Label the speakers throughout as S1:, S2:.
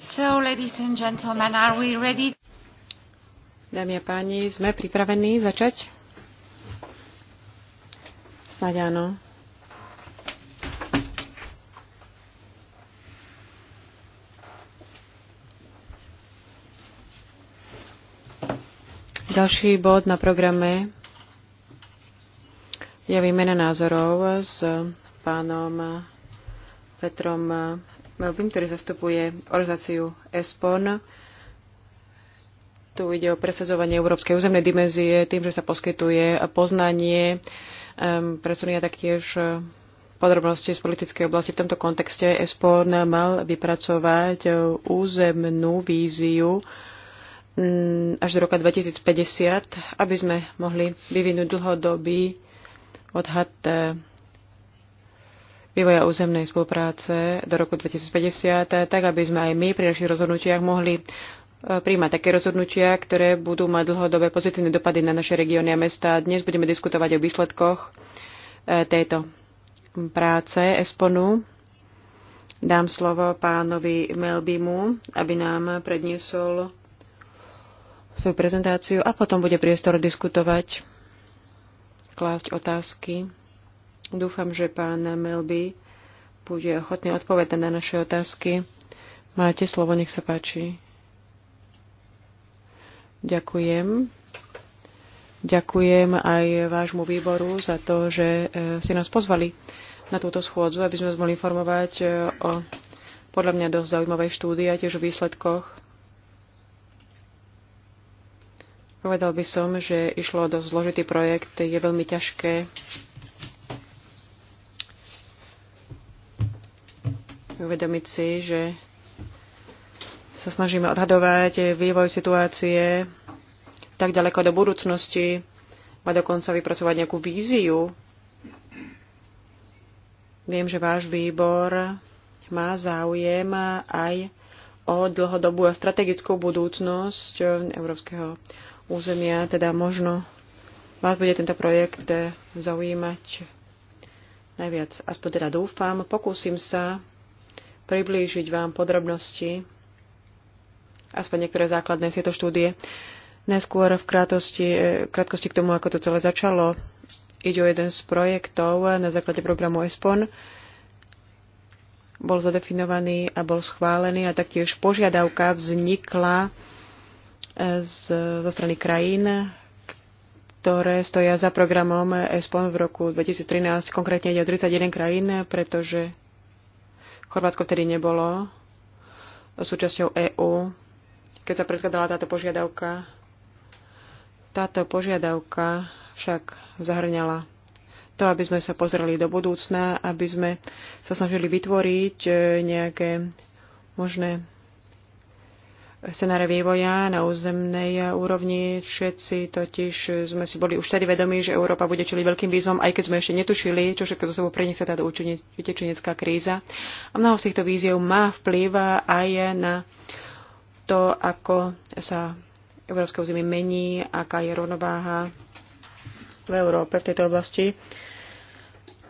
S1: So, ladies and gentlemen, are we ready? Dámy a páni, sme pripravení začať? Snáď áno. Ďalší bod na programe je výmena názorov s pánom Petrom Melvin, ktorý zastupuje organizáciu ESPON. Tu ide o presadzovanie európskej územnej dimenzie tým, že sa poskytuje poznanie, um, ehm, presunia taktiež e, podrobnosti z politickej oblasti. V tomto kontexte ESPON mal vypracovať e, územnú víziu mm, až do roka 2050, aby sme mohli vyvinúť dlhodobý odhad e, vývoja územnej spolupráce do roku 2050, tak aby sme aj my pri našich rozhodnutiach mohli e, príjmať také rozhodnutia, ktoré budú mať dlhodobé pozitívne dopady na naše regióny a mesta. Dnes budeme diskutovať o výsledkoch e, tejto práce Esponu. Dám slovo pánovi Melbimu, aby nám predniesol svoju prezentáciu a potom bude priestor diskutovať, klásť otázky. Dúfam, že pán Melby bude ochotný odpovedať na naše otázky. Máte slovo, nech sa páči. Ďakujem. Ďakujem aj vášmu výboru za to, že e, ste nás pozvali na túto schôdzu, aby sme vás mohli informovať e, o podľa mňa dosť zaujímavej štúdii a tiež o výsledkoch. Povedal by som, že išlo o dosť zložitý projekt, je veľmi ťažké uvedomiť si, že sa snažíme odhadovať vývoj situácie tak ďaleko do budúcnosti, a dokonca vypracovať nejakú víziu. Viem, že váš výbor má záujem aj o dlhodobú a strategickú budúcnosť európskeho územia, teda možno vás bude tento projekt zaujímať najviac. Aspoň teda dúfam, pokúsim sa priblížiť vám podrobnosti, aspoň niektoré základné z štúdie. neskôr v krátkosti, e, krátkosti k tomu, ako to celé začalo. Ide o jeden z projektov na základe programu ESPON. Bol zadefinovaný a bol schválený a taktiež požiadavka vznikla e, z, zo strany krajín, ktoré stoja za programom ESPON v roku 2013. Konkrétne ide o 31 krajín, pretože Chorvátsko vtedy nebolo súčasťou EÚ, keď sa predkladala táto požiadavka. Táto požiadavka však zahrňala to, aby sme sa pozreli do budúcna, aby sme sa snažili vytvoriť eh, nejaké možné scenáre vývoja na územnej úrovni. Všetci totiž sme si boli už tedy vedomi, že Európa bude čeliť veľkým výzvom, aj keď sme ešte netušili, čo všetko zo sebou preniesie táto utečenecká kríza. A mnoho z týchto víziev má vplyv aj na to, ako sa európske územie mení, aká je rovnováha v Európe v tejto oblasti.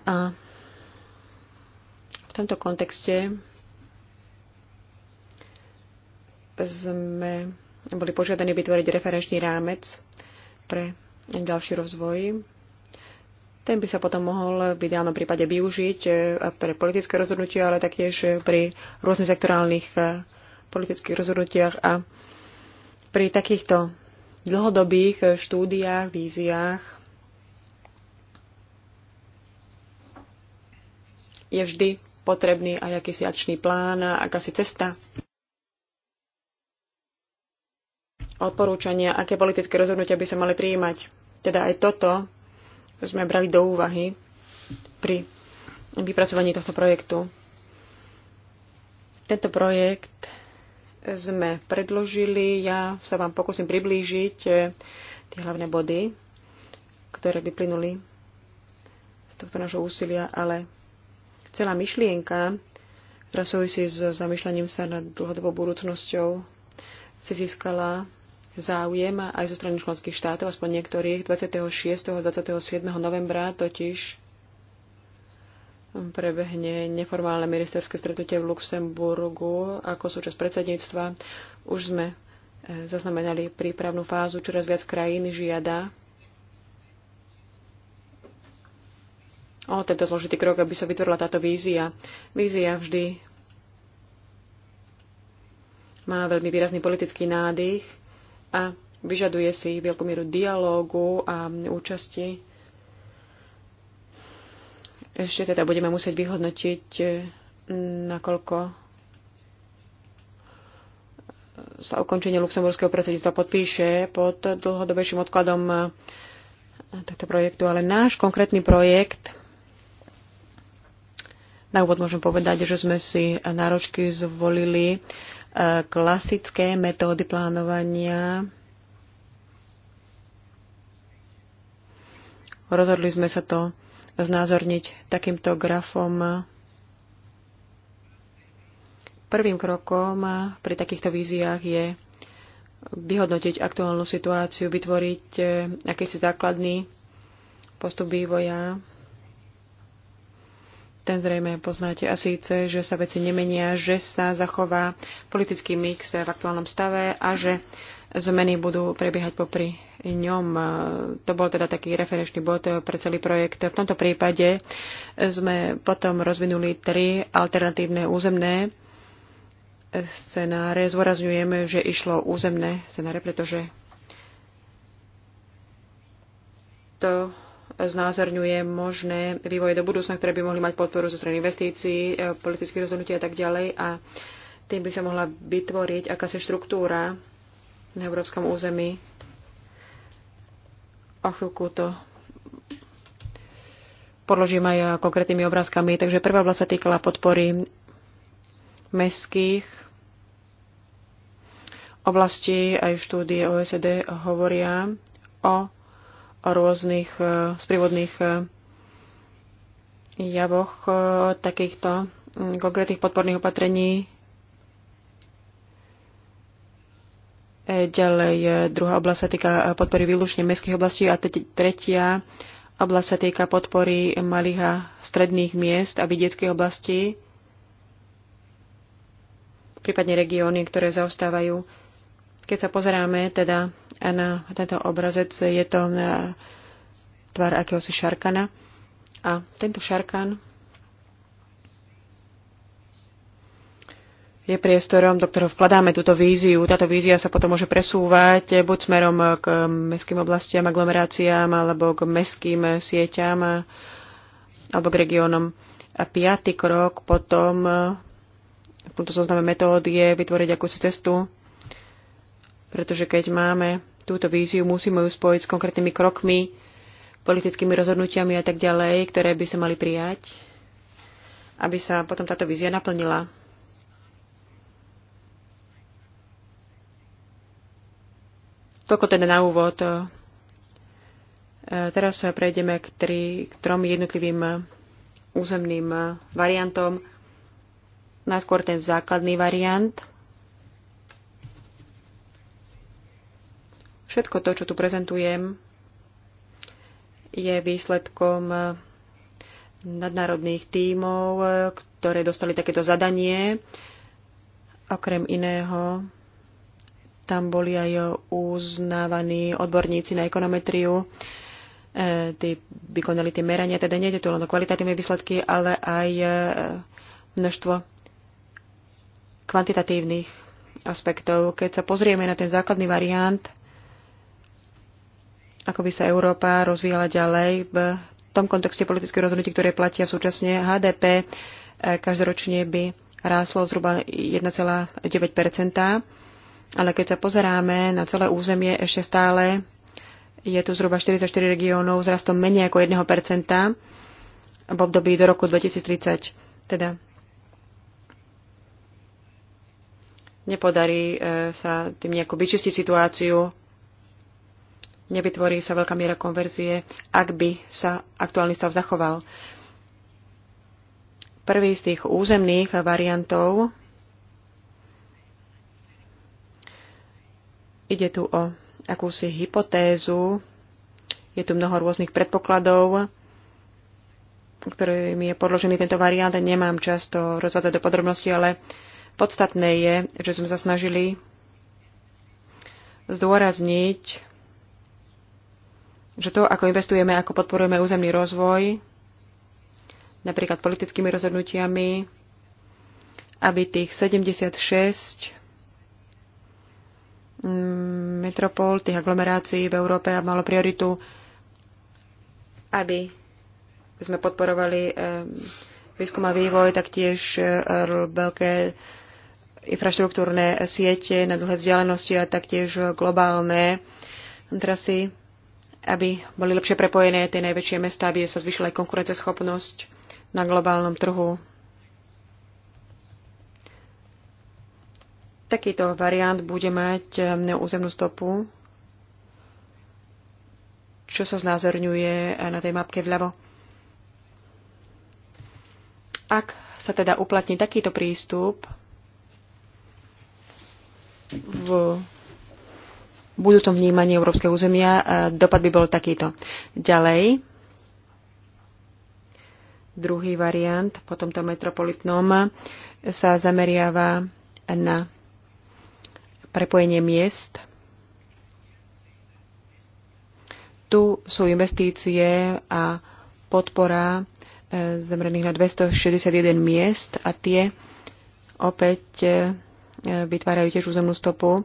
S1: A v tomto kontexte sme boli požiadaní vytvoriť referenčný rámec pre ďalší rozvoj. Ten by sa potom mohol v ideálnom prípade využiť e, pre politické rozhodnutia, ale taktiež e, pri rôznych sektorálnych e, politických rozhodnutiach a pri takýchto dlhodobých štúdiách, víziách je vždy potrebný aj akýsi akčný plán a akási cesta odporúčania, aké politické rozhodnutia by sa mali prijímať. Teda aj toto sme brali do úvahy pri vypracovaní tohto projektu. Tento projekt sme predložili, ja sa vám pokúsim priblížiť eh, tie hlavné body, ktoré vyplynuli z tohto nášho úsilia, ale celá myšlienka, ktorá súvisí s zamýšľaním sa nad dlhodobou budúcnosťou, si získala záujem aj zo strany členských štátov, aspoň niektorých. 26. a 27. novembra totiž prebehne neformálne ministerské stretnutie v Luxemburgu ako súčasť predsedníctva. Už sme e, zaznamenali prípravnú fázu, čoraz viac krajín žiada o tento zložitý krok, aby sa vytvorila táto vízia. Vízia vždy má veľmi výrazný politický nádych a vyžaduje si veľkú mieru dialógu a účasti. Ešte teda budeme musieť vyhodnotiť, e, nakoľko sa ukončenie luxemburského predsedníctva podpíše pod dlhodobejším odkladom e, tohto projektu, ale náš konkrétny projekt na úvod môžem povedať, že sme si náročky zvolili klasické metódy plánovania. Rozhodli sme sa to znázorniť takýmto grafom. Prvým krokom pri takýchto víziách je vyhodnotiť aktuálnu situáciu, vytvoriť eh, akýsi základný postup vývoja ten zrejme poznáte a síce, že sa veci nemenia, že sa zachová politický mix v aktuálnom stave a že zmeny budú prebiehať popri ňom. To bol teda taký referenčný bod pre celý projekt. V tomto prípade sme potom rozvinuli tri alternatívne územné scenáre. Zvorazňujeme, že išlo územné scenáre, pretože to znázorňuje možné vývoje do budúcna, ktoré by mohli mať podporu zo strany investícií, e, politických rozhodnutí a tak ďalej. A tým by sa mohla vytvoriť akási štruktúra na európskom území. O chvíľku to podložím aj konkrétnymi obrázkami. Takže prvá vlast sa týkala podpory mestských oblastí. Aj štúdie OSD hovoria o rôznych e, sprievodných e, javoch e, takýchto mm, konkrétnych podporných opatrení. Ďalej druhá oblasť sa týka podpory výlučne mestských oblastí a tretia oblasť sa týka podpory malých a stredných miest a vidieckých oblastí, prípadne regióny, ktoré zaostávajú keď sa pozeráme teda na tento obrazec, je to na tvar akéhosi šarkana. A tento šarkan je priestorom, do ktorého vkladáme túto víziu. Táto vízia sa potom môže presúvať buď smerom k mestským oblastiam, aglomeráciám, alebo k mestským sieťam, alebo k regiónom. A piatý krok potom v tomto zozname metód je vytvoriť akúsi cestu pretože keď máme túto víziu, musíme ju spojiť s konkrétnymi krokmi, politickými rozhodnutiami a tak ďalej, ktoré by sa mali prijať, aby sa potom táto vízia naplnila. Toľko teda na úvod. E, teraz prejdeme k, tri, k trom jednotlivým územným variantom. Najskôr ten základný variant – Všetko to, čo tu prezentujem, je výsledkom nadnárodných tímov, ktoré dostali takéto zadanie. Okrem iného, tam boli aj uznávaní odborníci na ekonometriu, e, tí vykonali tie merania, teda nie je tu len o kvalitatívne výsledky, ale aj e, množstvo kvantitatívnych aspektov. Keď sa pozrieme na ten základný variant, ako by sa Európa rozvíjala ďalej v tom kontexte politických rozhodnutí, ktoré platia súčasne HDP, eh, každoročne by ráslo zhruba 1,9 ale keď sa pozeráme na celé územie, ešte stále je tu zhruba 44 regiónov s rastom menej ako 1 v období do roku 2030. Teda nepodarí eh, sa tým nejako vyčistiť situáciu nevytvorí sa veľká miera konverzie, ak by sa aktuálny stav zachoval. Prvý z tých územných variantov ide tu o akúsi hypotézu, je tu mnoho rôznych predpokladov, ktorými je podložený tento variant. Nemám často rozvádzať do podrobností, ale podstatné je, že sme sa snažili zdôrazniť že to, ako investujeme, ako podporujeme územný rozvoj, napríklad politickými rozhodnutiami, aby tých 76 mm, metropol, tých aglomerácií v Európe a malo prioritu, aby sme podporovali eh, výskum a vývoj, taktiež eh, veľké infraštruktúrne siete na dlhé vzdialenosti a taktiež globálne trasy aby boli lepšie prepojené tie najväčšie mestá, aby sa zvyšila aj konkurenceschopnosť na globálnom trhu. Takýto variant bude mať um, územnú stopu, čo sa znázorňuje eh, na tej mapke vľavo. Ak sa teda uplatní takýto prístup v budúcom vnímaní európskeho územia e, dopad by bol takýto. Ďalej, druhý variant po tomto metropolitnom sa zameriava na prepojenie miest. Tu sú investície a podpora e, zamerených na 261 miest a tie opäť e, vytvárajú tiež územnú stopu,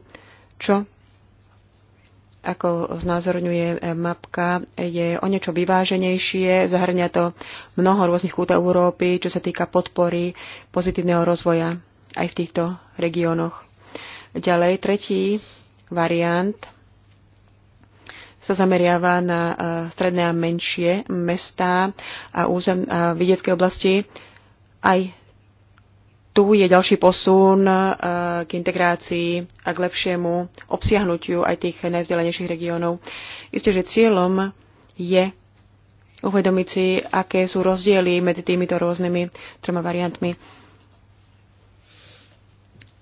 S1: čo ako znázorňuje e, mapka, je o niečo vyváženejšie. Zahrňa to mnoho rôznych kútov Európy, čo sa týka podpory pozitívneho rozvoja aj v týchto regiónoch. Ďalej, tretí variant sa zameriava na e, stredné a menšie mestá a, územ, a vidiecké oblasti. Aj tu je ďalší posun e, k integrácii a k lepšiemu obsiahnutiu aj tých najvzdelenejších regiónov. Isté, že cieľom je uvedomiť si, aké sú rozdiely medzi týmito rôznymi troma variantmi.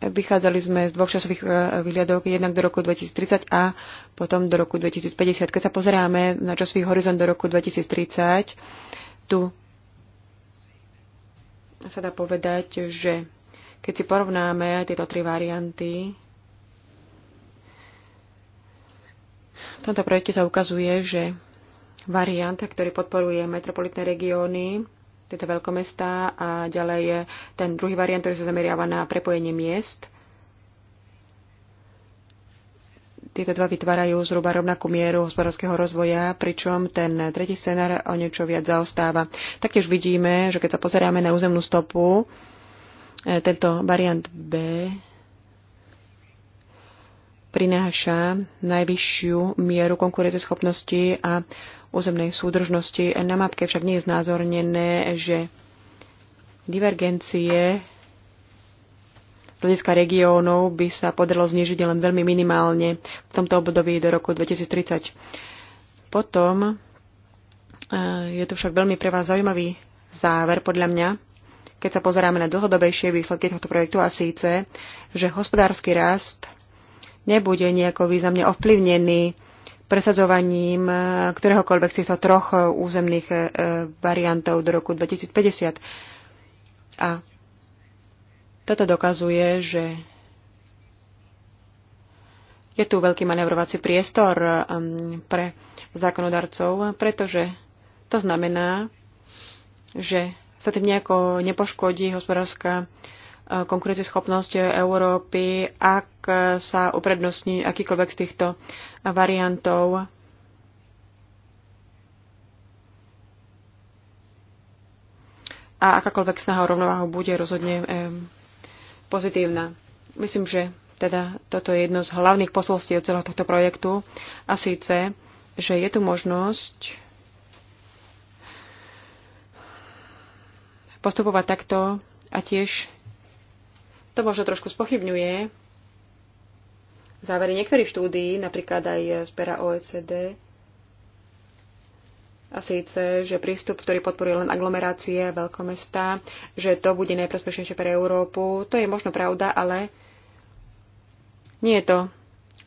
S1: Vychádzali sme z dvoch časových e, výhľadov, jednak do roku 2030 a potom do roku 2050. Keď sa pozeráme na časový horizont do roku 2030, tu sa dá povedať, že keď si porovnáme tieto tri varianty, v tomto projekte sa ukazuje, že variant, ktorý podporuje metropolitné regióny, tieto veľkomestá a ďalej je ten druhý variant, ktorý sa zameriava na prepojenie miest – Tieto dva vytvárajú zhruba rovnakú mieru hospodárskeho rozvoja, pričom ten tretí scenár o niečo viac zaostáva. Taktiež vidíme, že keď sa pozeráme na územnú stopu, e, tento variant B prináša najvyššiu mieru konkurenceschopnosti a územnej súdržnosti. Na mapke však nie je znázornené, že divergencie hľadiska regiónov by sa podarilo znižiť len veľmi minimálne v tomto období do roku 2030. Potom e, je tu však veľmi pre vás zaujímavý záver podľa mňa, keď sa pozeráme na dlhodobejšie výsledky tohto projektu a síce, že hospodársky rast nebude nejako významne ovplyvnený presadzovaním e, ktoréhokoľvek z týchto troch územných e, variantov do roku 2050. A toto dokazuje, že je tu veľký manevrovací priestor um, pre zákonodarcov, pretože to znamená, že sa tým nejako nepoškodí hospodárska uh, konkurencieschopnosť Európy, ak sa uprednostní akýkoľvek z týchto variantov. A akákoľvek snaha o rovnováhu bude rozhodne um, pozitívna. Myslím, že teda toto je jedno z hlavných posolstiev celého tohto projektu a síce, že je tu možnosť postupovať takto a tiež to možno trošku spochybňuje závery niektorých štúdií, napríklad aj z pera OECD, a síce, že prístup, ktorý podporuje len aglomerácie, veľkomestá, že to bude najprospešnejšie pre Európu, to je možno pravda, ale nie je to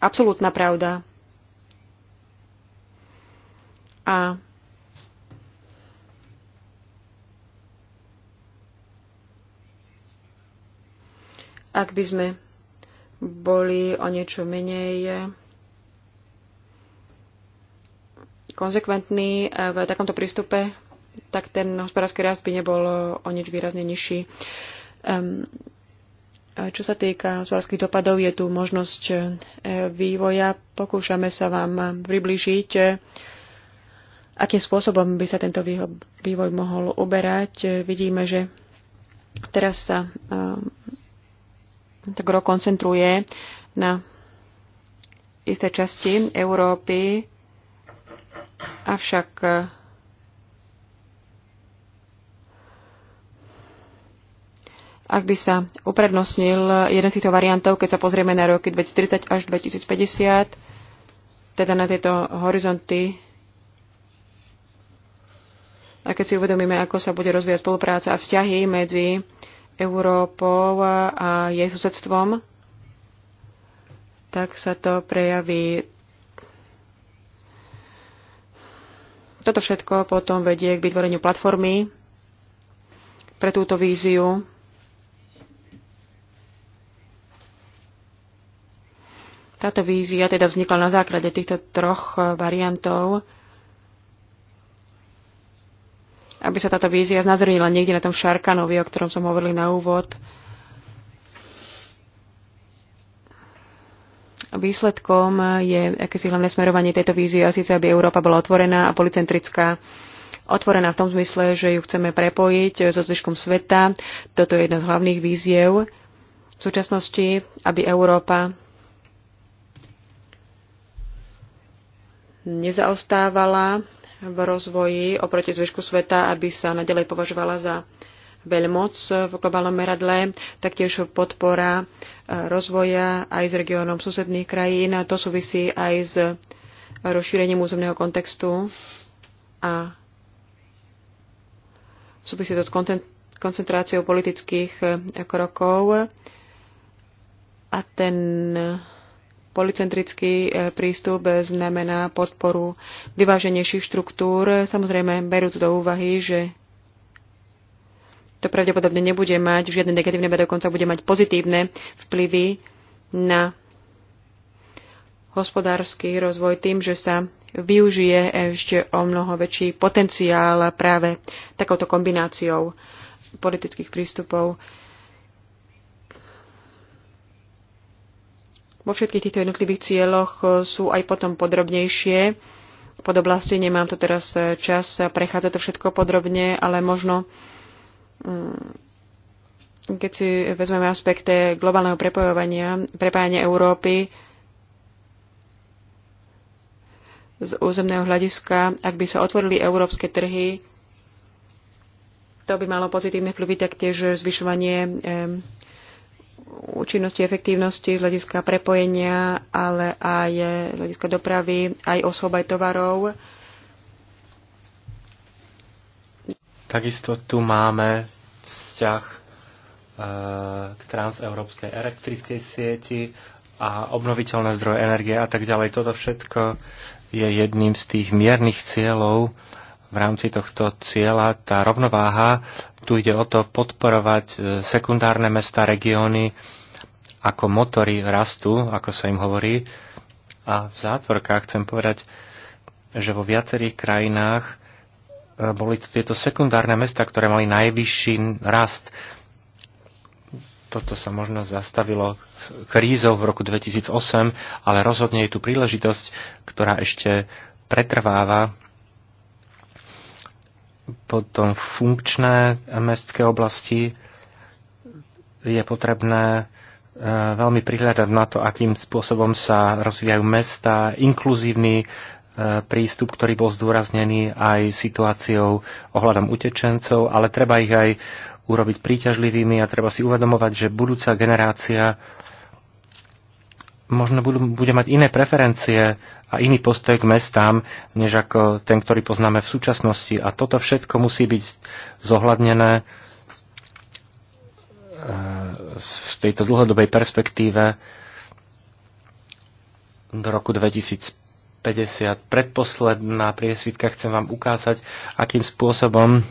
S1: absolútna pravda. A ak by sme boli o niečo menej konzekventní e, v takomto prístupe, tak ten hospodársky rast by nebol e, o nič výrazne nižší. Ehm, čo sa týka hospodárskych dopadov, je tu možnosť e, vývoja. Pokúšame sa vám priblížiť, akým spôsobom by sa tento vývoj mohol uberať. Vidíme, že teraz sa tak koncentruje na isté časti Európy, Avšak e, ak by sa uprednostnil jeden z týchto variantov, keď sa pozrieme na roky 2030 až 2050, teda na tieto horizonty, a keď si uvedomíme, ako sa bude rozvíjať spolupráca a vzťahy medzi Európou a jej susedstvom, tak sa to prejaví Toto všetko potom vedie k vytvoreniu platformy pre túto víziu. Táto vízia teda vznikla na základe týchto troch eh, variantov, aby sa táto vízia znazrnila niekde na tom Šarkanovi, o ktorom som hovoril na úvod. Výsledkom je akési hlavné smerovanie tejto vízie a síce, aby Európa bola otvorená a policentrická. Otvorená v tom zmysle, že ju chceme prepojiť so zvyškom sveta. Toto je jedna z hlavných víziev v súčasnosti, aby Európa nezaostávala v rozvoji oproti zvyšku sveta, aby sa nadalej považovala za veľmoc v globálnom meradle, taktiež podpora e, rozvoja aj s regiónom susedných krajín. to súvisí aj s rozšírením územného kontextu a súvisí to s koncentráciou politických e, krokov a ten policentrický e, prístup znamená podporu vyváženejších štruktúr, samozrejme berúc do úvahy, že to pravdepodobne nebude mať žiadne negatívne, ale dokonca bude mať pozitívne vplyvy na hospodársky rozvoj tým, že sa využije ešte o mnoho väčší potenciál práve takouto kombináciou politických prístupov. Vo všetkých týchto jednotlivých cieľoch sú aj potom podrobnejšie pod oblasti, Nemám tu teraz čas prechádzať to všetko podrobne, ale možno Mm. keď si vezmeme aspekty globálneho prepojovania, prepájania Európy z územného hľadiska, ak by sa otvorili európske trhy, to by malo pozitívne vplyvy taktiež zvyšovanie účinnosti, efektívnosti z hľadiska prepojenia, ale aj z hľadiska dopravy, aj osob, aj tovarov.
S2: Takisto tu máme vzťah e, k transeurópskej elektrickej sieti a obnoviteľné zdroje energie a tak ďalej. Toto všetko je jedným z tých miernych cieľov v rámci tohto cieľa. Tá rovnováha, tu ide o to podporovať e, sekundárne mesta, regióny ako motory rastu, ako sa im hovorí. A v zátvorkách chcem povedať, že vo viacerých krajinách boli to tieto sekundárne mesta, ktoré mali najvyšší rast. Toto sa možno zastavilo krízou v roku 2008, ale rozhodne je tu príležitosť, ktorá ešte pretrváva. Potom funkčné mestské oblasti je potrebné e, veľmi prihľadať na to, akým spôsobom sa rozvíjajú mesta, inkluzívny prístup, ktorý bol zdôraznený aj situáciou ohľadom utečencov, ale treba ich aj urobiť príťažlivými a treba si uvedomovať, že budúca generácia možno budú, bude mať iné preferencie a iný postoj k mestám, než ako ten, ktorý poznáme v súčasnosti. A toto všetko musí byť zohľadnené v e, tejto dlhodobej perspektíve do roku 2050 50, predposledná priesvitka, chcem vám ukázať, akým spôsobom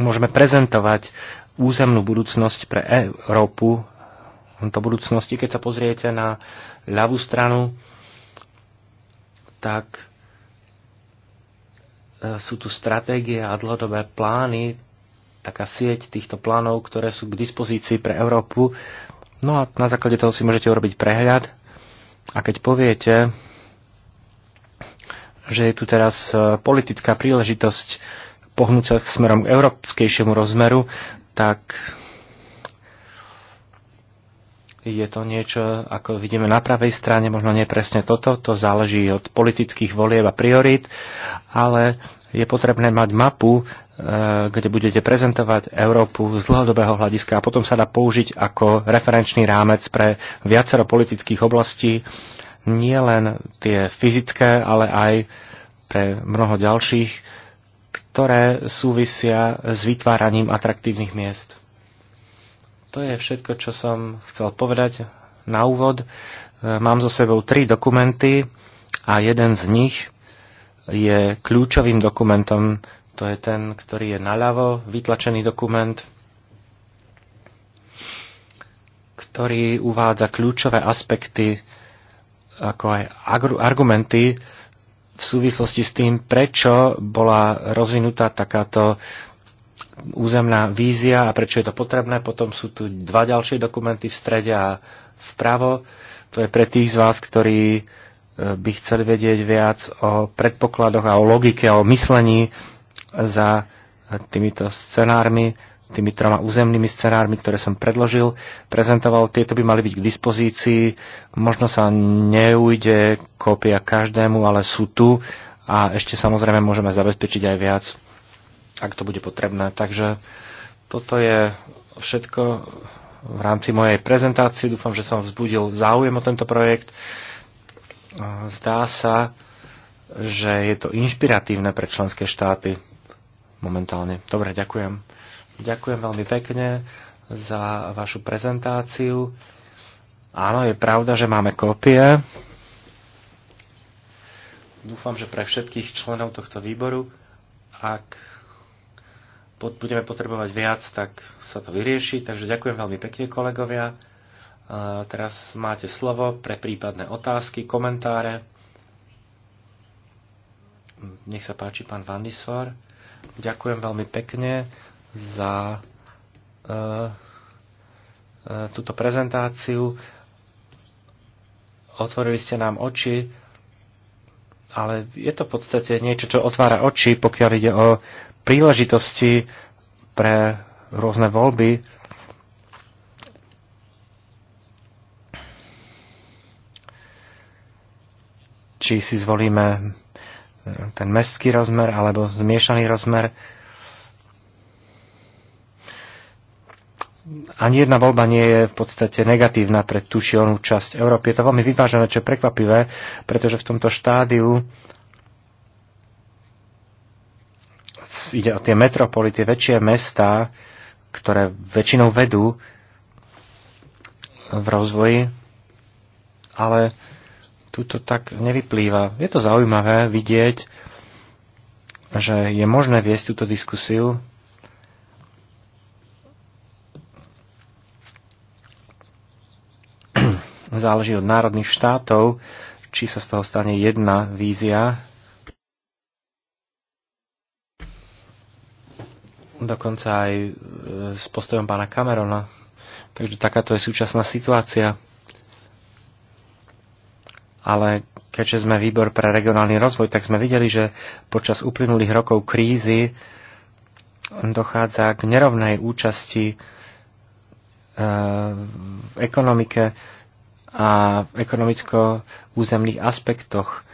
S2: môžeme prezentovať územnú budúcnosť pre Európu tomto budúcnosti. Keď sa pozriete na ľavú stranu, tak e, sú tu stratégie a dlhodobé plány, taká sieť týchto plánov, ktoré sú k dispozícii pre Európu. No a na základe toho si môžete urobiť prehľad. A keď poviete, že je tu teraz e, politická príležitosť pohnúť sa smerom k európskejšiemu rozmeru, tak je to niečo, ako vidíme na pravej strane, možno nie presne toto, to záleží od politických volieb a priorít, ale je potrebné mať mapu, e, kde budete prezentovať Európu z dlhodobého hľadiska a potom sa dá použiť ako referenčný rámec pre viacero politických oblastí nie len tie fyzické, ale aj pre mnoho ďalších, ktoré súvisia s vytváraním atraktívnych miest. To je všetko, čo som chcel povedať na úvod. E, mám so sebou tri dokumenty a jeden z nich je kľúčovým dokumentom. To je ten, ktorý je naľavo, vytlačený dokument, ktorý uvádza kľúčové aspekty ako aj argumenty v súvislosti s tým, prečo bola rozvinutá takáto územná vízia a prečo je to potrebné. Potom sú tu dva ďalšie dokumenty v strede a vpravo. To je pre tých z vás, ktorí e, by chceli vedieť viac o predpokladoch a o logike a o myslení za e, týmito scenármi tými troma územnými scenármi, ktoré som predložil, prezentoval. Tieto by mali byť k dispozícii. Možno sa neujde kópia každému, ale sú tu a ešte samozrejme môžeme zabezpečiť aj viac, ak to bude potrebné. Takže toto je všetko v rámci mojej prezentácie. Dúfam, že som vzbudil záujem o tento projekt. Zdá sa, že je to inšpiratívne pre členské štáty momentálne. Dobre, ďakujem. Ďakujem veľmi pekne za vašu prezentáciu. Áno, je pravda, že máme kópie. Dúfam, že pre všetkých členov tohto výboru, ak budeme potrebovať viac, tak sa to vyrieši. Takže ďakujem veľmi pekne, kolegovia. teraz máte slovo pre prípadné otázky, komentáre. Nech sa páči, pán Vandisor. Ďakujem veľmi pekne za e, e, túto prezentáciu. Otvorili ste nám oči, ale je to v podstate niečo, čo otvára oči, pokiaľ ide o príležitosti pre rôzne voľby. Či si zvolíme ten mestský rozmer alebo zmiešaný rozmer. Uh, ani jedna voľba nie je v podstate negatívna pre tú šilnú časť Európy. Je to veľmi vyvážené, čo je prekvapivé, pretože v tomto štádiu ide o tie metropoly, tie väčšie mesta, ktoré väčšinou vedú v rozvoji, ale tu to tak nevyplýva. Je to zaujímavé vidieť, že je možné viesť túto diskusiu, záleží od národných štátov, či sa z toho stane jedna vízia. Dokonca aj e, s postojom pána Camerona. Takže takáto je súčasná situácia. Ale keďže sme výbor pre regionálny rozvoj, tak sme videli, že počas uplynulých rokov krízy dochádza k nerovnej účasti e, v ekonomike a v ekonomicko-územných aspektoch.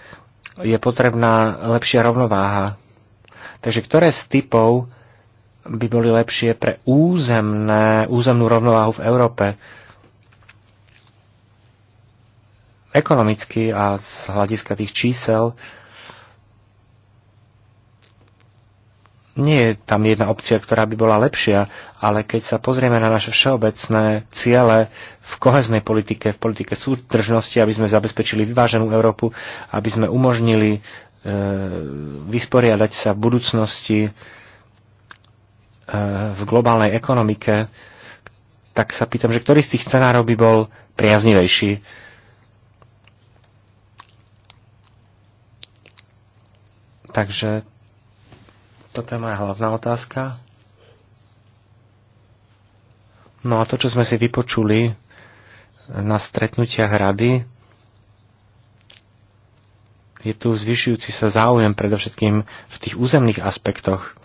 S2: Je potrebná lepšia rovnováha. Takže ktoré z typov by boli lepšie pre územné, územnú rovnováhu v Európe? Ekonomicky a z hľadiska tých čísel nie je tam jedna opcia, ktorá by bola lepšia, ale keď sa pozrieme na naše všeobecné ciele v koheznej politike, v politike súdržnosti, aby sme zabezpečili vyváženú Európu, aby sme umožnili e, vysporiadať sa v budúcnosti e, v globálnej ekonomike, tak sa pýtam, že ktorý z tých scenárov by bol priaznivejší. Takže toto je moja hlavná otázka. No a to, čo sme si vypočuli na stretnutiach rady, je tu zvyšujúci sa záujem predovšetkým v tých územných aspektoch.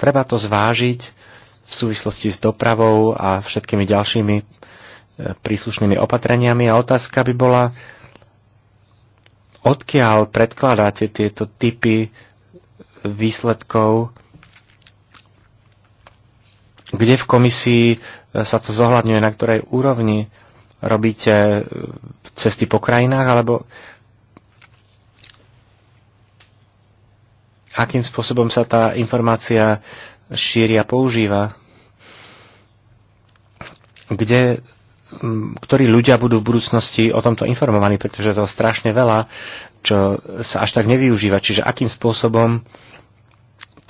S2: Treba to zvážiť v súvislosti s dopravou a všetkými ďalšími e, príslušnými opatreniami a otázka by bola, Odkiaľ predkladáte tieto typy výsledkov? Kde v komisii sa to zohľadňuje? Na ktorej úrovni robíte e, cesty po krajinách? Alebo akým spôsobom sa tá informácia šíri a používa? Kde ktorí ľudia budú v budúcnosti o tomto informovaní, pretože to je strašne veľa, čo sa až tak nevyužíva. Čiže akým spôsobom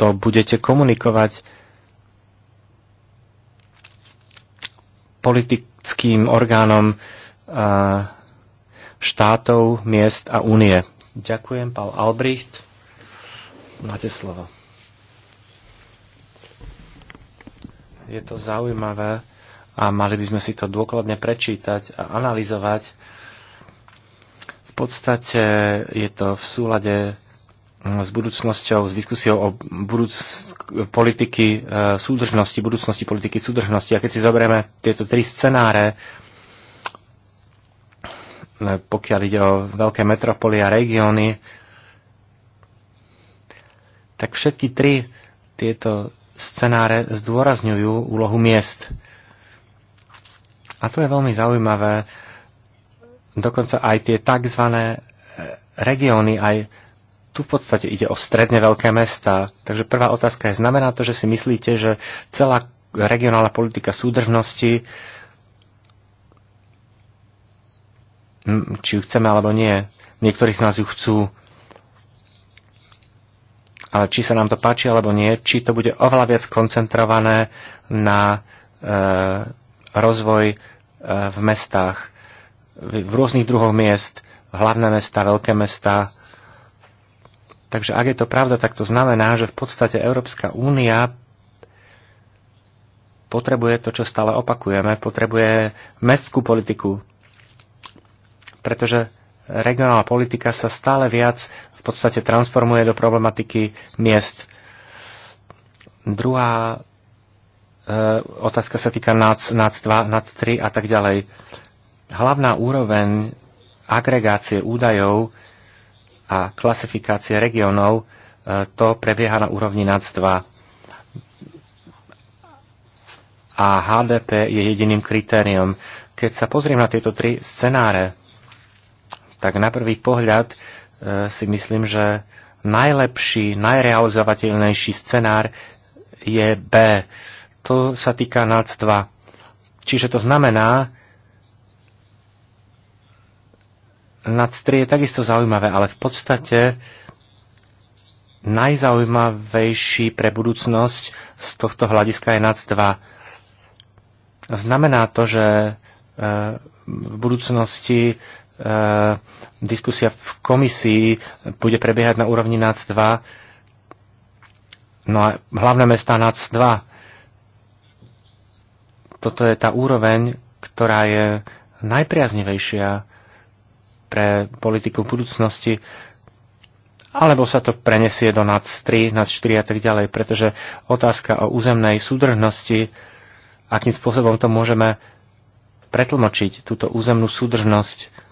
S2: to budete komunikovať politickým orgánom štátov, miest a únie. Ďakujem, pán Albricht. Máte slovo. Je to zaujímavé a mali by sme si to dôkladne prečítať a analyzovať. V podstate je to v súlade mm, s budúcnosťou, s diskusiou o budúc, politiky e, súdržnosti, budúcnosti politiky súdržnosti. A keď si zoberieme tieto tri scenáre, e, pokiaľ ide o veľké metropoly a regióny, tak všetky tri tieto scenáre zdôrazňujú úlohu miest. A to je veľmi zaujímavé. Dokonca aj tie tzv. E, regióny, aj tu v podstate ide o stredne veľké mesta. Takže prvá otázka je, znamená to, že si myslíte, že celá regionálna politika súdržnosti, či ju chceme alebo nie, niektorí z nás ju chcú, ale či sa nám to páči alebo nie, či to bude oveľa viac koncentrované na e, rozvoj e, v mestách, v rôznych druhoch miest, hlavné mesta, veľké mesta. Takže ak je to pravda, tak to znamená, že v podstate Európska únia potrebuje to, čo stále opakujeme, potrebuje mestskú politiku, pretože regionálna politika sa stále viac v podstate transformuje do problematiky miest. Druhá E, otázka sa týka nad, nad 2, nad 3 a tak ďalej. Hlavná úroveň agregácie údajov a klasifikácie regionov e, to prebieha na úrovni NAC 2. A HDP je jediným kritériom. Keď sa pozriem na tieto tri scenáre, tak na prvý pohľad e, si myslím, že najlepší, najrealizovateľnejší scenár je B to sa týka NAC 2. Čiže to znamená, NAC 3 je takisto zaujímavé, ale v podstate najzaujímavejší pre budúcnosť z tohto hľadiska je NAC 2. Znamená to, že e, v budúcnosti e, diskusia v komisii bude prebiehať na úrovni NAC 2, no a hlavné mesta NAC 2 toto je tá úroveň, ktorá je najpriaznivejšia pre politiku budúcnosti, alebo sa to prenesie do nad 3, nad 4 a tak ďalej, pretože otázka o územnej súdržnosti, akým spôsobom to môžeme pretlmočiť, túto územnú súdržnosť,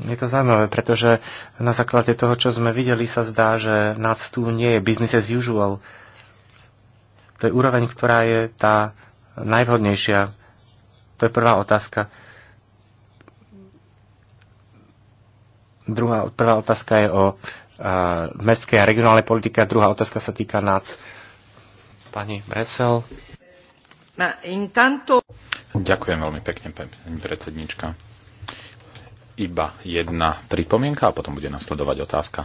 S2: je to zaujímavé, pretože na základe toho, čo sme videli, sa zdá, že NAC tu nie je business as usual. Uh, to je úroveň, ktorá je tá najvhodnejšia. To je prvá otázka. Druhá, prvá otázka je o mestskej a regionálnej politike a druhá otázka sa týka nás. Pani Bresel.
S3: Ďakujem veľmi pekne, pani predsednička. Iba jedna pripomienka a potom bude nasledovať otázka.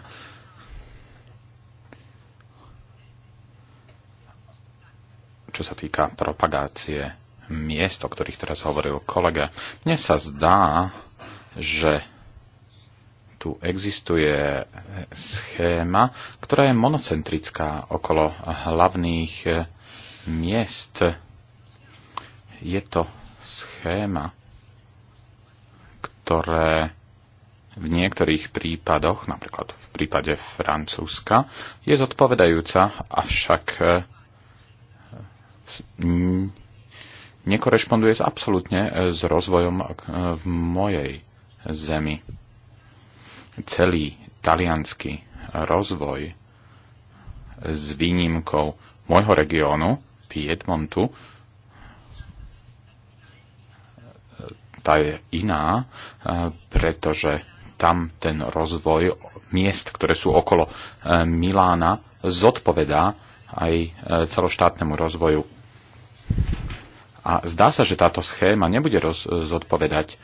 S3: čo sa týka propagácie miest, o ktorých teraz hovoril kolega. Mne sa zdá, že tu existuje schéma, ktorá je monocentrická okolo hlavných miest. Je to schéma, ktoré v niektorých prípadoch, napríklad v prípade Francúzska, je zodpovedajúca, avšak Mm, nekorešponduje absolútne e, s rozvojom e, v mojej zemi. Celý talianský rozvoj s výnimkou môjho regiónu, Piedmontu, tá je iná, e, pretože tam ten rozvoj miest, ktoré sú okolo Milána, zodpovedá aj celoštátnemu rozvoju a zdá sa, že táto schéma nebude roz, zodpovedať e,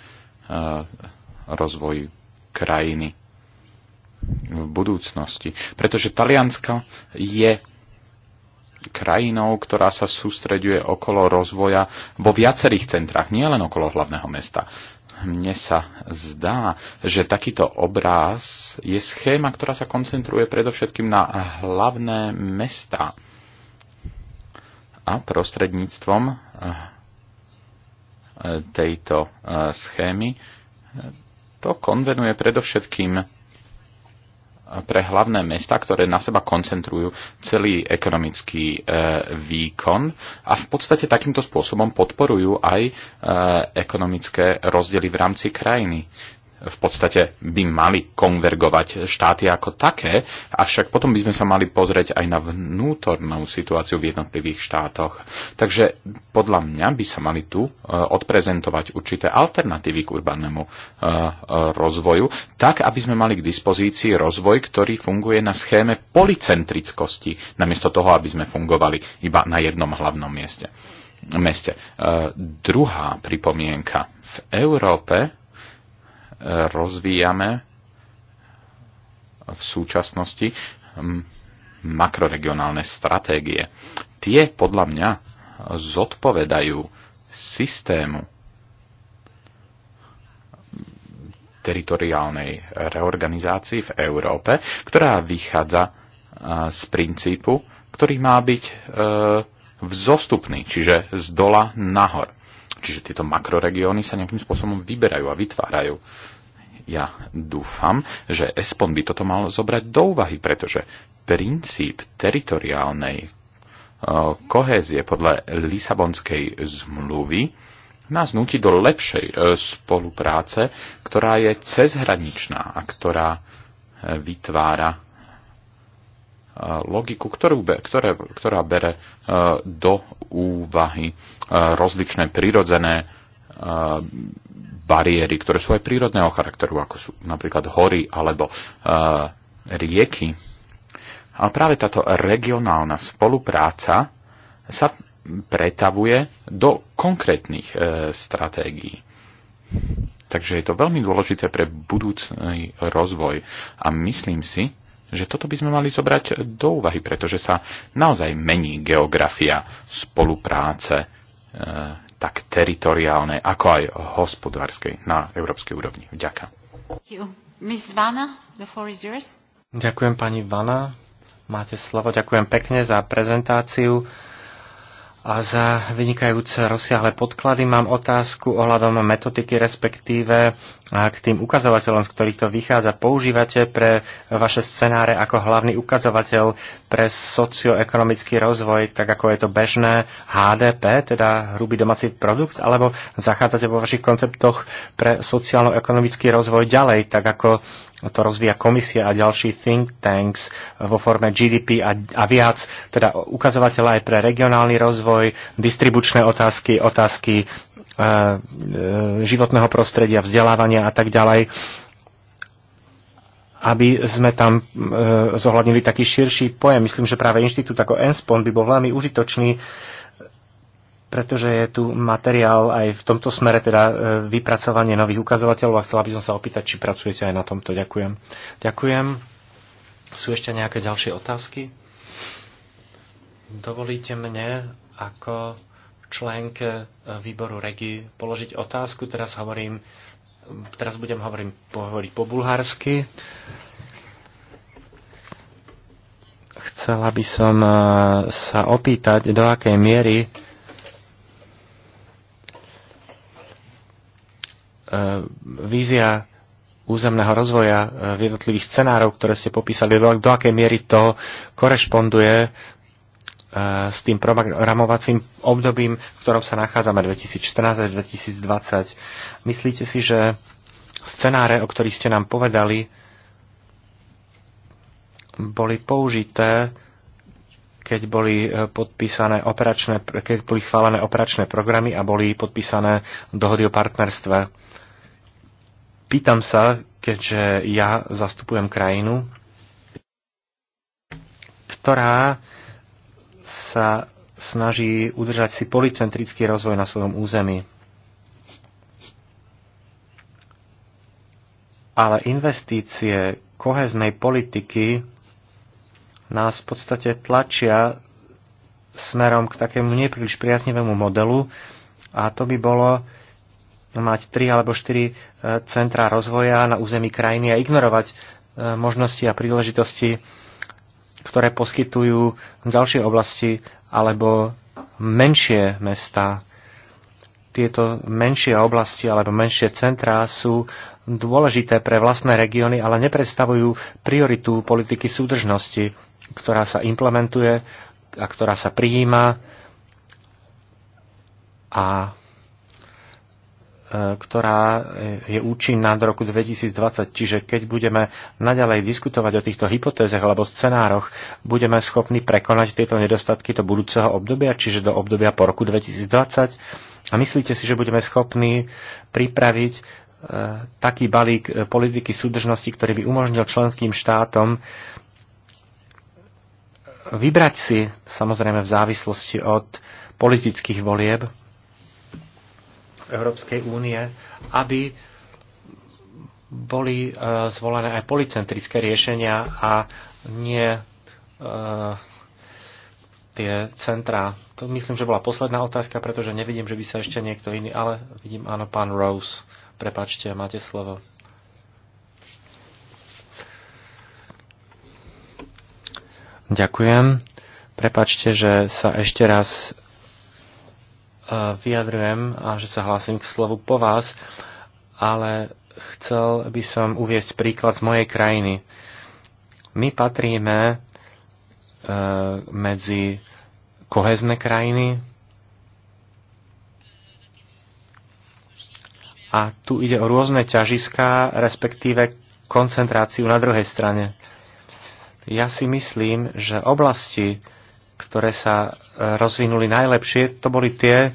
S3: rozvoj krajiny v budúcnosti. Pretože Taliansko je krajinou, ktorá sa sústreďuje okolo rozvoja vo viacerých centrách, nielen okolo hlavného mesta. Mne sa zdá, že takýto obráz je schéma, ktorá sa koncentruje predovšetkým na hlavné mesta a prostredníctvom Eh, tejto eh, schémy. To konvenuje predovšetkým eh, pre hlavné mesta, ktoré na seba koncentrujú celý ekonomický výkon a v podstate takýmto spôsobom podporujú aj ekonomické rozdiely v rámci krajiny v podstate by mali konvergovať štáty ako také, avšak potom by sme sa mali pozrieť aj na vnútornú situáciu v jednotlivých štátoch. Takže podľa mňa by sa mali tu e, odprezentovať určité alternatívy k urbanému e, e, rozvoju, tak aby sme mali k dispozícii rozvoj, ktorý funguje na schéme policentrickosti, namiesto toho, aby sme fungovali iba na jednom hlavnom mieste. Meste. druhá pripomienka. V Európe rozvíjame v súčasnosti makroregionálne stratégie. Tie podľa mňa zodpovedajú systému teritoriálnej reorganizácii v Európe, ktorá vychádza z princípu, ktorý má byť e, vzostupný, čiže z dola nahor. Čiže tieto makroregióny sa nejakým spôsobom vyberajú a vytvárajú. Ja dúfam, že ESPON by toto mal zobrať do úvahy, pretože princíp teritoriálnej e, kohézie podľa Lisabonskej zmluvy nás nutí do lepšej e, spolupráce, ktorá je cezhraničná a ktorá e, vytvára logiku, ktorú, ktoré, ktorá bere e, do úvahy e, rozličné prírodzené e, bariéry, ktoré sú aj prírodného charakteru, ako sú napríklad hory alebo rieky. A práve táto regionálna spolupráca sa pretavuje do konkrétnych stratégií. Takže je to veľmi dôležité pre budúci rozvoj a myslím si, že toto by sme mali zobrať do úvahy, pretože sa naozaj mení geografia spolupráce e, tak teritoriálnej, ako aj hospodárskej na európskej úrovni. Ďakujem. Ďakujem
S2: pani Vana. Máte slovo. Ďakujem pekne za prezentáciu a za vynikajúce rozsiahle podklady. Mám otázku ohľadom metodiky, respektíve k tým ukazovateľom, z ktorých to vychádza. Používate pre vaše scenáre ako hlavný ukazovateľ pre socioekonomický rozvoj, tak ako je to bežné HDP, teda hrubý domáci produkt, alebo zachádzate vo vašich konceptoch pre sociálno-ekonomický rozvoj ďalej, tak ako to rozvíja komisia a ďalší think tanks vo forme GDP a, a viac, teda ukazovateľa aj pre regionálny rozvoj, distribučné otázky, otázky e, e, životného prostredia, vzdelávania a tak ďalej aby sme tam e, zohľadnili taký širší pojem. Myslím, že práve inštitút ako ENSPON by bol veľmi užitočný pretože je tu materiál aj v tomto smere, teda e, vypracovanie nových ukazovateľov a chcela by som sa opýtať, či pracujete aj na tomto. Ďakujem. Ďakujem. Sú ešte nejaké ďalšie otázky? Dovolíte mne ako členke e, výboru REGI položiť otázku. Teraz hovorím, teraz budem hovorím, hovoriť po bulharsky. Chcela by som e, sa opýtať, do akej miery vízia územného rozvoja e, v jednotlivých scenárov, ktoré ste popísali, do, do akej miery to korešponduje e, s tým programovacím obdobím, v ktorom sa nachádzame 2014 až 2020. Myslíte si, že scenáre, o ktorých ste nám povedali, boli použité, keď boli e, podpísané operačné, keď boli schválené operačné programy a boli podpísané dohody o partnerstve? Pýtam sa, keďže ja zastupujem krajinu, ktorá sa snaží udržať si policentrický rozvoj na svojom území. Ale investície koheznej politiky nás v podstate tlačia smerom k takému nepríliš priaznivému modelu a to by bolo mať tri alebo štyri e, centrá rozvoja na území krajiny a ignorovať e, možnosti a príležitosti, ktoré poskytujú ďalšie oblasti alebo menšie mesta. Tieto menšie oblasti alebo menšie centrá sú dôležité pre vlastné regióny, ale nepredstavujú prioritu politiky súdržnosti, ktorá sa implementuje a ktorá sa prijíma a E, ktorá je účinná do roku 2020. Čiže keď budeme naďalej diskutovať o týchto hypotézach alebo scenároch, budeme schopní prekonať tieto nedostatky do budúceho obdobia, čiže do obdobia po roku 2020. A myslíte si, že budeme schopní pripraviť e, taký balík e, politiky súdržnosti, ktorý by umožnil členským štátom vybrať si, samozrejme v závislosti od politických volieb, Európskej únie, aby boli e, zvolené aj policentrické riešenia a nie e, tie centrá. To myslím, že bola posledná otázka, pretože nevidím, že by sa ešte niekto iný, ale vidím, áno, pán Rose. Prepačte, máte slovo. Ďakujem. Prepačte, že sa ešte raz vyjadrujem a že sa hlásim k slovu po vás, ale chcel by som uviesť príklad z mojej krajiny. My patríme e, medzi kohezné krajiny a tu ide o rôzne ťažiská, respektíve koncentráciu na druhej strane. Ja si myslím, že oblasti, ktoré sa e, rozvinuli najlepšie, to boli tie,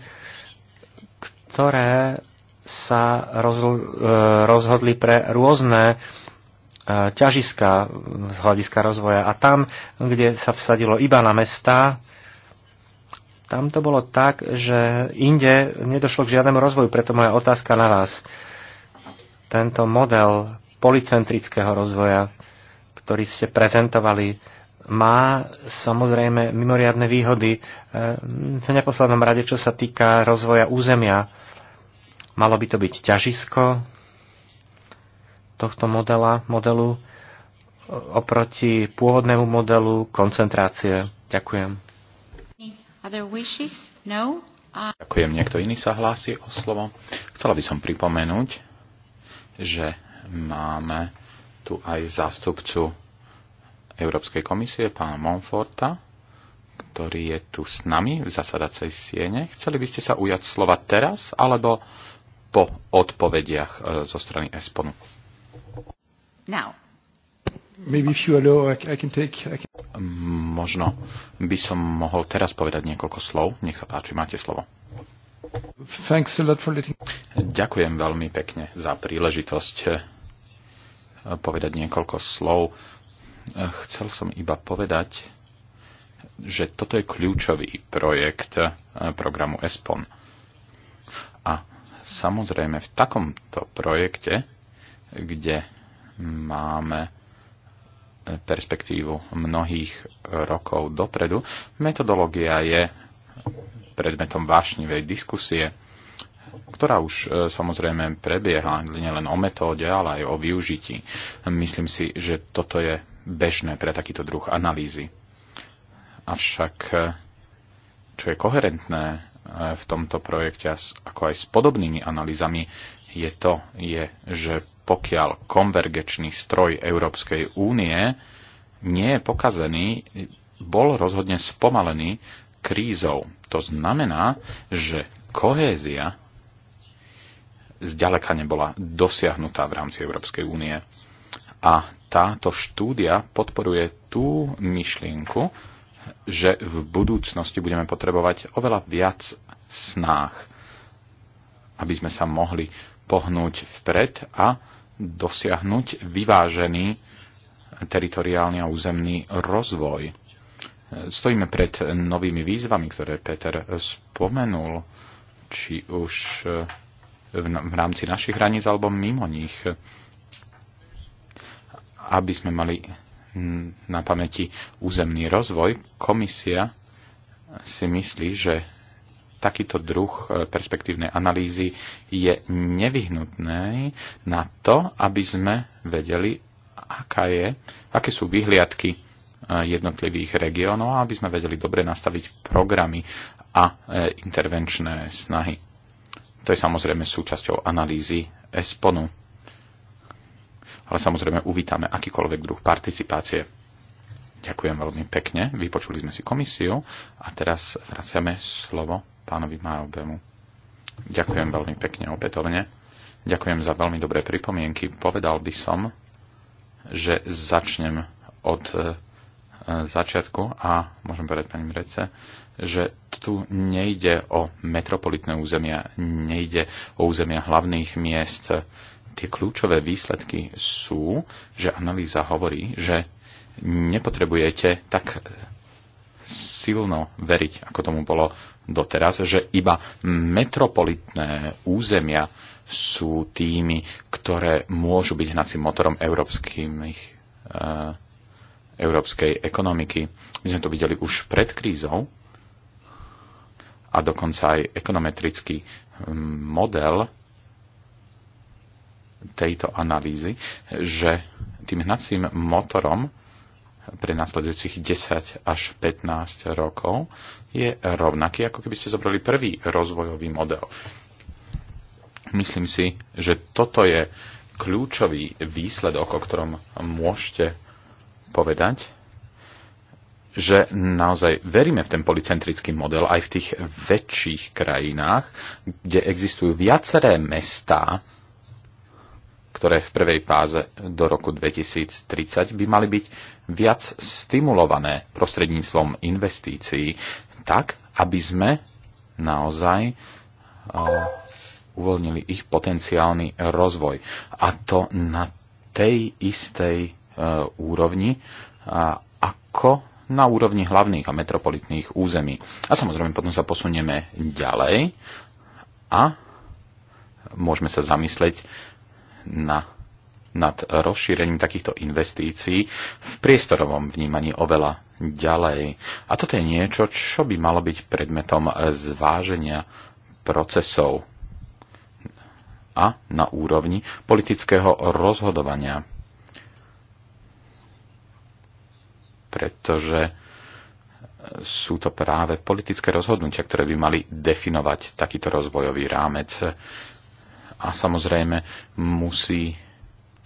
S2: ktoré sa e, rozhodli pre rôzne e, ťažiska z hľadiska rozvoja. A tam, kde sa vsadilo iba na mesta, tam to bolo tak, že inde nedošlo k žiadnemu rozvoju. Preto moja otázka na vás. Tento model policentrického rozvoja, ktorý ste prezentovali, má samozrejme mimoriadne výhody eh, v neposlednom rade, čo sa týka rozvoja územia. Malo by to byť ťažisko tohto modela, modelu eh, oproti
S3: pôvodnému modelu koncentrácie. Ďakujem.
S1: No. A...
S3: Ďakujem. Niekto iný sa hlási o slovo. Chcela by som pripomenúť, že máme tu aj zástupcu Európskej komisie, pána Monforta, ktorý je tu s nami v zasadacej siene. Chceli by ste sa ujať slova teraz alebo po odpovediach e, zo strany Esponu? Now. Maybe if you allow, I, I can take, I can... Možno by som mohol teraz povedať niekoľko slov. Nech sa páči, máte slovo. Thanks a lot for letting... Ďakujem veľmi pekne za príležitosť e, povedať niekoľko slov Chcel som iba povedať, že toto je kľúčový projekt e, programu ESPON. A samozrejme v takomto projekte, kde máme e, perspektívu mnohých rokov dopredu, metodológia je predmetom vášnivej diskusie, ktorá už e, samozrejme prebieha nielen o metóde, ale aj o využití. Myslím si, že toto je bežné pre takýto druh analýzy. Avšak, eh, čo je koherentné eh, v tomto projekte, ako aj s podobnými analýzami, je to, je, že pokiaľ konvergečný stroj Európskej únie nie je pokazený, bol rozhodne spomalený krízou. To znamená, že kohézia zďaleka nebola dosiahnutá v rámci Európskej únie. A táto štúdia podporuje tú myšlienku, že v budúcnosti budeme potrebovať oveľa viac snách, aby sme sa mohli pohnúť vpred a dosiahnuť vyvážený teritoriálny a územný rozvoj. Stojíme pred novými výzvami, ktoré Peter spomenul, či už v rámci našich hraníc alebo mimo nich aby sme mali na pamäti územný rozvoj, komisia si myslí, že takýto druh e, perspektívnej analýzy je nevyhnutný na to, aby sme vedeli, aká je, aké sú vyhliadky e, jednotlivých regiónov, aby sme vedeli dobre nastaviť programy a e, intervenčné snahy. To je samozrejme súčasťou analýzy ESPONu ale samozrejme uvítame akýkoľvek druh participácie. Ďakujem veľmi pekne, vypočuli sme si komisiu a teraz vraciame slovo pánovi Majobemu. Ďakujem veľmi pekne opätovne. Ďakujem za veľmi dobré pripomienky. Povedal by som, že začnem od e, začiatku a môžem povedať pani Mrece, že tu nejde o metropolitné územia, nejde o územia hlavných miest, tie kľúčové výsledky sú, že analýza hovorí, že nepotrebujete tak e, silno veriť, ako tomu bolo doteraz, že iba metropolitné územia sú tými, ktoré môžu byť hnacím motorom európskych, e, európskej ekonomiky. My sme to videli už pred krízou a dokonca aj ekonometrický model tejto analýzy, že tým hnacím motorom pre nasledujúcich 10 až 15 rokov je rovnaký, ako keby ste zobrali prvý rozvojový model. Myslím si, že toto je kľúčový výsledok, o ktorom môžete povedať, že naozaj veríme v ten policentrický model aj v tých väčších krajinách, kde existujú viaceré mestá, ktoré v prvej páze do roku 2030 by mali byť viac stimulované prostredníctvom investícií, tak, aby sme naozaj e, uvoľnili ich potenciálny rozvoj. A to na tej istej e, úrovni, e, ako na úrovni hlavných a metropolitných území. A samozrejme potom sa posunieme ďalej a môžeme sa zamyslieť na, nad rozšírením takýchto investícií v priestorovom vnímaní oveľa ďalej. A toto je niečo, čo by malo byť predmetom zváženia procesov a na úrovni politického rozhodovania. Pretože sú to práve politické rozhodnutia, ktoré by mali definovať takýto rozvojový rámec a samozrejme musí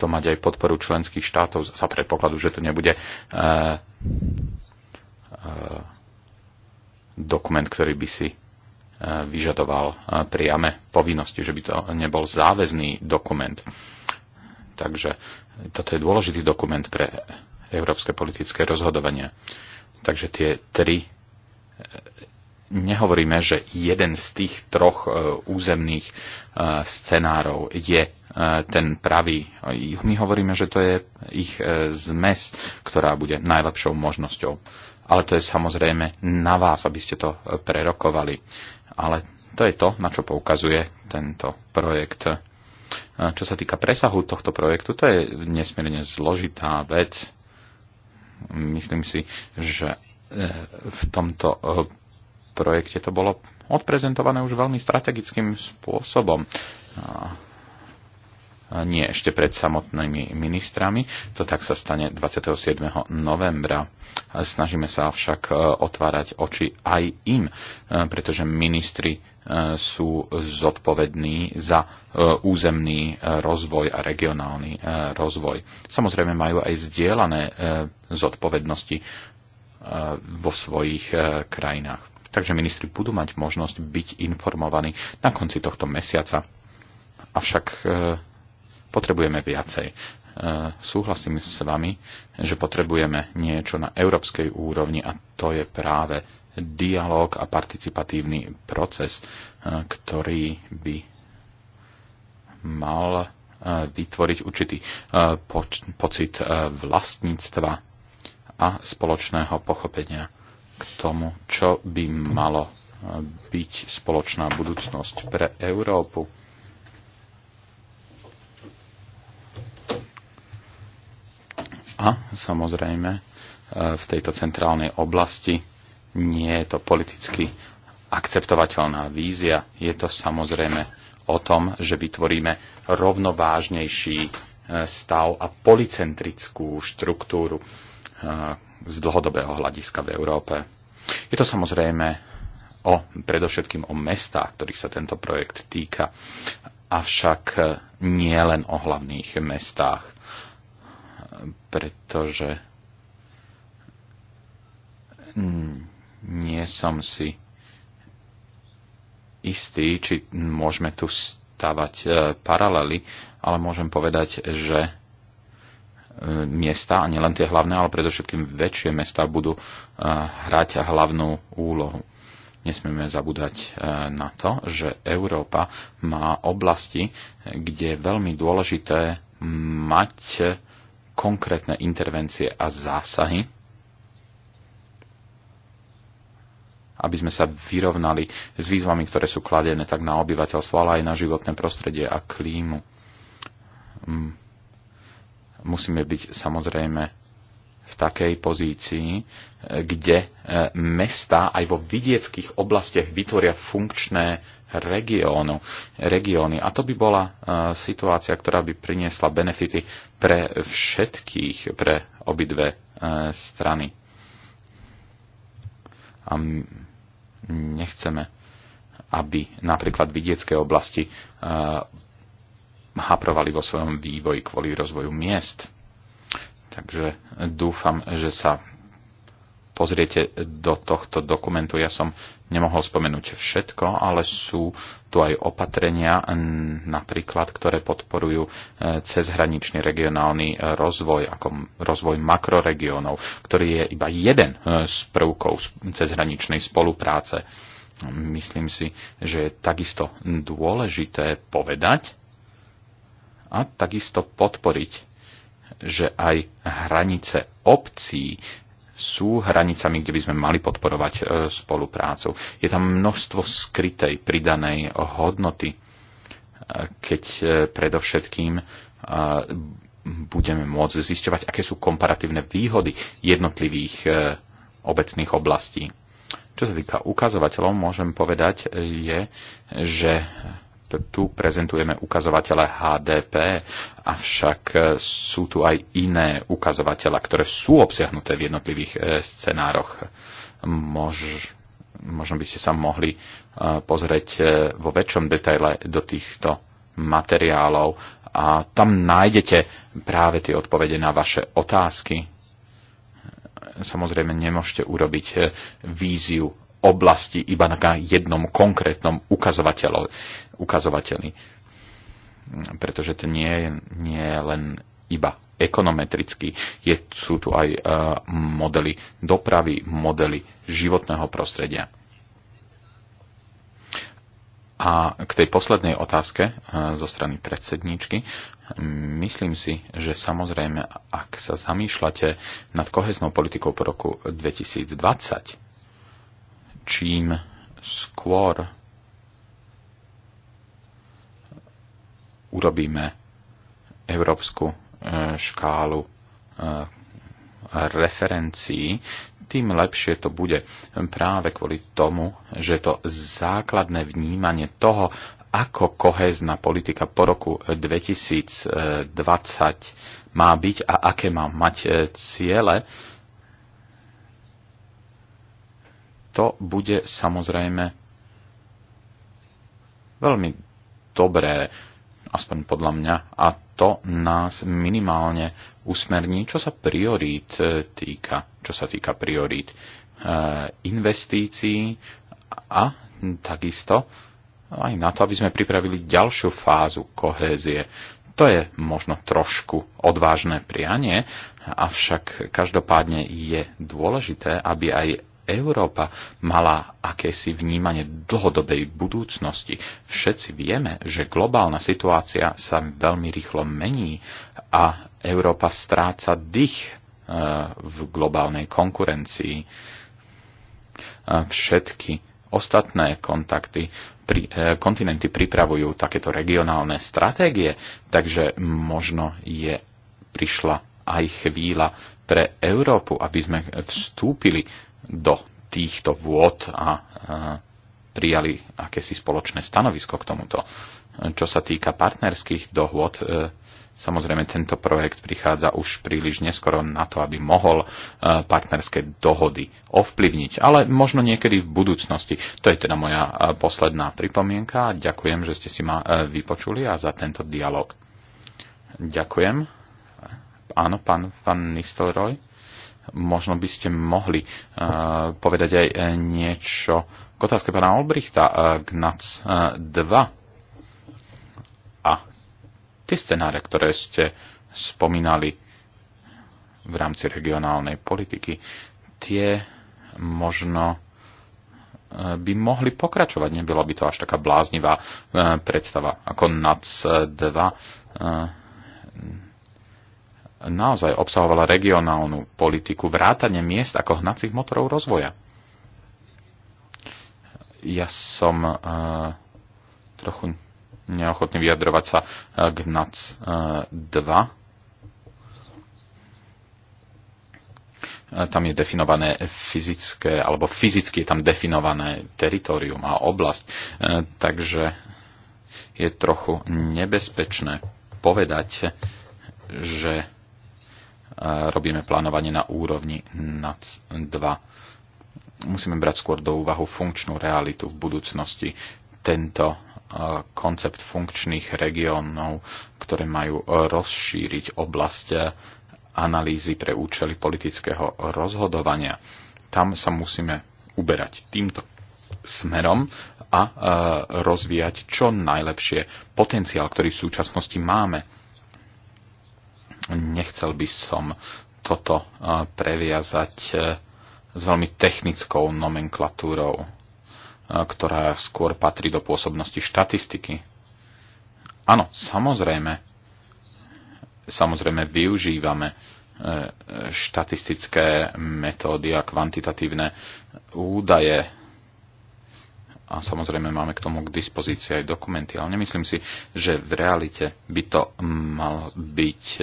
S3: to mať aj podporu členských štátov za predpokladu, že to nebude e, e, dokument, ktorý by si eh, vyžadoval priame povinnosti, že by to nebol záväzný dokument. Takže toto je dôležitý dokument pre európske politické rozhodovanie. Takže tie tri nehovoríme, že jeden z tých troch e, územných e, scenárov je e, ten pravý. My hovoríme, že to je ich zmes, ktorá bude najlepšou možnosťou. Ale to je samozrejme na vás, aby ste to prerokovali. Ale to je to, na čo poukazuje tento projekt. Čo sa týka presahu tohto projektu, to je nesmierne zložitá vec. Myslím si, že v tomto projekte to bolo odprezentované už veľmi strategickým spôsobom. Nie ešte pred samotnými ministrami, to tak sa stane 27. novembra. Snažíme sa však e, otvárať oči aj im, e, pretože ministri e, sú zodpovední za územný rozvoj a regionálny rozvoj. Samozrejme majú aj zdieľané zodpovednosti vo svojich krajinách takže ministri budú mať možnosť byť informovaní na konci tohto mesiaca. Avšak e, potrebujeme viacej. E, súhlasím s vami, že potrebujeme niečo na európskej úrovni a to je práve dialog a participatívny proces, e, ktorý by mal e, vytvoriť určitý e, pocit vlastníctva a spoločného pochopenia k tomu, čo by malo eh, byť spoločná budúcnosť pre Európu. A samozrejme, eh, v tejto centrálnej oblasti nie je to politicky akceptovateľná vízia. Je to samozrejme o tom, že vytvoríme rovnovážnejší eh, stav a policentrickú štruktúru, z dlhodobého hľadiska v Európe. Je to samozrejme o, predovšetkým o mestách, ktorých sa tento projekt týka, avšak nie len o hlavných mestách, pretože nie som si istý, či môžeme tu stavať eh, paralely, ale môžem povedať, že miesta, a nielen tie hlavné, ale predovšetkým väčšie mesta budú eh, hrať hlavnú úlohu. Nesmieme zabúdať eh, na to, že Európa má oblasti, kde je veľmi dôležité mať konkrétne intervencie a zásahy, aby sme sa vyrovnali s výzvami, ktoré sú kladené tak na obyvateľstvo, ale aj na životné prostredie a klímu mm musíme byť samozrejme v takej pozícii, eh, kde eh, mesta aj vo vidieckých oblastiach vytvoria funkčné regiónu, regióny. A to by bola eh, situácia, ktorá by priniesla benefity pre všetkých, pre obidve strany. A nechceme aby napríklad vidiecké oblasti haprovali vo svojom vývoji kvôli rozvoju miest. Takže dúfam, že sa pozriete do tohto dokumentu. Ja som nemohol spomenúť všetko, ale sú tu aj opatrenia, napríklad, ktoré podporujú e, cezhraničný regionálny rozvoj, ako rozvoj makroregiónov, ktorý je iba jeden e, z prvkov cezhraničnej spolupráce. Myslím si, že je takisto dôležité povedať, a takisto podporiť, že aj hranice obcí sú hranicami, kde by sme mali podporovať e, spoluprácu. Je tam množstvo skrytej pridanej hodnoty, e, keď e, predovšetkým budeme môcť zisťovať, aké sú komparatívne výhody jednotlivých obecných oblastí. Čo sa týka ukazovateľov, môžem povedať, je, že tu prezentujeme ukazovatele HDP, avšak e, sú tu aj iné ukazovatele, ktoré sú obsiahnuté v jednotlivých e, scenároch. Mož, možno by ste sa mohli e, pozrieť vo väčšom detaile do týchto materiálov a tam nájdete práve tie odpovede na vaše otázky. Samozrejme, nemôžete urobiť víziu oblasti, iba na jednom konkrétnom ukazovateli. Pretože to nie je, nie je len iba ekonometrický. Je, sú tu aj uh, modely dopravy, modely životného prostredia. A k tej poslednej otázke uh, zo strany predsedníčky. Myslím si, že samozrejme, ak sa zamýšľate nad koheznou politikou po roku 2020, čím skôr urobíme európsku e, škálu e, referencií, tým lepšie to bude práve kvôli tomu, že to základné vnímanie toho, ako kohezná politika po roku 2020 má byť a aké má mať e, ciele, to bude samozrejme veľmi dobré, aspoň podľa mňa, a to nás minimálne usmerní, čo sa priorít e, týka, čo sa týka priorít e, investícií a takisto aj na to, aby sme pripravili ďalšiu fázu kohézie. To je možno trošku odvážne prianie, avšak každopádne je dôležité, aby aj Európa mala akési vnímanie dlhodobej budúcnosti. Všetci vieme, že globálna situácia sa veľmi rýchlo mení a Európa stráca dých e, v globálnej konkurencii. E, všetky ostatné kontakty, pri, e, kontinenty pripravujú takéto regionálne stratégie, takže možno je prišla aj chvíľa pre Európu, aby sme vstúpili do týchto vôd a prijali akési spoločné stanovisko k tomuto. Čo sa týka partnerských dohôd, e, samozrejme tento projekt prichádza už príliš neskoro na to, aby mohol e, partnerské dohody ovplyvniť, ale možno niekedy v budúcnosti. To je teda moja e, posledná pripomienka. Ďakujem, že ste si ma vypočuli a za tento dialog. Ďakujem. Áno, pán, pán Nistelroj možno by ste mohli eh, povedať aj eh, niečo k otázke pána Olbrichta k NAC 2 a tie scenáre, ktoré ste spomínali v rámci regionálnej politiky, tie možno eh, by mohli pokračovať. Nebola by to až taká bláznivá predstava ako NAC 2 naozaj obsahovala regionálnu politiku, vrátanie miest ako hnacích motorov rozvoja. Ja som uh, trochu neochotný vyjadrovať sa e, k NAC 2, e, tam je definované fyzické, alebo fyzicky je tam definované teritorium a oblasť. Takže je trochu nebezpečné povedať, že robíme plánovanie na úrovni NAC 2. Musíme brať skôr do úvahu funkčnú realitu v budúcnosti. Tento e, koncept funkčných regiónov, ktoré majú rozšíriť oblasť e, analýzy pre účely politického rozhodovania. Tam sa musíme uberať týmto smerom a e, rozvíjať čo najlepšie potenciál, ktorý v súčasnosti máme Nechcel by som toto previazať e, s veľmi technickou nomenklatúrou, ktorá skôr patrí do pôsobnosti štatistiky. Áno, samozrejme, samozrejme využívame e, štatistické metódy a kvantitatívne údaje. A samozrejme máme k tomu k dispozícii aj dokumenty, ale nemyslím si, že v realite by to mal byť e,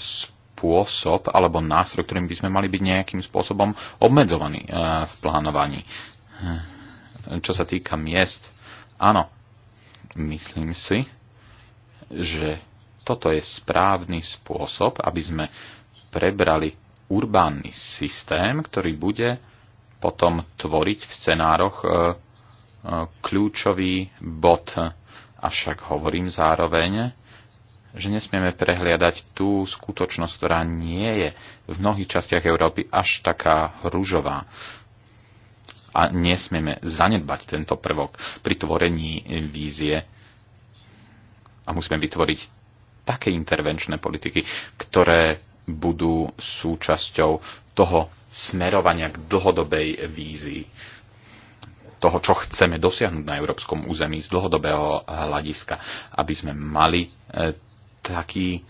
S3: spôsob alebo nástroj, ktorým by sme mali byť nejakým spôsobom obmedzovaní eh, v plánovaní. Eh, čo sa týka miest, áno, myslím si, že toto je správny spôsob, aby sme prebrali urbánny systém, ktorý bude potom tvoriť v scenároch eh, kľúčový bod. Avšak hovorím zároveň, že nesmieme prehliadať tú skutočnosť, ktorá nie je v mnohých častiach Európy až taká rúžová. A nesmieme zanedbať tento prvok pri tvorení vízie a musíme vytvoriť také intervenčné politiky, ktoré budú súčasťou toho smerovania k dlhodobej vízii toho, čo chceme dosiahnuť na európskom území z dlhodobého hľadiska, aby sme mali e, taký,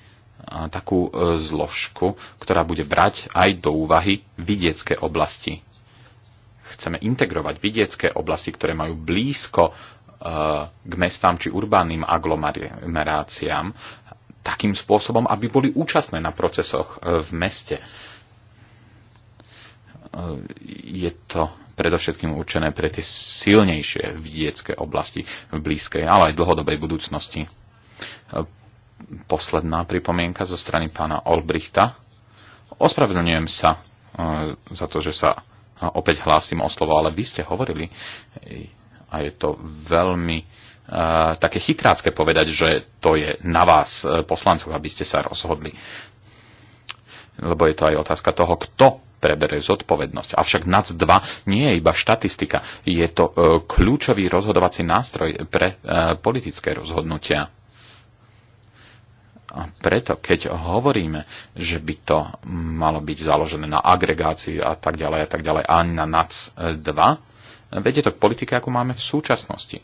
S3: takú e, zložku, ktorá bude brať aj do úvahy vidiecké oblasti. Chceme integrovať vidiecké oblasti, ktoré majú blízko e, k mestám či urbánnym aglomeráciám takým spôsobom, aby boli účastné na procesoch e, v meste. Je to predovšetkým určené pre tie silnejšie vidiecké oblasti v blízkej, ale aj dlhodobej budúcnosti posledná pripomienka zo strany pána Olbrichta. Ospravedlňujem sa e, za to, že sa e, opäť hlásim o slovo, ale vy ste hovorili e, a je to veľmi také chytrácké povedať, že to je na vás, poslancov, aby ste sa rozhodli. Lebo je to aj otázka toho, kto prebere zodpovednosť. Avšak NAC 2 nie je iba štatistika, je to kľúčový rozhodovací nástroj pre politické rozhodnutia. A preto, keď hovoríme, že by to malo byť založené na agregácii a tak ďalej a tak ďalej, ani na NAC 2, vedie to k politike, ako máme v súčasnosti.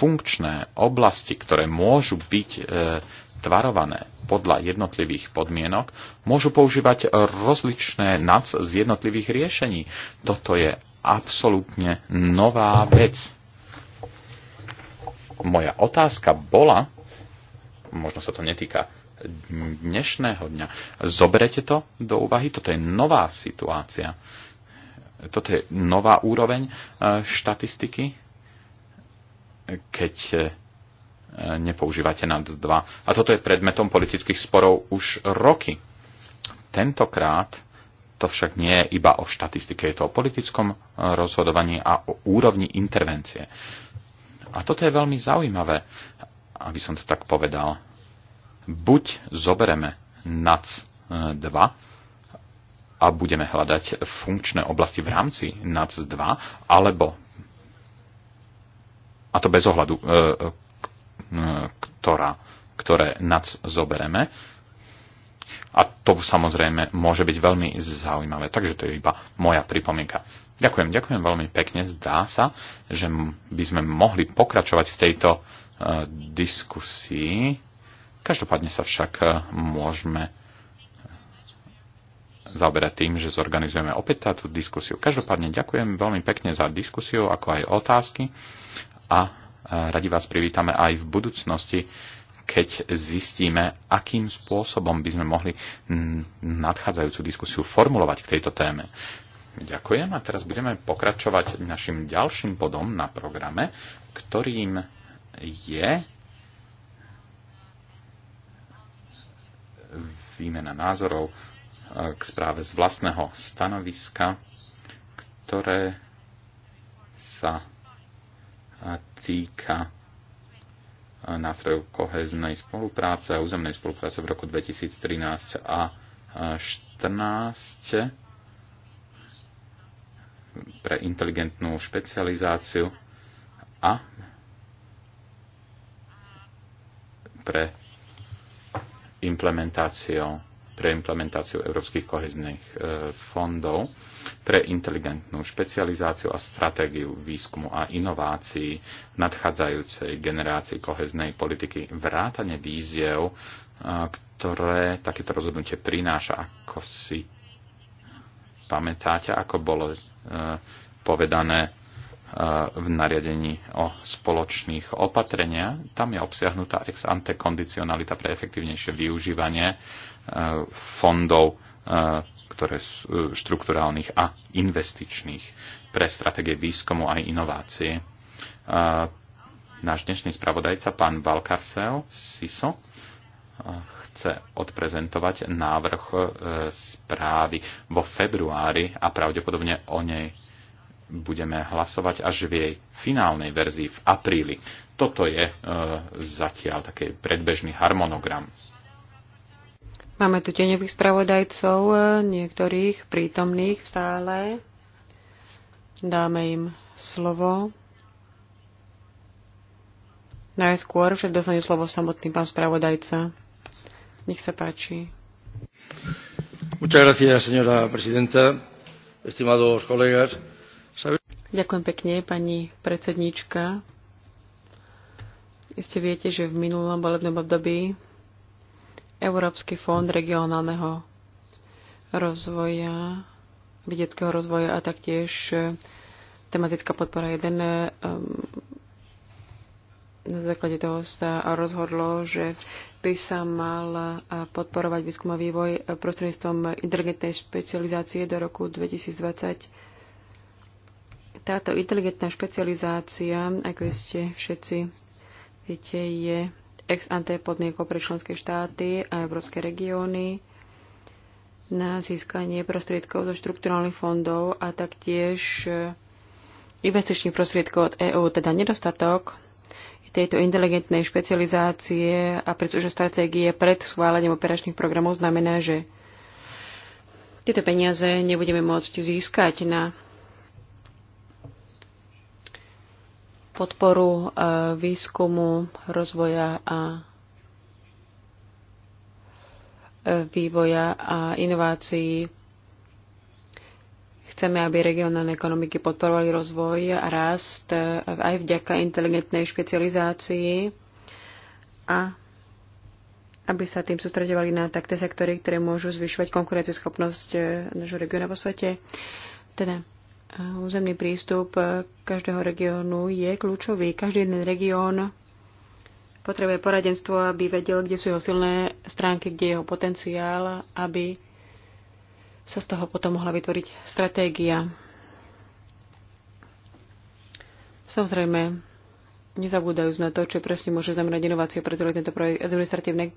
S3: Funkčné oblasti, ktoré môžu byť e, tvarované podľa jednotlivých podmienok, môžu používať rozličné NAC z jednotlivých riešení. Toto je absolútne nová vec. Moja otázka bola, možno sa to netýka dnešného dňa. Zoberete to do úvahy? Toto je nová situácia. Toto je nová úroveň e, štatistiky, keď e, nepoužívate nad 2. A toto je predmetom politických sporov už roky. Tentokrát to však nie je iba o štatistike, je to o politickom e, rozhodovaní a o úrovni intervencie. A toto je veľmi zaujímavé aby som to tak povedal, buď zobereme NAC 2 e, a budeme hľadať funkčné oblasti v rámci NAC 2, alebo a to bez ohľadu, e, e, ktorá, ktoré NAC zobereme. A to samozrejme môže byť veľmi zaujímavé. Takže to je iba moja pripomienka. Ďakujem, ďakujem veľmi pekne. Zdá sa, že by sme mohli pokračovať v tejto diskusí. Každopádne sa však môžeme zaoberať tým, že zorganizujeme opäť táto diskusiu. Každopádne ďakujem veľmi pekne za diskusiu, ako aj otázky a radi vás privítame aj v budúcnosti, keď zistíme, akým spôsobom by sme mohli nadchádzajúcu diskusiu formulovať k tejto téme. Ďakujem a teraz budeme pokračovať našim ďalším bodom na programe, ktorým je výmena názorov e, k správe z vlastného stanoviska, ktoré sa e, týka e, nástrojov koheznej spolupráce a územnej spolupráce v roku 2013 a 2014 pre inteligentnú špecializáciu a pre implementáciu pre implementáciu európskych kohezných e, fondov, pre inteligentnú špecializáciu a stratégiu výskumu a inovácií nadchádzajúcej generácii koheznej politiky, vrátane víziev, e, ktoré takéto rozhodnutie prináša, ako si pamätáte, ako bolo e, povedané v nariadení o spoločných opatrenia. Tam je obsiahnutá ex ante kondicionalita pre efektívnejšie využívanie e, fondov, e, ktoré sú e, štrukturálnych a investičných pre stratégie výskumu a inovácie. Náš dnešný spravodajca, pán Valkarsel Siso, chce odprezentovať návrh správy vo februári a pravdepodobne o nej budeme hlasovať až v jej finálnej verzii v apríli. Toto je e, zatiaľ taký predbežný harmonogram.
S1: Máme tu tenevých spravodajcov, e, niektorých prítomných v sále. Dáme im slovo. Najskôr však dostane slovo samotný pán spravodajca. Nech sa páči. Muchas gracias, señora
S2: presidenta, estimados colegas.
S1: Ďakujem pekne, pani predsedníčka. Iste viete, že v minulom volebnom období Európsky fond regionálneho rozvoja, vedeckého rozvoja a taktiež e, tematická podpora 1 e, na základe toho sa rozhodlo, že by sa mal e, podporovať výskum a vývoj prostredníctvom inteligentnej špecializácie do roku 2020 táto inteligentná špecializácia, ako ste všetci viete, je ex ante podmienkou pre členské štáty a európske regióny na získanie prostriedkov zo štrukturálnych fondov a taktiež e, investičných prostriedkov od EÚ, teda nedostatok tejto inteligentnej špecializácie a pretože stratégie pred schválením operačných programov znamená, že tieto peniaze nebudeme môcť získať na podporu e, výskumu, rozvoja a e, vývoja a inovácií. Chceme, aby regionálne ekonomiky podporovali rozvoj a rast e, aj vďaka inteligentnej špecializácii a aby sa tým sústredovali na také sektory, ktoré môžu zvyšovať konkurencieschopnosť nášho regióna vo svete. Teda územný prístup e, každého regiónu je kľúčový. Každý jeden región potrebuje poradenstvo, aby vedel, kde sú jeho silné stránky, kde je jeho potenciál, aby sa z toho potom mohla vytvoriť stratégia. Samozrejme, nezabúdajú na to, čo presne môže znamenať inováciu pre celý tento projekt administratívne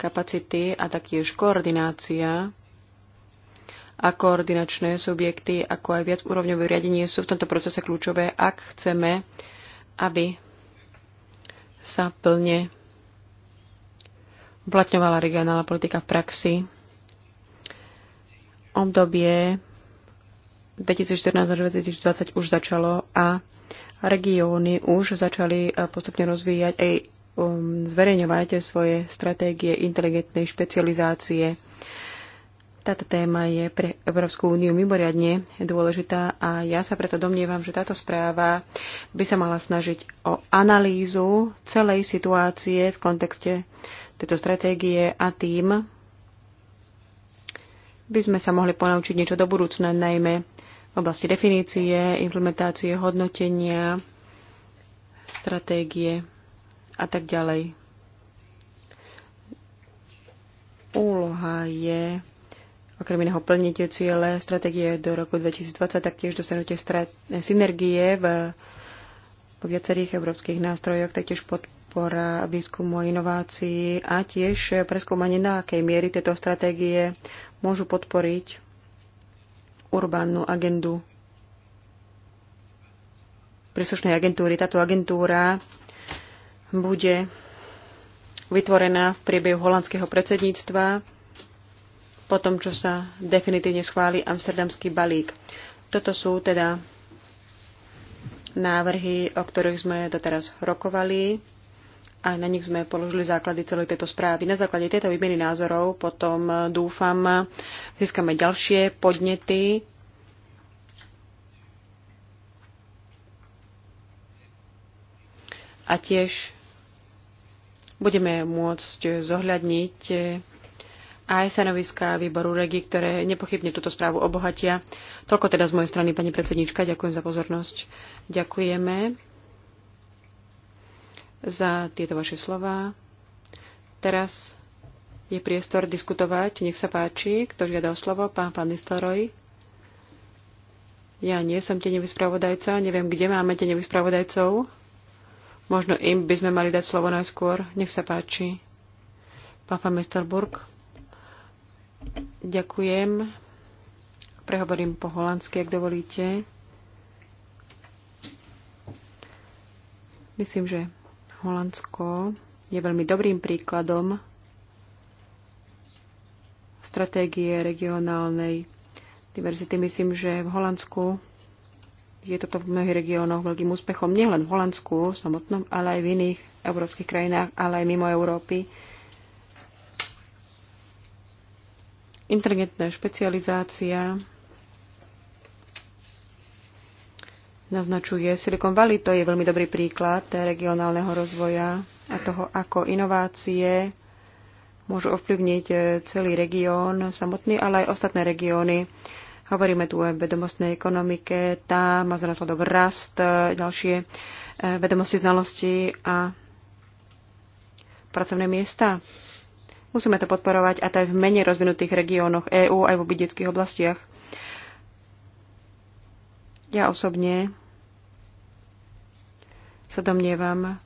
S1: kapacity a taktiež koordinácia a koordinačné subjekty, ako aj viacúrovňové riadenie sú v tomto procese kľúčové, ak chceme, aby sa plne uplatňovala regionálna politika v praxi. Obdobie 2014-2020 už začalo a regióny už začali eh, postupne rozvíjať aj eh, um, zverejňovať svoje stratégie inteligentnej špecializácie táto téma je pre Európsku úniu mimoriadne dôležitá a ja sa preto domnievam, že táto správa by sa mala snažiť o analýzu celej situácie v kontexte tejto stratégie a tým by sme sa mohli ponaučiť niečo do budúcna, najmä v oblasti definície, implementácie, hodnotenia, stratégie a tak ďalej. Úloha je okrem iného plniť ciele stratégie do roku 2020, taktiež dosiahnutie synergie v, v viacerých európskych nástrojoch, taktiež podpora výskumu a inovácií a tiež preskúmanie, na akej miery tieto stratégie môžu podporiť urbánnu agendu príslušnej agentúry. Táto agentúra bude vytvorená v priebehu holandského predsedníctva po tom, čo sa definitívne schváli amsterdamský balík. Toto sú teda návrhy, o ktorých sme doteraz rokovali a na nich sme položili základy celej tejto správy. Na základe tejto výmeny názorov potom eh, dúfam získame ďalšie podnety. A tiež budeme môcť zohľadniť eh, aj stanoviska výboru REGI, ktoré nepochybne túto správu obohatia. Toľko teda z mojej strany, pani predsednička, ďakujem za pozornosť. Ďakujeme za tieto vaše slova. Teraz je priestor diskutovať. Nech sa páči, kto žiada o slovo, pán pán Nistoroj. Ja nie som tenevý spravodajca, neviem, kde máme tenevých spravodajcov. Možno im by sme mali dať slovo najskôr. Nech sa páči. Pán pán Mesterburg. Ďakujem. Prehovorím po holandsky, ak dovolíte. Myslím, že Holandsko je veľmi dobrým príkladom stratégie regionálnej diverzity. Myslím, že v Holandsku je toto v mnohých regiónoch veľkým úspechom, nielen v Holandsku samotnom, ale aj v iných európskych krajinách, ale aj mimo Európy. Inteligentná špecializácia naznačuje Silicon Valley. To je veľmi dobrý príklad regionálneho rozvoja a toho, ako inovácie môžu ovplyvniť e, celý región samotný, ale aj ostatné regióny. Hovoríme tu o vedomostnej ekonomike, tá má za následok rast, e, ďalšie e, vedomosti, znalosti a pracovné miesta. Musíme to podporovať a to aj v menej rozvinutých regiónoch EÚ, aj v vidieckých oblastiach. Ja osobne sa domnievam,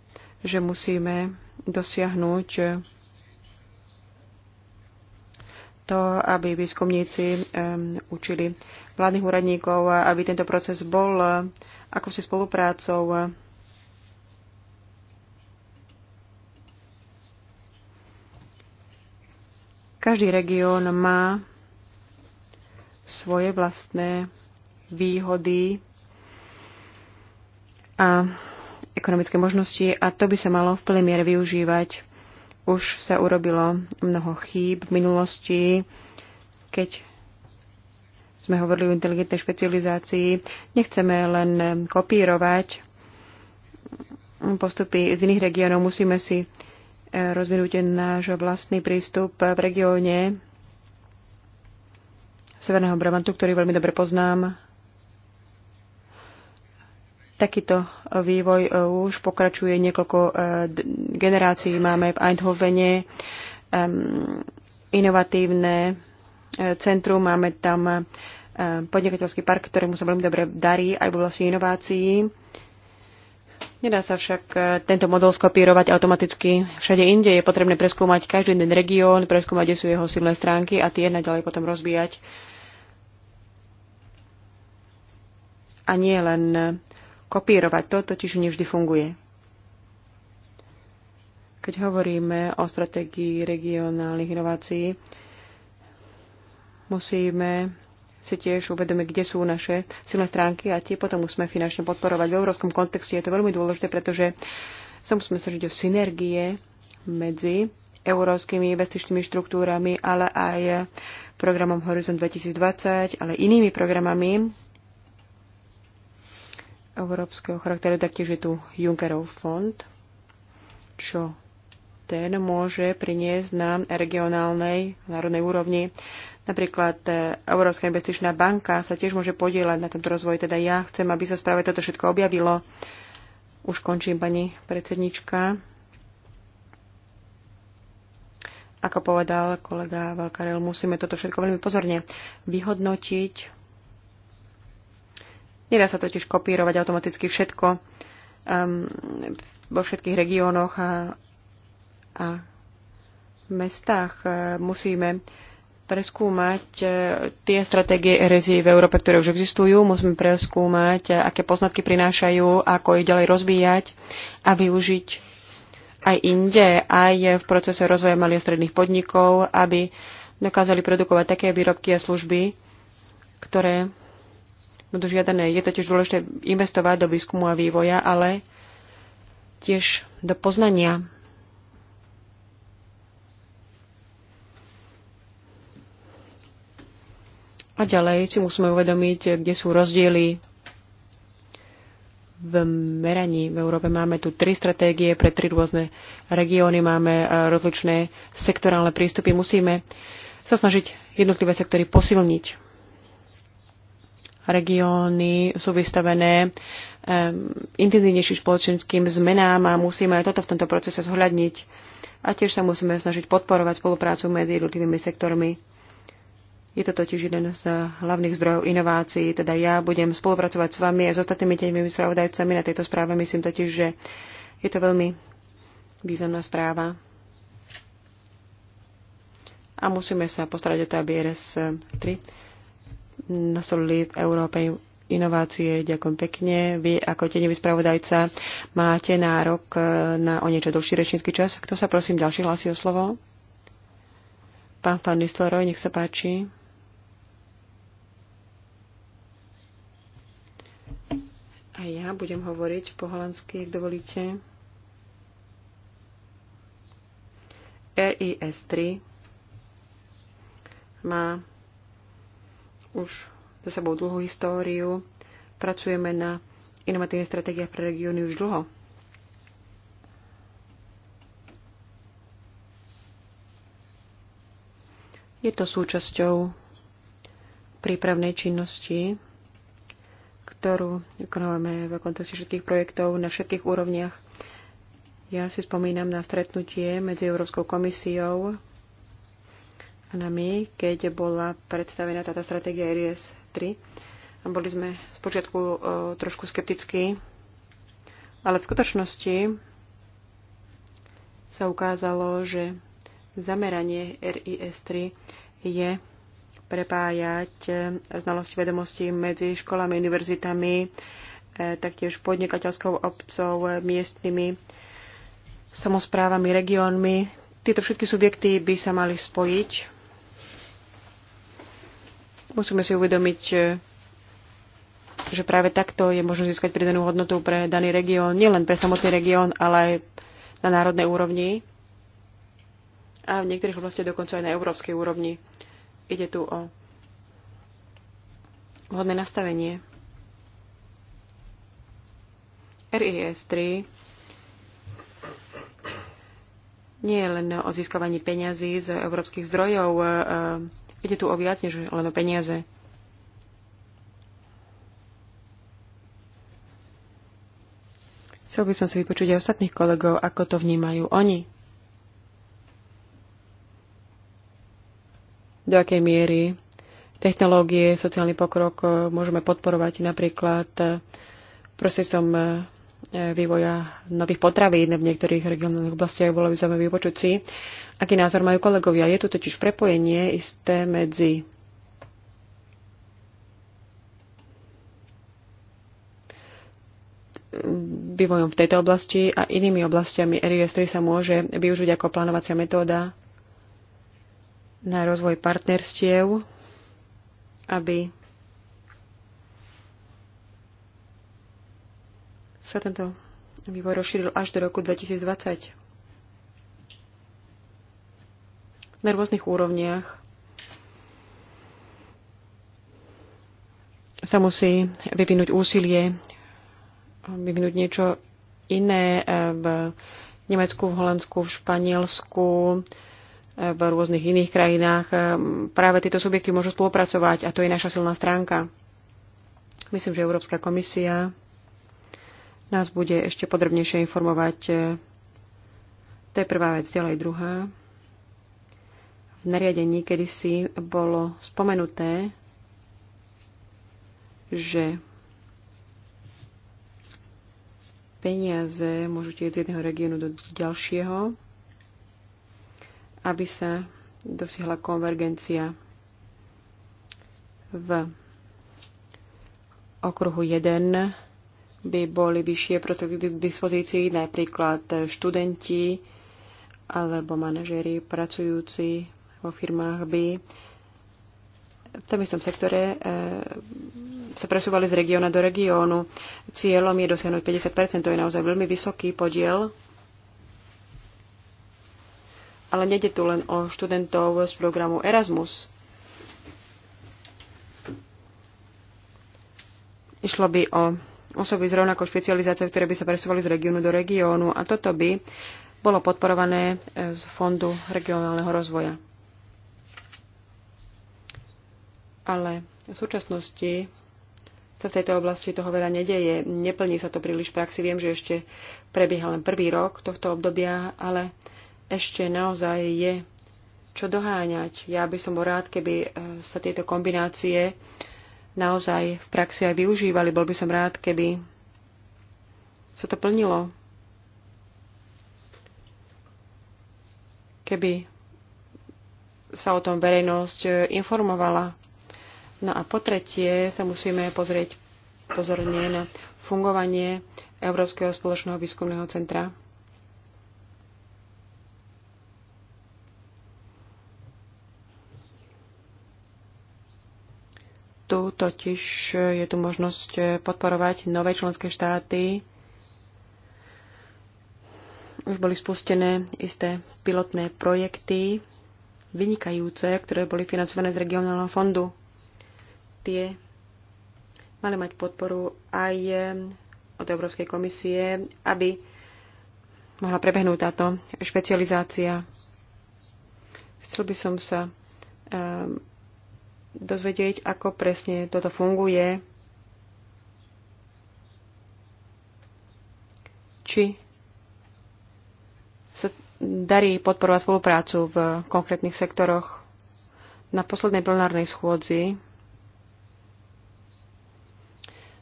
S1: že musíme dosiahnuť to, aby výskumníci učili vládnych úradníkov, aby tento proces bol eh, ako si spoluprácou Každý región má svoje vlastné výhody a ekonomické možnosti a to by sa malo v plnej miere využívať. Už sa urobilo mnoho chýb v minulosti, keď sme hovorili o inteligentnej špecializácii. Nechceme len kopírovať postupy z iných regiónov, musíme si rozvinúť náš vlastný prístup v regióne Severného Brabantu, ktorý veľmi dobre poznám. Takýto vývoj e, už pokračuje niekoľko e, generácií. Máme v Eindhovene inovatívne e, centrum, máme tam podnikateľský park, ktorému sa veľmi dobre darí aj v oblasti inovácií. Nedá sa však e, tento model skopírovať automaticky všade inde. Je potrebné preskúmať každý jeden región, preskúmať, kde sú jeho silné stránky a tie naďalej potom rozvíjať. A nie len e, kopírovať. To totiž nevždy funguje. Keď hovoríme o stratégii regionálnych inovácií, musíme si tiež uvedomiť, kde sú naše silné stránky a tie potom musíme finančne podporovať. V európskom kontexte je to veľmi dôležité, pretože sa musíme snažiť o synergie medzi európskymi investičnými štruktúrami, ale aj programom Horizon 2020, ale inými programami európskeho charakteru. Taktiež je tu Junckerov fond, čo ten môže priniesť na regionálnej, národnej úrovni Napríklad e, Európska investičná banka sa tiež môže podielať na tomto rozvoji. Teda ja chcem, aby sa správe toto všetko objavilo. Už končím, pani predsednička. Ako povedal kolega Valkarel, musíme toto všetko veľmi pozorne vyhodnotiť. Nedá sa totiž kopírovať automaticky všetko um, vo všetkých regiónoch a, a mestách. E, musíme preskúmať e, tie stratégie erezie v Európe, ktoré už existujú. Musíme preskúmať, e, aké poznatky prinášajú, ako ich ďalej rozvíjať a využiť aj inde, aj v procese rozvoja malých a stredných podnikov, aby dokázali produkovať také výrobky a služby, ktoré budú žiadané. Je totiž dôležité investovať do výskumu a vývoja, ale tiež do poznania A ďalej si musíme uvedomiť, kde sú rozdiely v meraní. V Európe máme tu tri stratégie pre tri rôzne regióny, máme e, rozličné sektorálne prístupy. Musíme sa snažiť jednotlivé sektory posilniť. Regióny sú vystavené um, intenzívnejším spoločenským zmenám a musíme aj toto v tomto procese zhľadniť. A tiež sa musíme snažiť podporovať spoluprácu medzi jednotlivými sektormi. Je to totiž jeden z hlavných zdrojov inovácií, teda ja budem spolupracovať s vami a s ostatnými teňovými spravodajcami na tejto správe. Myslím totiž, že je to veľmi významná správa. A musíme sa postarať o to, aby RS 3 nasolili v Európe inovácie. Ďakujem pekne. Vy ako tenevý spravodajca máte nárok e, na o niečo dlhší rečnícky čas. Kto sa prosím ďalší hlasí o slovo? Pán pán Nistelroj, nech sa páči. A ja budem hovoriť po holandsky, ak dovolíte. E RIS-3 má už za sebou dlhú históriu. Pracujeme na inovatívnych stratégiách pre regióny už dlho. Je to súčasťou prípravnej činnosti ktorú vykonávame v kontexte všetkých projektov na všetkých úrovniach. Ja si spomínam na stretnutie medzi Európskou komisiou a nami, keď bola predstavená táto stratégia RIS 3. Boli sme spočiatku trošku skeptickí, ale v skutočnosti sa ukázalo, že zameranie RIS 3 je prepájať e, znalosti vedomosti medzi školami, univerzitami, e, taktiež podnikateľskou obcov, e, miestnymi samozprávami, regiónmi. Tieto všetky subjekty by sa mali spojiť. Musíme si uvedomiť, že práve takto je možno získať pridanú hodnotu pre daný región, nielen pre samotný región, ale aj na národnej úrovni a v niektorých oblastiach dokonca aj na európskej úrovni. Ide tu o vhodné nastavenie. RIS 3 nie je len o získavaní peňazí z európskych zdrojov, e, e, ide tu o viac než len o peniaze. Chcel by som si vypočuť aj ostatných kolegov, ako to vnímajú oni. do akej miery technológie, sociálny pokrok eh, môžeme podporovať napríklad eh, prostredstvom eh, vývoja nových potravín v niektorých regionálnych oblastiach. Bolo by zaujímavé vypočuť si, aký názor majú kolegovia. Je tu totiž prepojenie isté medzi vývojom v tejto oblasti a inými oblastiami. RIS-3 sa môže využiť ako plánovacia metóda na rozvoj partnerstiev, aby sa tento vývoj rozšíril až do roku 2020. Na rôznych úrovniach sa musí vyvinúť úsilie, vyvinúť niečo iné eh, v Nemecku, v Holandsku, v Španielsku, v rôznych iných krajinách. Ehm, práve tieto subjekty môžu spolupracovať a to je naša silná stránka. Myslím, že Európska komisia nás bude ešte podrobnejšie informovať. Ehm, to je prvá vec, ďalej druhá. V nariadení kedysi bolo spomenuté, že peniaze môžu tieť z jedného regiónu do ďalšieho aby sa dosiahla konvergencia v okruhu 1 by boli vyššie prostriedky k dispozícii, napríklad študenti alebo manažeri pracujúci vo firmách by v tom istom sektore e, sa presúvali z regióna do regiónu. Cieľom je dosiahnuť 50 to je naozaj veľmi vysoký podiel ale nejde tu len o študentov z programu Erasmus. Išlo by o osoby s rovnakou špecializáciou, ktoré by sa presúvali z regiónu do regiónu a toto by bolo podporované e, z Fondu regionálneho rozvoja. Ale v súčasnosti sa v tejto oblasti toho veľa nedeje. Neplní sa to príliš v praxi. Viem, že ešte prebieha len prvý rok tohto obdobia, ale ešte naozaj je čo doháňať. Ja by som bol rád, keby e, sa tieto kombinácie naozaj v praxi aj využívali. Bol by som rád, keby sa to plnilo. Keby sa o tom verejnosť e, informovala. No a po tretie sa musíme pozrieť pozorne na fungovanie Európskeho spoločného výskumného centra. totiž je tu možnosť podporovať nové členské štáty. Už boli spustené isté pilotné projekty, vynikajúce, ktoré boli financované z regionálneho fondu. Tie mali mať podporu aj od Európskej komisie, aby mohla prebehnúť táto špecializácia. Chcel by som sa um, dozvedieť, ako presne toto funguje, či sa darí podporovať spoluprácu v konkrétnych sektoroch. Na poslednej plenárnej schôdzi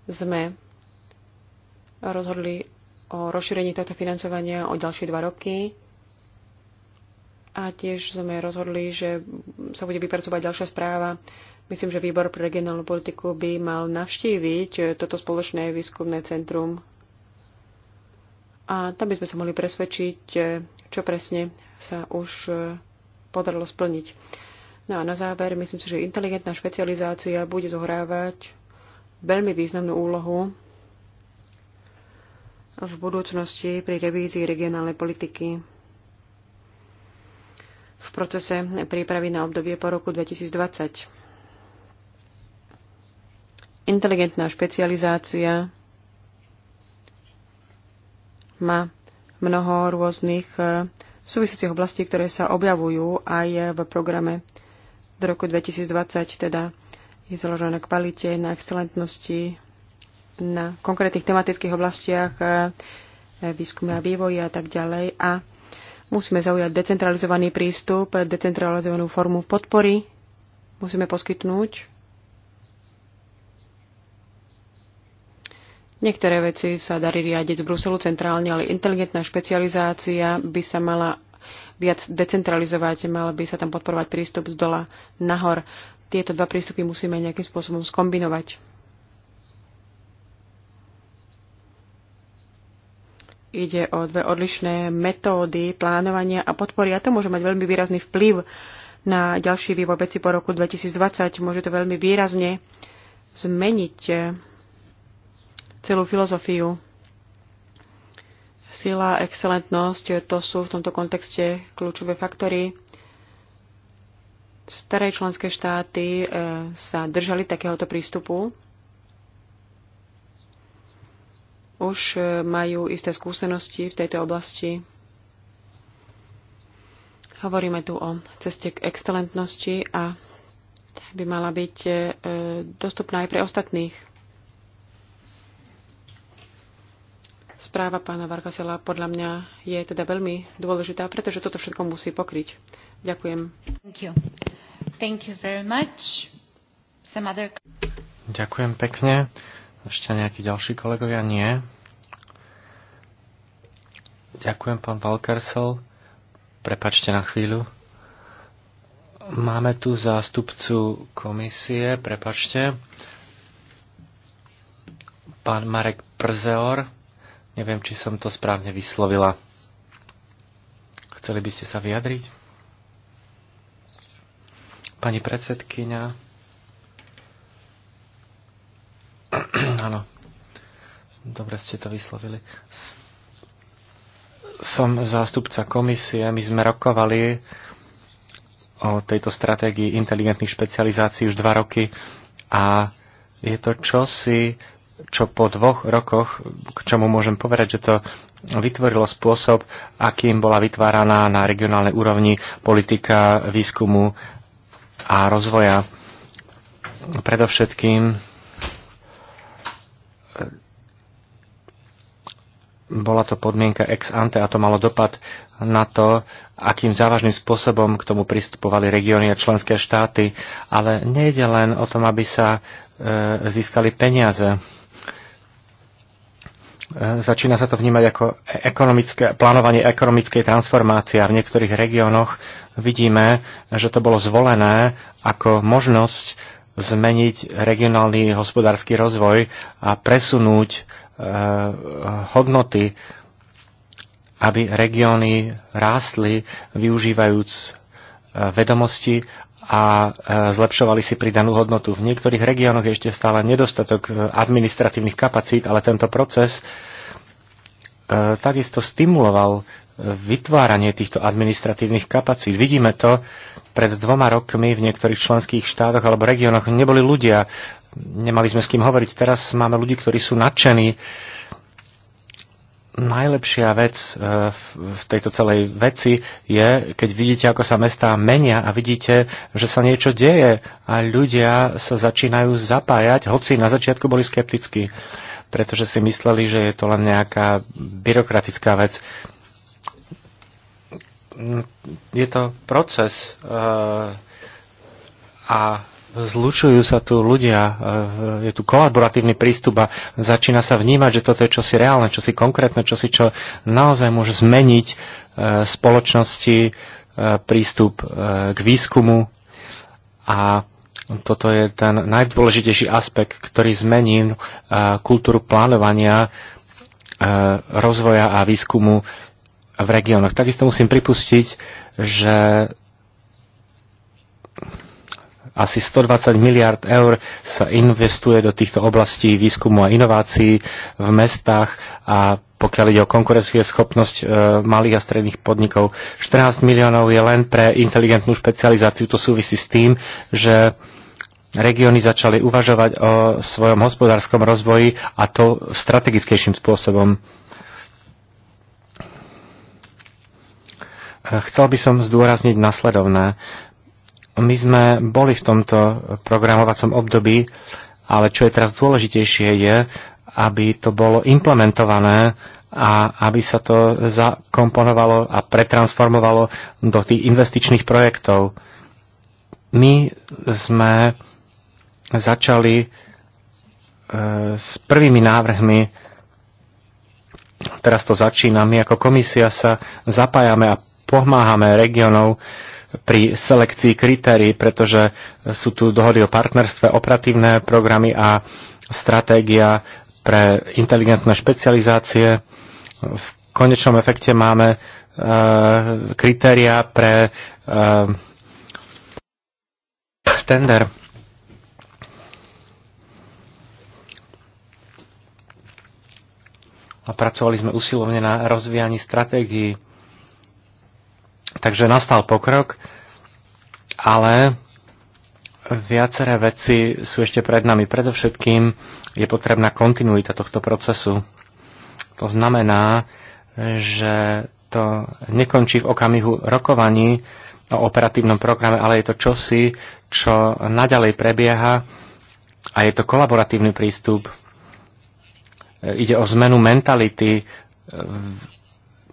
S1: sme rozhodli o rozšírení tohto financovania o ďalšie dva roky. A tiež sme rozhodli, že sa bude vypracovať ďalšia správa. Myslím, že výbor pre regionálnu politiku by mal navštíviť toto spoločné výskumné centrum. A tam by sme sa mohli presvedčiť, čo presne sa už podarilo splniť. No a na záver, myslím si, že inteligentná špecializácia bude zohrávať veľmi významnú úlohu v budúcnosti pri revízii regionálnej politiky v procese prípravy na obdobie po roku 2020. Inteligentná špecializácia má mnoho rôznych eh, súvisiacich oblastí, ktoré sa objavujú aj v programe do roku 2020, teda je založená na kvalite, na excelentnosti, na konkrétnych tematických oblastiach eh, výskume a vývoji a tak ďalej. A Musíme zaujať decentralizovaný prístup, decentralizovanú formu podpory. Musíme poskytnúť. Niektoré veci sa darí riadiť z Bruselu centrálne, ale inteligentná špecializácia by sa mala viac decentralizovať, mal by sa tam podporovať prístup z dola nahor. Tieto dva prístupy musíme nejakým spôsobom skombinovať. ide o dve odlišné metódy plánovania a podpory a to môže mať veľmi výrazný vplyv na ďalší vývoj veci po roku 2020. Môže to veľmi výrazne zmeniť celú filozofiu. Sila, excelentnosť, to sú v tomto kontexte kľúčové faktory. Staré členské štáty eh, sa držali takéhoto prístupu už e, majú isté skúsenosti v tejto oblasti. Hovoríme tu o ceste k excelentnosti a by mala byť e, e, dostupná aj pre ostatných. Správa pána Varkasela podľa mňa je teda veľmi dôležitá, pretože toto všetko musí pokryť. Ďakujem. Thank you. Thank you very much. Some other...
S2: Ďakujem pekne. Ešte nejakí ďalší kolegovia? Nie. Ďakujem, pán Valkersel. Prepačte na chvíľu. Máme tu zástupcu komisie, prepačte. Pán Marek Przeor. Neviem, či som to správne vyslovila. Chceli by ste sa vyjadriť? Pani predsedkynia, Áno. Dobre ste to vyslovili. Som zástupca komisie. My sme rokovali o tejto stratégii inteligentných špecializácií už dva roky a je to čosi, čo po dvoch rokoch, k čomu môžem povedať, že to vytvorilo spôsob, akým bola vytváraná na regionálnej úrovni politika výskumu a rozvoja. Predovšetkým bola to podmienka ex ante a to malo dopad na to, akým závažným spôsobom k tomu pristupovali regióny a členské štáty. Ale nejde len o tom, aby sa e, získali peniaze. E, začína sa to vnímať ako ekonomické, plánovanie ekonomickej transformácie a v niektorých regiónoch vidíme, že to bolo zvolené ako možnosť zmeniť regionálny hospodársky rozvoj a presunúť Eh, hodnoty, aby regióny rástli, využívajúc eh, vedomosti a eh, zlepšovali si pridanú hodnotu. V niektorých regiónoch je ešte stále nedostatok administratívnych kapacít, ale tento proces takisto stimuloval vytváranie týchto administratívnych kapacít. Vidíme to, pred dvoma rokmi v niektorých členských štátoch alebo regiónoch neboli ľudia nemali sme s kým hovoriť. Teraz máme ľudí, ktorí sú nadšení. Najlepšia vec eh, v tejto celej veci je, keď vidíte, ako sa mestá menia a vidíte, že sa niečo deje a ľudia sa začínajú zapájať, hoci na začiatku boli skeptickí, pretože si mysleli, že je to len nejaká byrokratická vec je to proces eh, a zlučujú sa tu ľudia, e, je tu kolaboratívny prístup a začína sa vnímať, že toto je čosi reálne, čosi konkrétne, čosi, čo naozaj môže zmeniť e, spoločnosti, e, prístup k výskumu a toto je ten najdôležitejší aspekt, ktorý zmení kultúru plánovania, rozvoja a výskumu v regiónoch. Takisto musím pripustiť, že asi 120 miliard eur sa investuje do týchto oblastí výskumu a inovácií v mestách a pokiaľ ide o schopnosť e, malých a stredných podnikov. 14 miliónov je len pre inteligentnú špecializáciu. To súvisí s tým, že regióny začali uvažovať o svojom hospodárskom rozvoji a to strategickejším spôsobom. E, chcel by som zdôrazniť nasledovné. My sme boli v tomto programovacom období, ale čo je teraz dôležitejšie je, aby to bolo implementované a aby sa to zakomponovalo a pretransformovalo do tých investičných projektov. My sme začali e, s prvými návrhmi, teraz to začíname, ako komisia sa zapájame a pomáhame regionov pri selekcii kritérií, pretože sú tu dohody o partnerstve, operatívne programy a stratégia pre inteligentné špecializácie. V konečnom efekte máme e, kritéria pre e, tender. A pracovali sme usilovne na rozvíjaní stratégií Takže nastal pokrok, ale viaceré veci sú ešte pred nami. Predovšetkým je potrebná kontinuita tohto procesu. To znamená, že to nekončí v okamihu rokovaní o operatívnom programe, ale je to čosi, čo naďalej prebieha a je to kolaboratívny prístup. Ide o zmenu mentality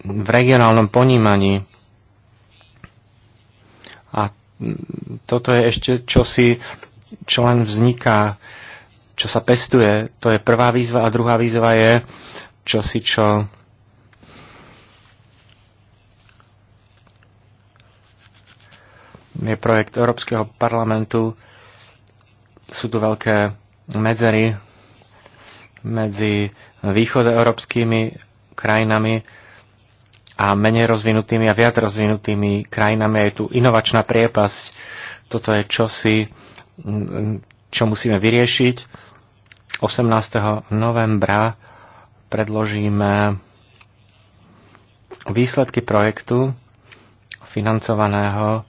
S2: v regionálnom ponímaní a toto je ešte čosi, čo len vzniká, čo sa pestuje. To je prvá výzva a druhá výzva je čosi, čo je projekt Európskeho parlamentu. Sú tu veľké medzery medzi východoeurópskymi krajinami a menej rozvinutými a viac rozvinutými krajinami. Je tu inovačná priepasť. Toto je čosi, čo musíme vyriešiť. 18. novembra predložíme výsledky projektu financovaného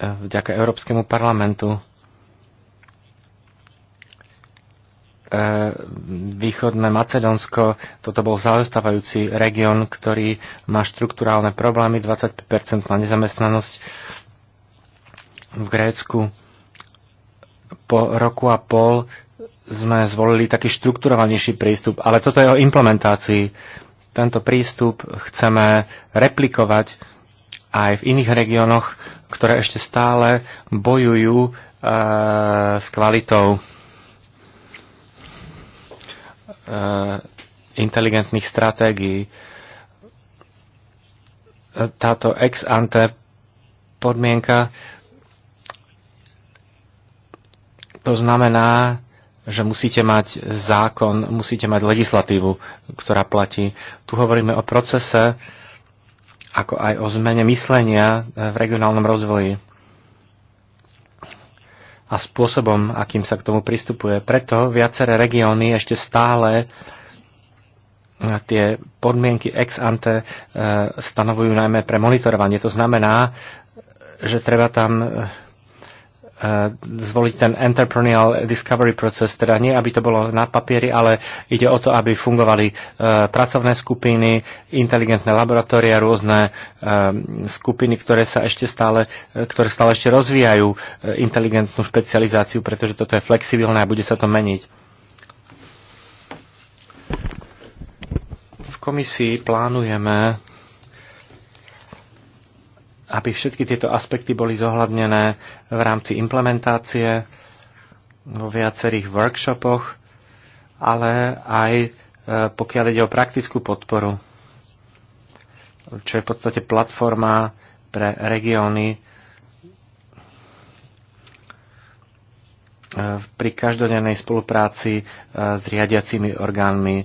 S2: e, vďaka Európskemu parlamentu E, východné Macedónsko, toto bol zaostávajúci región, ktorý má štruktúrálne problémy, 25% má nezamestnanosť v Grécku. Po roku a pol sme zvolili taký štrukturovanejší prístup, ale toto je o implementácii. Tento prístup chceme replikovať aj v iných regiónoch, ktoré ešte stále bojujú e, s kvalitou Eh, inteligentných stratégií. Táto ex ante podmienka to znamená, že musíte mať zákon, musíte mať legislatívu, ktorá platí. Tu hovoríme o procese, ako aj o zmene myslenia v regionálnom rozvoji a spôsobom, akým sa k tomu pristupuje. Preto viaceré regióny ešte stále eh, tie podmienky ex ante eh, stanovujú najmä pre monitorovanie. To znamená, že treba tam eh, Eh, zvoliť ten entrepreneurial discovery proces, teda nie, aby to bolo na papieri, ale ide o to, aby fungovali eh, pracovné skupiny, inteligentné laboratória, rôzne eh, skupiny, ktoré sa ešte stále, ktoré stále ešte rozvíjajú inteligentnú špecializáciu, pretože toto je flexibilné a bude sa to meniť. V komisii plánujeme aby všetky tieto aspekty boli zohľadnené v rámci implementácie vo viacerých workshopoch, ale aj e, pokiaľ ide o praktickú podporu, čo je v podstate platforma pre regióny e, pri každodennej spolupráci e, s riadiacimi orgánmi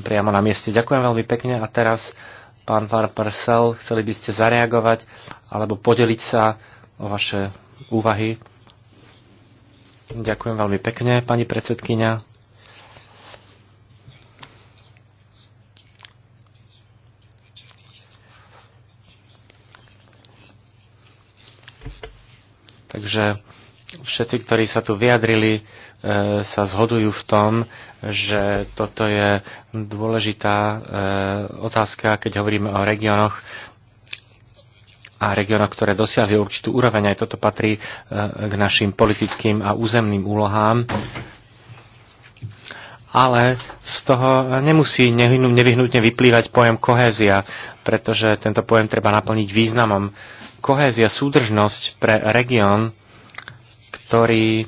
S2: priamo na mieste. Ďakujem veľmi pekne a teraz Pán Van Persel, chceli by ste zareagovať alebo podeliť sa o vaše úvahy? Ďakujem veľmi pekne, pani predsedkynia. Takže všetci, ktorí sa tu vyjadrili, E, sa zhodujú v tom, že toto je dôležitá e, otázka, keď hovoríme o regiónoch a regiónoch, ktoré dosiahli určitú úroveň. Aj toto patrí e, k našim politickým a územným úlohám ale z toho nemusí nevyhnutne vyplývať pojem kohézia, pretože tento pojem treba naplniť významom. Kohézia, súdržnosť pre región, ktorý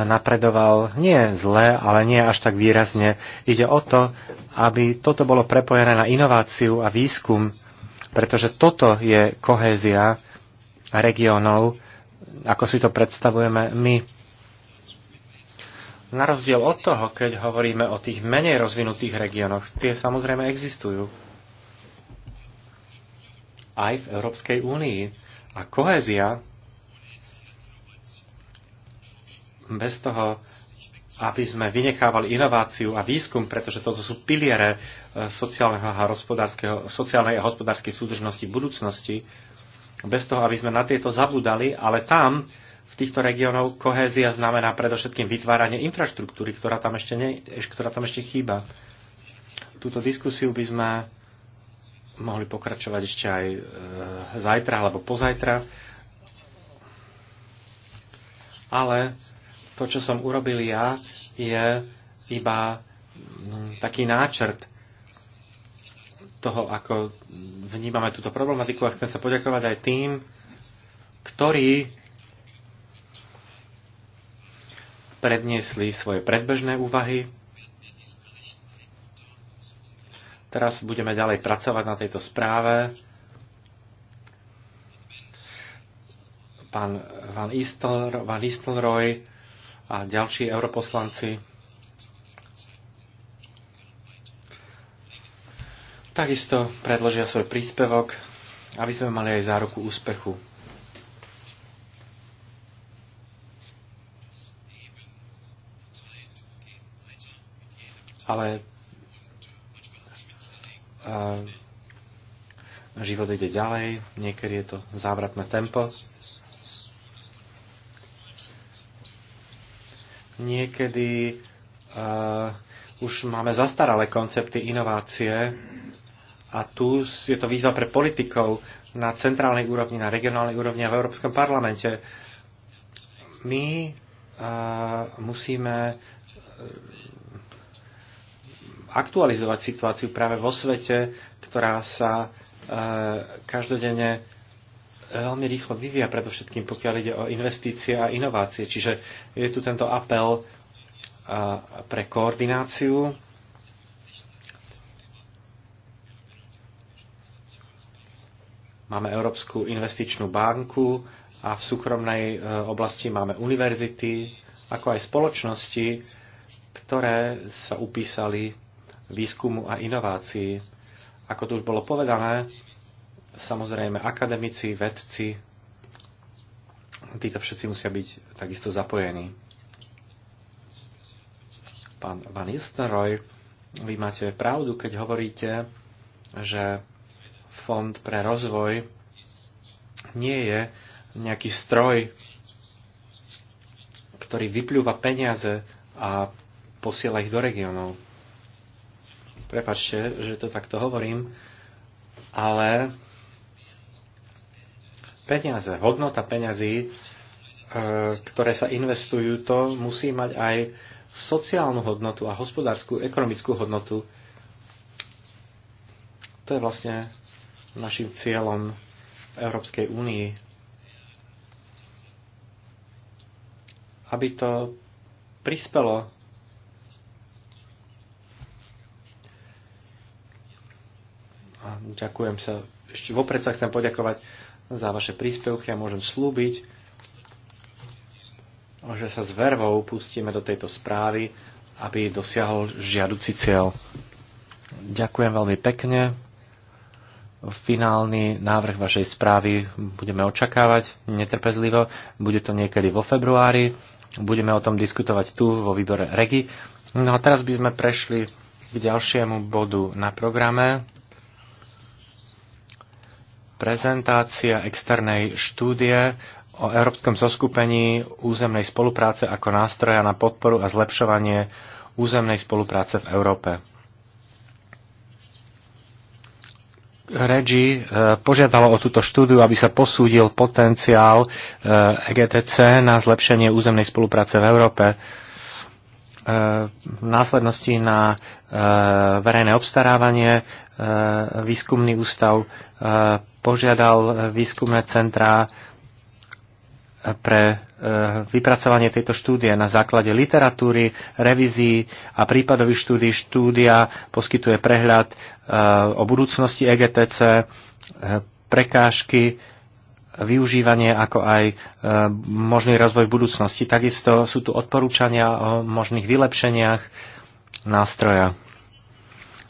S2: napredoval nie zle, ale nie až tak výrazne. Ide o to, aby toto bolo prepojené na inováciu a výskum, pretože toto je kohézia regionov, ako si to predstavujeme my. Na rozdiel od toho, keď hovoríme o tých menej rozvinutých regiónoch, tie samozrejme existujú. Aj v Európskej únii. A kohézia bez toho, aby sme vynechávali inováciu a výskum, pretože toto sú piliere e, sociálneho a hospodárskeho, sociálnej a hospodárskej súdržnosti budúcnosti, bez toho, aby sme na tieto zabudali, ale tam, v týchto regiónoch, kohézia znamená predovšetkým vytváranie infraštruktúry, ktorá tam ešte, ne, ktorá tam ešte chýba. Túto diskusiu by sme mohli pokračovať ešte aj e, zajtra alebo pozajtra, ale to, čo som urobil ja, je iba mm, taký náčrt toho, ako vnímame túto problematiku a chcem sa poďakovať aj tým, ktorí predniesli svoje predbežné úvahy. Teraz budeme ďalej pracovať na tejto správe. Pán Van Istelroy a ďalší europoslanci. Takisto predložia svoj príspevok, aby sme mali aj záruku úspechu. Ale a, život ide ďalej, niekedy je to závratné tempo Niekedy uh, už máme zastaralé koncepty inovácie a tu je to výzva pre politikov na centrálnej úrovni, na regionálnej úrovni a v Európskom parlamente. My uh, musíme e, aktualizovať situáciu práve vo svete, ktorá sa e, každodenne veľmi rýchlo vyvíja, predovšetkým pokiaľ ide o investície a inovácie. Čiže je tu tento apel pre koordináciu. Máme Európsku investičnú banku a v súkromnej e, oblasti máme univerzity, ako aj spoločnosti, ktoré sa upísali výskumu a inovácií. Ako tu už bolo povedané, Samozrejme, akademici, vedci, títo všetci musia byť takisto zapojení. Pán Van Isteroy, vy máte pravdu, keď hovoríte, že Fond pre rozvoj nie je nejaký stroj, ktorý vyplúva peniaze a posiela ich do regiónov. Prepačte, že to takto hovorím, ale peniaze, hodnota peňazí, e, ktoré sa investujú, to musí mať aj sociálnu hodnotu a hospodárskú, ekonomickú hodnotu. To je vlastne našim cieľom v Európskej únii. Aby to prispelo a ďakujem sa. Ešte vopred sa chcem poďakovať za vaše príspevky a môžem slúbiť, že sa s vervou pustíme do tejto správy, aby dosiahol žiaduci cieľ. Ďakujem veľmi pekne. Finálny návrh vašej správy budeme očakávať netrpezlivo. Bude to niekedy vo februári. Budeme o tom diskutovať tu vo výbore REGI. No a teraz by sme prešli k ďalšiemu bodu na programe. Prezentácia externej štúdie o Európskom zoskupení územnej spolupráce ako nástroja na podporu a zlepšovanie územnej spolupráce v Európe. Regi eh, požiadalo o túto štúdiu, aby sa posúdil potenciál EGTC eh, e na zlepšenie územnej spolupráce v Európe eh, v následnosti na verejné obstarávanie výskumný ústav požiadal e, výskumné centrá e, pre e, vypracovanie tejto štúdie na základe literatúry, revízií a prípadových štúdí. Štúdia poskytuje prehľad o budúcnosti EGTC, prekážky, využívanie, ako aj možný rozvoj v budúcnosti. Takisto sú tu odporúčania o možných vylepšeniach nástroja.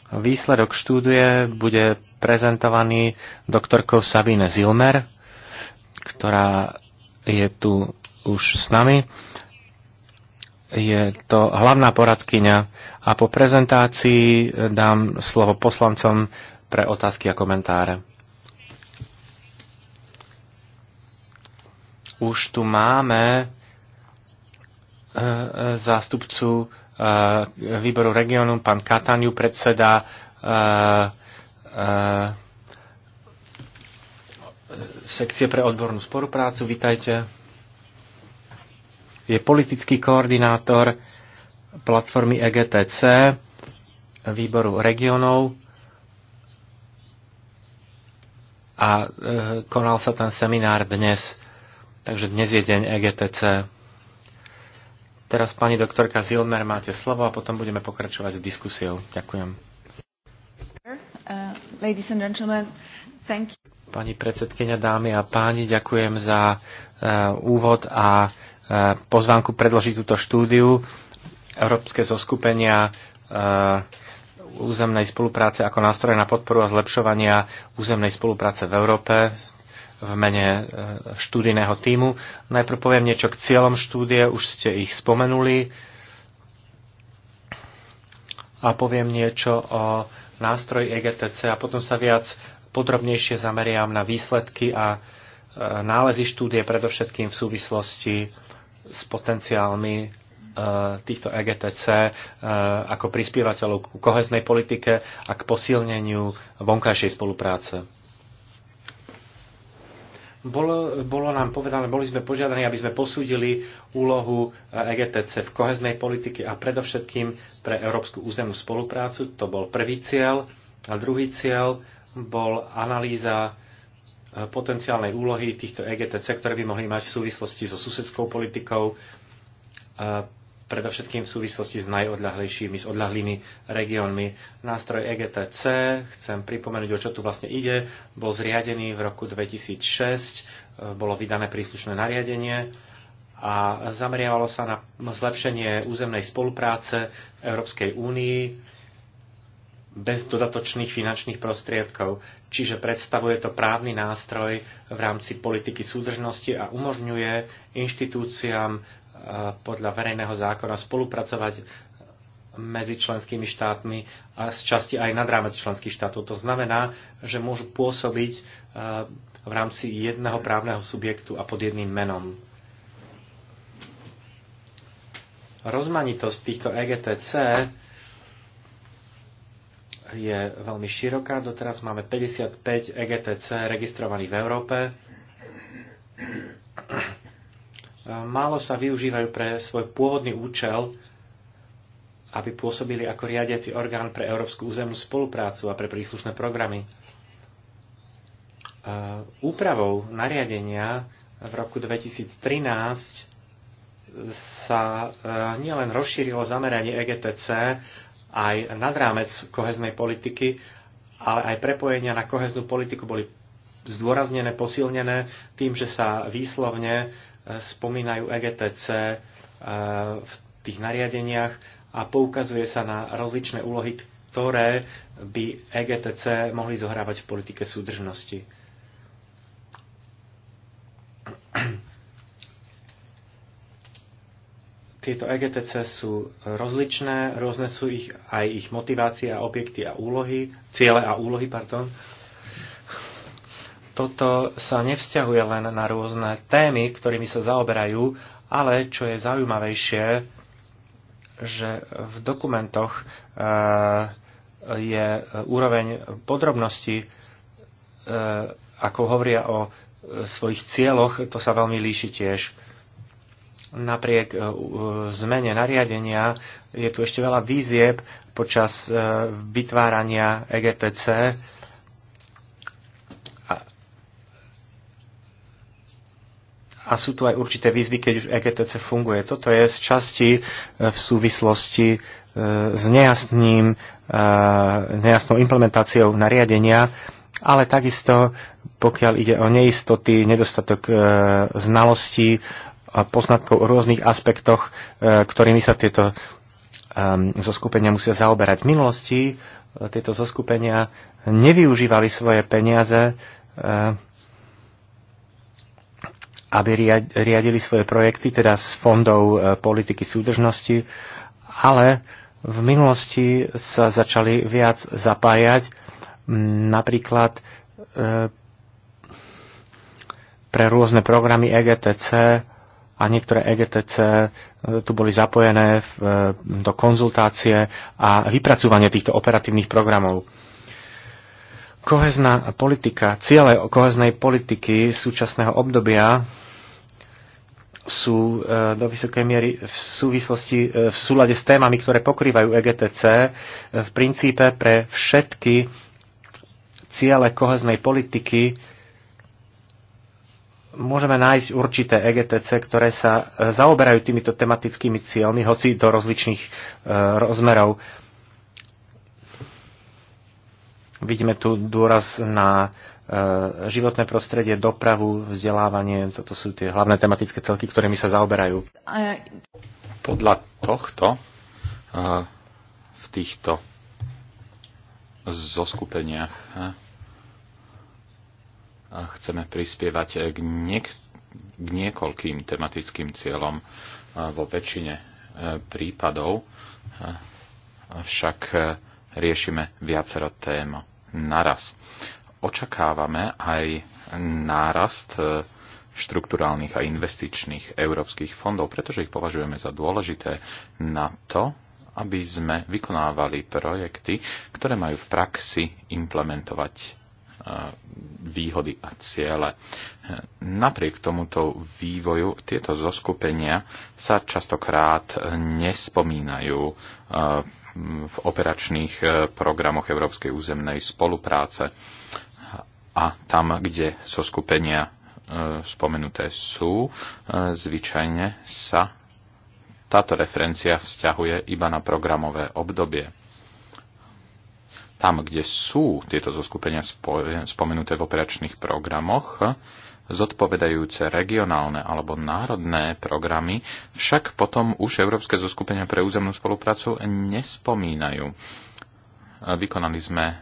S2: Výsledok štúdie bude prezentovaný doktorkou Sabine Zilmer, ktorá je tu už s nami. Je to hlavná poradkyňa a po prezentácii dám slovo poslancom pre otázky a komentáre. Už tu máme e, e, zástupcu e, výboru regionu, pán Kataniu, predseda Eh, sekcie pre odbornú spoluprácu. Vítajte. Je politický koordinátor platformy EGTC, výboru regionov a eh, konal sa ten seminár dnes. Takže dnes je deň EGTC. Teraz pani doktorka Zilmer máte slovo a potom budeme pokračovať s diskusiou. Ďakujem.
S3: Ladies and gentlemen, thank
S2: you. Pani predsedkynia, dámy a páni, ďakujem za uh, úvod a uh, pozvánku predložiť túto štúdiu. Európske zoskupenia uh, územnej spolupráce ako nástroj na podporu a zlepšovania územnej spolupráce v Európe v mene štúdijného týmu. Najprv poviem niečo k cieľom štúdie, už ste ich spomenuli. A poviem niečo o nástroj EGTC a potom sa viac podrobnejšie zameriam na výsledky a e, nálezy štúdie predovšetkým v súvislosti s potenciálmi e, týchto EGTC e, ako prispievateľov ku koheznej politike a k posilneniu vonkajšej spolupráce. Bolo, bolo nám povedané, boli sme požiadaní, aby sme posúdili úlohu EGTC eh, e v koheznej politike a predovšetkým pre európsku územnú spoluprácu. To bol prvý cieľ. A druhý cieľ bol analýza eh, potenciálnej úlohy týchto EGTC, ktoré by mohli mať v súvislosti so susedskou politikou, eh, predovšetkým v súvislosti s najodľahlejšími, s odľahlými regiónmi. Nástroj EGTC, chcem pripomenúť, o čo tu vlastne ide, bol zriadený v roku 2006, e, bolo vydané príslušné nariadenie a zameriavalo sa na zlepšenie územnej spolupráce v Európskej únii bez dodatočných finančných prostriedkov, čiže predstavuje to právny nástroj v rámci politiky súdržnosti a umožňuje inštitúciám podľa verejného zákona spolupracovať medzi členskými štátmi a z časti aj nad rámec členských štátov. To znamená, že môžu pôsobiť e, v rámci jedného právneho subjektu a pod jedným menom. Rozmanitosť týchto EGTC je veľmi široká. Doteraz máme 55 EGTC registrovaných v Európe málo sa využívajú pre svoj pôvodný účel, aby pôsobili ako riadiaci orgán pre Európsku územnú spoluprácu a pre príslušné programy. Úpravou nariadenia v roku 2013 sa e, nielen rozšírilo zameranie EGTC aj nad rámec koheznej politiky, ale aj prepojenia na koheznú politiku boli zdôraznené, posilnené tým, že sa výslovne spomínajú EGTC e, v tých nariadeniach a poukazuje sa na rozličné úlohy, ktoré by EGTC mohli zohrávať v politike súdržnosti. Tieto EGTC sú rozličné, rôzne sú ich aj ich motivácie a objekty a úlohy, ciele a úlohy, pardon. Toto sa nevzťahuje len na rôzne témy, ktorými sa zaoberajú, ale čo je zaujímavejšie, že v dokumentoch eh, je úroveň podrobnosti, eh, ako hovoria o eh, svojich cieľoch, to sa veľmi líši tiež napriek zmene nariadenia je tu ešte veľa výzieb počas vytvárania EGTC a sú tu aj určité výzvy, keď už EGTC funguje. Toto je z časti e, v súvislosti e, s nejasným, e, nejasnou implementáciou nariadenia, ale takisto pokiaľ ide o neistoty, nedostatok znalostí, poznatkov o rôznych aspektoch, ktorými sa tieto zoskupenia musia zaoberať. V minulosti tieto zoskupenia nevyužívali svoje peniaze aby riadili svoje projekty, teda z fondov e, politiky súdržnosti, ale v minulosti sa začali viac zapájať napríklad e, pre rôzne programy EGTC a niektoré EGTC e, tu boli zapojené do konzultácie a vypracovanie týchto operatívnych programov. Kohezná politika, ciele koheznej politiky súčasného obdobia sú e, do vysokej miery v súvislosti, e, v súlade s témami, ktoré pokrývajú EGTC, e, v princípe pre všetky ciele koheznej politiky môžeme nájsť určité EGTC, ktoré sa zaoberajú týmito tematickými cieľmi, hoci do rozličných rozmerov. Vidíme tu dôraz na E, životné prostredie, dopravu, vzdelávanie, toto sú tie hlavné tematické celky, ktorými sa zaoberajú.
S3: Podľa tohto e, v týchto zoskupeniach e, chceme prispievať k, niek- k niekoľkým tematickým cieľom vo väčšine prípadov, však riešime viacero tém naraz očakávame aj nárast e, štrukturálnych a investičných európskych fondov, pretože ich považujeme za dôležité na to, aby sme vykonávali projekty, ktoré majú v praxi implementovať e, výhody a ciele. E, napriek tomuto vývoju tieto zoskupenia sa častokrát nespomínajú v operačných programoch Európskej územnej spolupráce a tam, kde zo so skupenia e, spomenuté sú, e, zvyčajne sa táto referencia vzťahuje iba na programové obdobie. Tam, kde sú tieto zoskupenia spomenuté v operačných programoch, zodpovedajúce regionálne alebo národné programy, však potom už Európske zoskupenia pre územnú spoluprácu nespomínajú. E, vykonali sme e,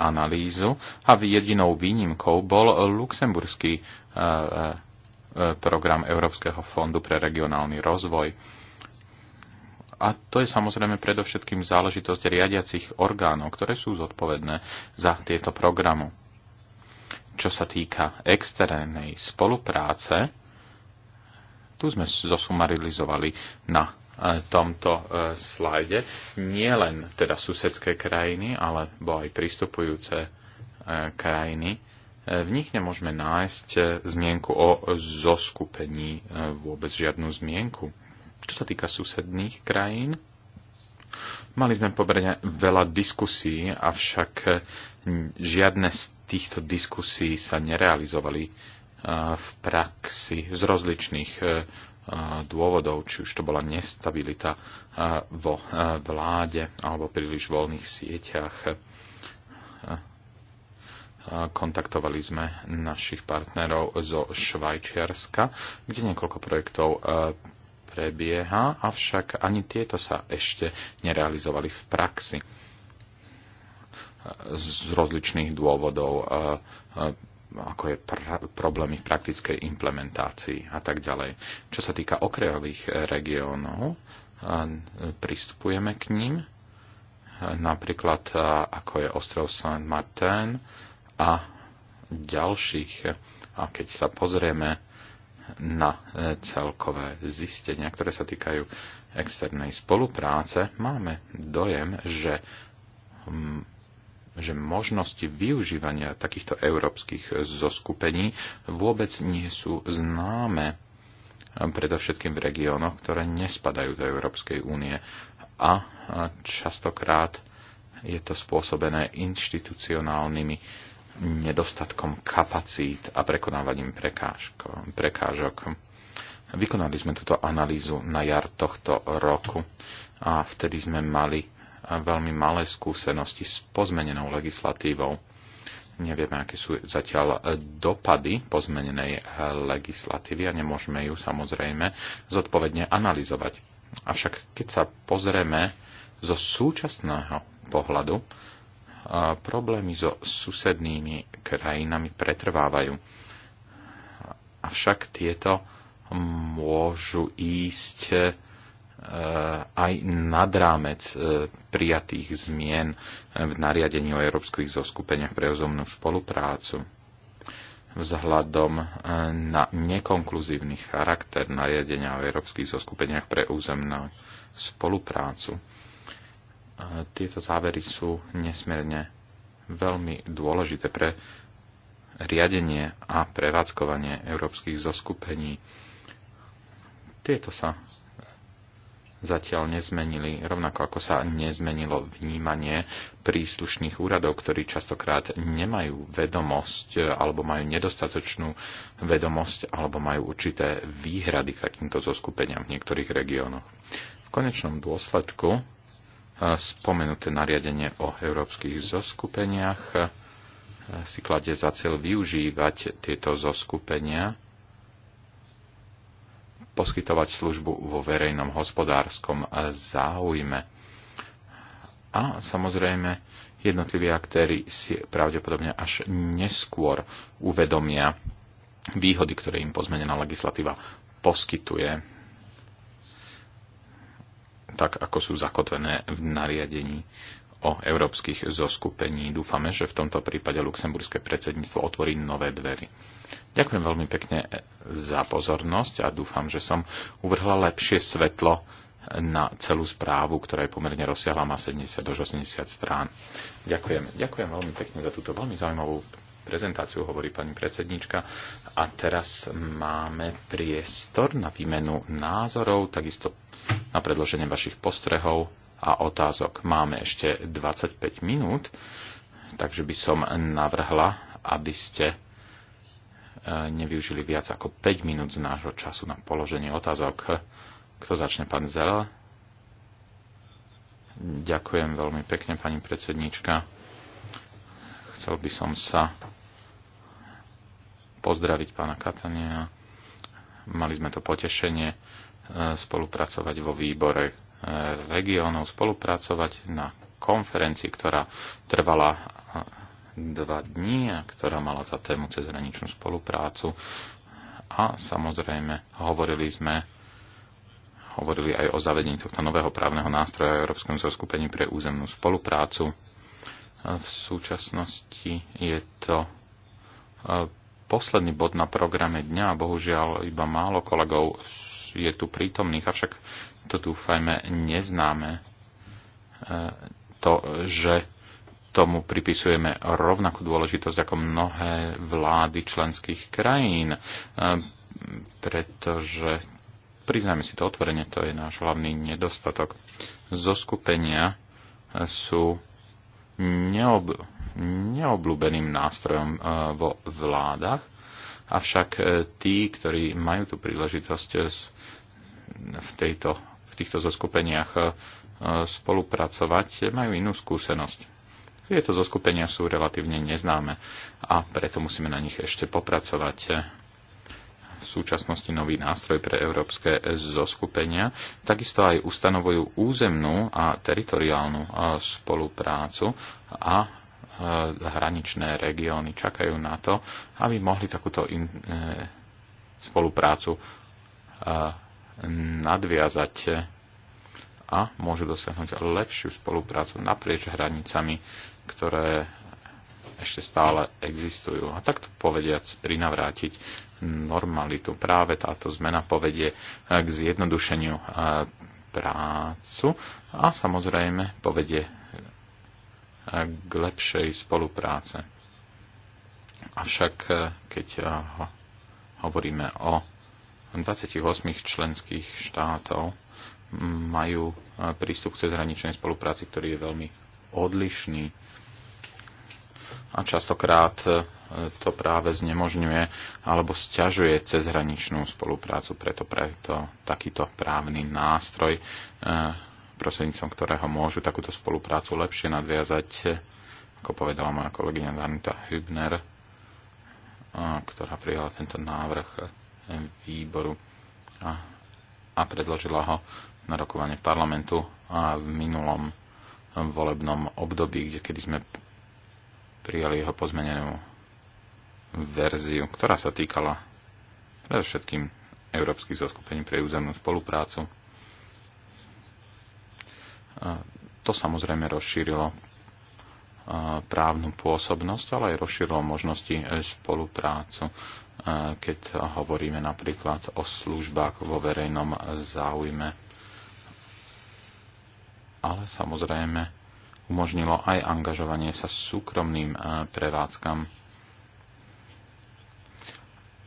S3: analýzu a jedinou výnimkou bol luxemburský eh, eh, eh, program Európskeho fondu pre regionálny rozvoj. A to je samozrejme predovšetkým záležitosť riadiacich orgánov, ktoré sú zodpovedné za tieto programy. Čo sa týka externej spolupráce, tu sme zosumarilizovali na E, tomto e, slajde nie len teda susedské krajiny, alebo aj pristupujúce e, krajiny. V nich nemôžeme nájsť zmienku o zoskupení, vôbec žiadnu zmienku. Čo sa týka susedných krajín, mali sme pomerne veľa diskusí, avšak žiadne z týchto diskusí sa nerealizovali v praxi z rozličných dôvodov, či už to bola nestabilita vo vláde alebo príliš voľných sieťach. Kontaktovali sme našich partnerov zo Švajčiarska, kde niekoľko projektov prebieha, avšak ani tieto sa ešte nerealizovali v praxi z rozličných dôvodov ako je pr- problémy v praktickej implementácii a tak ďalej. Čo sa týka okrajových regiónov, pristupujeme k ním, napríklad ako je ostrov Saint Martin a ďalších. A keď sa pozrieme na e, celkové zistenia, ktoré sa týkajú externej spolupráce, máme dojem, že že možnosti využívania takýchto európskych zoskupení vôbec nie sú známe predovšetkým v regiónoch, ktoré nespadajú do Európskej únie. A častokrát je to spôsobené inštitucionálnymi nedostatkom kapacít a prekonávaním prekážok. Vykonali sme túto analýzu na jar tohto roku a vtedy sme mali veľmi malé skúsenosti s pozmenenou legislatívou. Nevieme, aké sú zatiaľ e, dopady pozmenenej e, legislatívy a nemôžeme ju samozrejme zodpovedne analyzovať. Avšak keď sa pozrieme zo súčasného pohľadu, e, problémy so susednými krajinami pretrvávajú. Avšak tieto môžu ísť E, aj nad rámec e, prijatých zmien e, v nariadení o európskych zoskupeniach pre ozomnú spoluprácu. Vzhľadom na nekonkluzívny charakter nariadenia o európskych zoskupeniach pre územnú spoluprácu. Tieto závery sú nesmierne veľmi dôležité pre riadenie a prevádzkovanie európskych zoskupení. Tieto sa zatiaľ nezmenili, rovnako ako sa nezmenilo vnímanie príslušných úradov, ktorí častokrát nemajú vedomosť alebo majú nedostatočnú vedomosť alebo majú určité výhrady k takýmto zoskupeniam v niektorých regiónoch. V konečnom dôsledku e, spomenuté nariadenie o európskych zoskupeniach e, si kladie za cieľ využívať tieto zoskupenia poskytovať službu vo verejnom hospodárskom e, záujme. A samozrejme, jednotliví aktéry si pravdepodobne až neskôr uvedomia výhody, ktoré im pozmenená legislatíva poskytuje, tak ako sú zakotvené v nariadení o európskych zoskupení. Dúfame, že v tomto prípade luxemburské predsedníctvo otvorí nové dvery. Ďakujem veľmi pekne za pozornosť a dúfam, že som uvrhla lepšie svetlo na celú správu, ktorá je pomerne rozsiahla, má 70 do 80 strán. Ďakujem. Ďakujem veľmi pekne za túto veľmi zaujímavú prezentáciu, hovorí pani predsednička. A teraz máme priestor na výmenu názorov, takisto na predloženie vašich postrehov a otázok. Máme ešte 25 minút, takže by som navrhla, aby ste e, nevyužili viac ako 5 minút z nášho času na položenie otázok. Kto začne, pán Zel? Ďakujem veľmi pekne, pani predsednička. Chcel by som sa pozdraviť pána Katania. Mali sme to potešenie e, spolupracovať vo výbore regiónov spolupracovať na konferencii, ktorá trvala e, dva dní a ktorá mala za tému cezhraničnú spoluprácu. A samozrejme hovorili sme hovorili aj o zavedení tohto nového právneho nástroja Európskom zoskupení pre územnú spoluprácu. V súčasnosti je to e, posledný bod na programe dňa a bohužiaľ iba málo kolegov je tu prítomných, avšak to dúfajme neznáme. E, to, že tomu pripisujeme rovnakú dôležitosť ako mnohé vlády členských krajín, e, pretože priznajme si to otvorene, to je náš hlavný nedostatok. Zoskupenia sú neob, neobľúbeným nástrojom e, vo vládach Avšak e, tí, ktorí majú tú príležitosť e, v, tejto, v týchto zoskupeniach e, spolupracovať, majú inú skúsenosť. Tieto zoskupenia sú relatívne neznáme a preto musíme na nich ešte popracovať. V súčasnosti nový nástroj pre európske zoskupenia takisto aj ustanovujú územnú a teritoriálnu spoluprácu a Eh, hraničné regióny čakajú na to, aby mohli takúto in, e, spoluprácu e, nadviazať a môžu dosiahnuť lepšiu spoluprácu naprieč hranicami, ktoré ešte stále existujú. A takto povediac prinavrátiť normalitu. Práve táto zmena povedie k zjednodušeniu prácu a samozrejme povedie k lepšej spolupráce. Avšak eh, keď eh, hovoríme o 28 členských štátov, majú eh, prístup k cezhraničnej spolupráci, ktorý je veľmi odlišný. A častokrát to práve znemožňuje alebo stiažuje cezhraničnú spoluprácu, preto, preto takýto právny nástroj prostredníctvom ktorého môžu takúto spoluprácu lepšie nadviazať, ako povedala moja kolegyňa Danita Hübner, ktorá prijala tento návrh výboru a, a predložila ho na rokovanie parlamentu a v minulom volebnom období, kde kedy sme prijali jeho pozmenenú verziu, ktorá sa týkala predovšetkým európskych zoskupení pre územnú spoluprácu to samozrejme rozšírilo právnu pôsobnosť, ale aj rozšírilo možnosti e, spoluprácu, keď hovoríme napríklad o službách vo verejnom záujme. Ale samozrejme umožnilo aj angažovanie sa súkromným e, prevádzkam.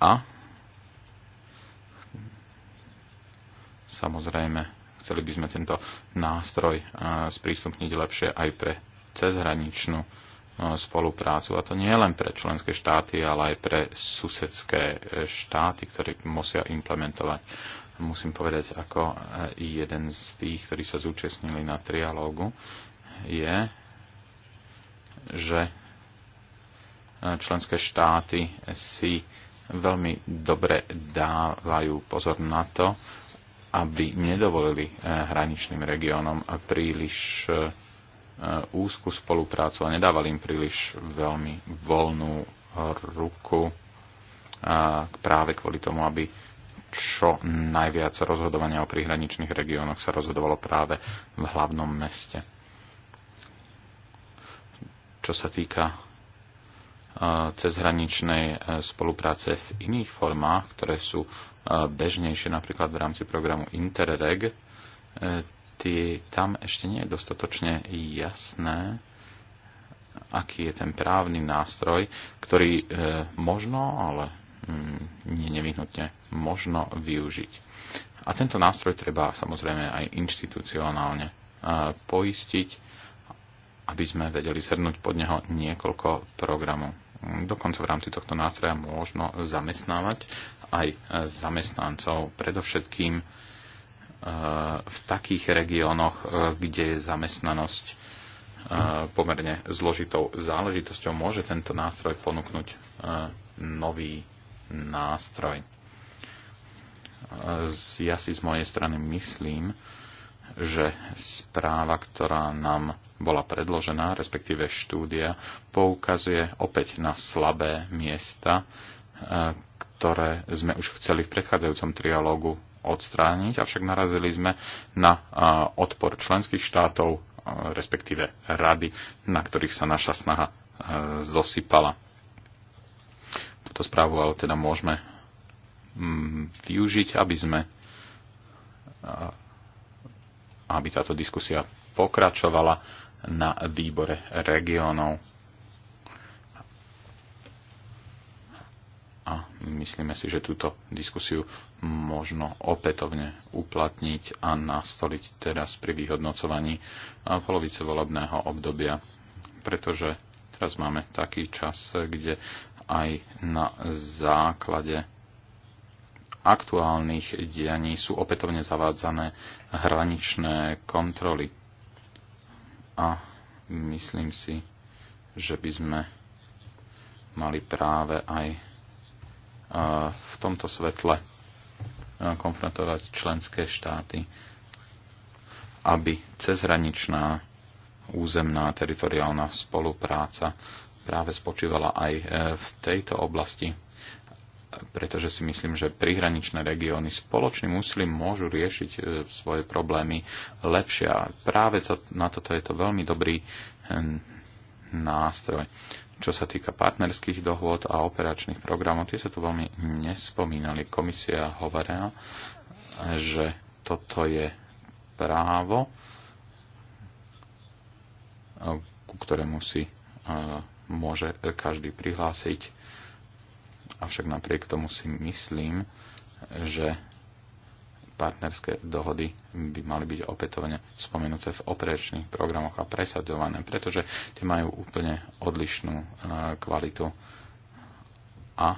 S3: A samozrejme Chceli by sme tento nástroj e, sprístupniť lepšie aj pre cezhraničnú e, spoluprácu. A to nie len pre členské štáty, ale aj pre susedské e, štáty, ktoré musia implementovať. Musím povedať, ako jeden z tých, ktorí sa zúčastnili na trialógu, je, že členské štáty si veľmi dobre dávajú pozor na to, aby nedovolili eh, hraničným regiónom príliš eh, eh, úzku spoluprácu a nedávali im príliš veľmi voľnú ruku práve kvôli tomu, aby čo najviac rozhodovania o príhraničných regiónoch sa rozhodovalo práve v hlavnom meste. Čo sa týka cezhraničnej e, spolupráce v iných formách, ktoré sú e, bežnejšie napríklad v rámci programu Interreg, e, ty, tam ešte nie je dostatočne jasné, aký je ten právny nástroj, ktorý možno, ale mm, nie nevyhnutne možno využiť. A tento nástroj treba samozrejme aj inštitucionálne poistiť, aby sme vedeli zhrnúť pod neho niekoľko programov. Dokonca v rámci tohto nástroja možno zamestnávať aj e, zamestnancov, predovšetkým e, v takých regiónoch, e, kde je zamestnanosť pomerne zložitou záležitosťou, môže tento nástroj ponúknuť nový nástroj. Ja si z mojej strany myslím, že správa, ktorá nám bola predložená, respektíve štúdia, poukazuje opäť na slabé miesta, e, ktoré sme už chceli v predchádzajúcom trialógu odstrániť, avšak narazili sme na e, odpor členských štátov, e, respektíve rady, na ktorých sa naša snaha zosypala. Túto správu ale teda môžeme mm, využiť, aby sme aby táto diskusia pokračovala na výbore regiónov. A myslíme si, že túto diskusiu možno opätovne uplatniť a nastoliť teraz pri vyhodnocovaní polovice volebného obdobia, pretože teraz máme taký čas, kde aj na základe aktuálnych dianí sú opätovne zavádzané hraničné kontroly. A myslím si, že by sme mali práve aj e, v tomto svetle e, konfrontovať členské štáty, aby cezhraničná územná teritoriálna spolupráca práve spočívala aj e, v tejto oblasti pretože si myslím, že prihraničné regióny spoločným úsilím môžu riešiť e, svoje problémy lepšie. A práve to, na toto je to veľmi dobrý hm, nástroj. Čo sa týka partnerských dohôd a operačných programov, tie sa tu veľmi nespomínali. Komisia hovorila, že toto je právo, e, ku ktorému si e, môže každý prihlásiť Avšak napriek tomu si myslím, že partnerské dohody by mali byť opätovne spomenuté v operačných programoch a presadzované, pretože tie majú úplne odlišnú e, kvalitu a e,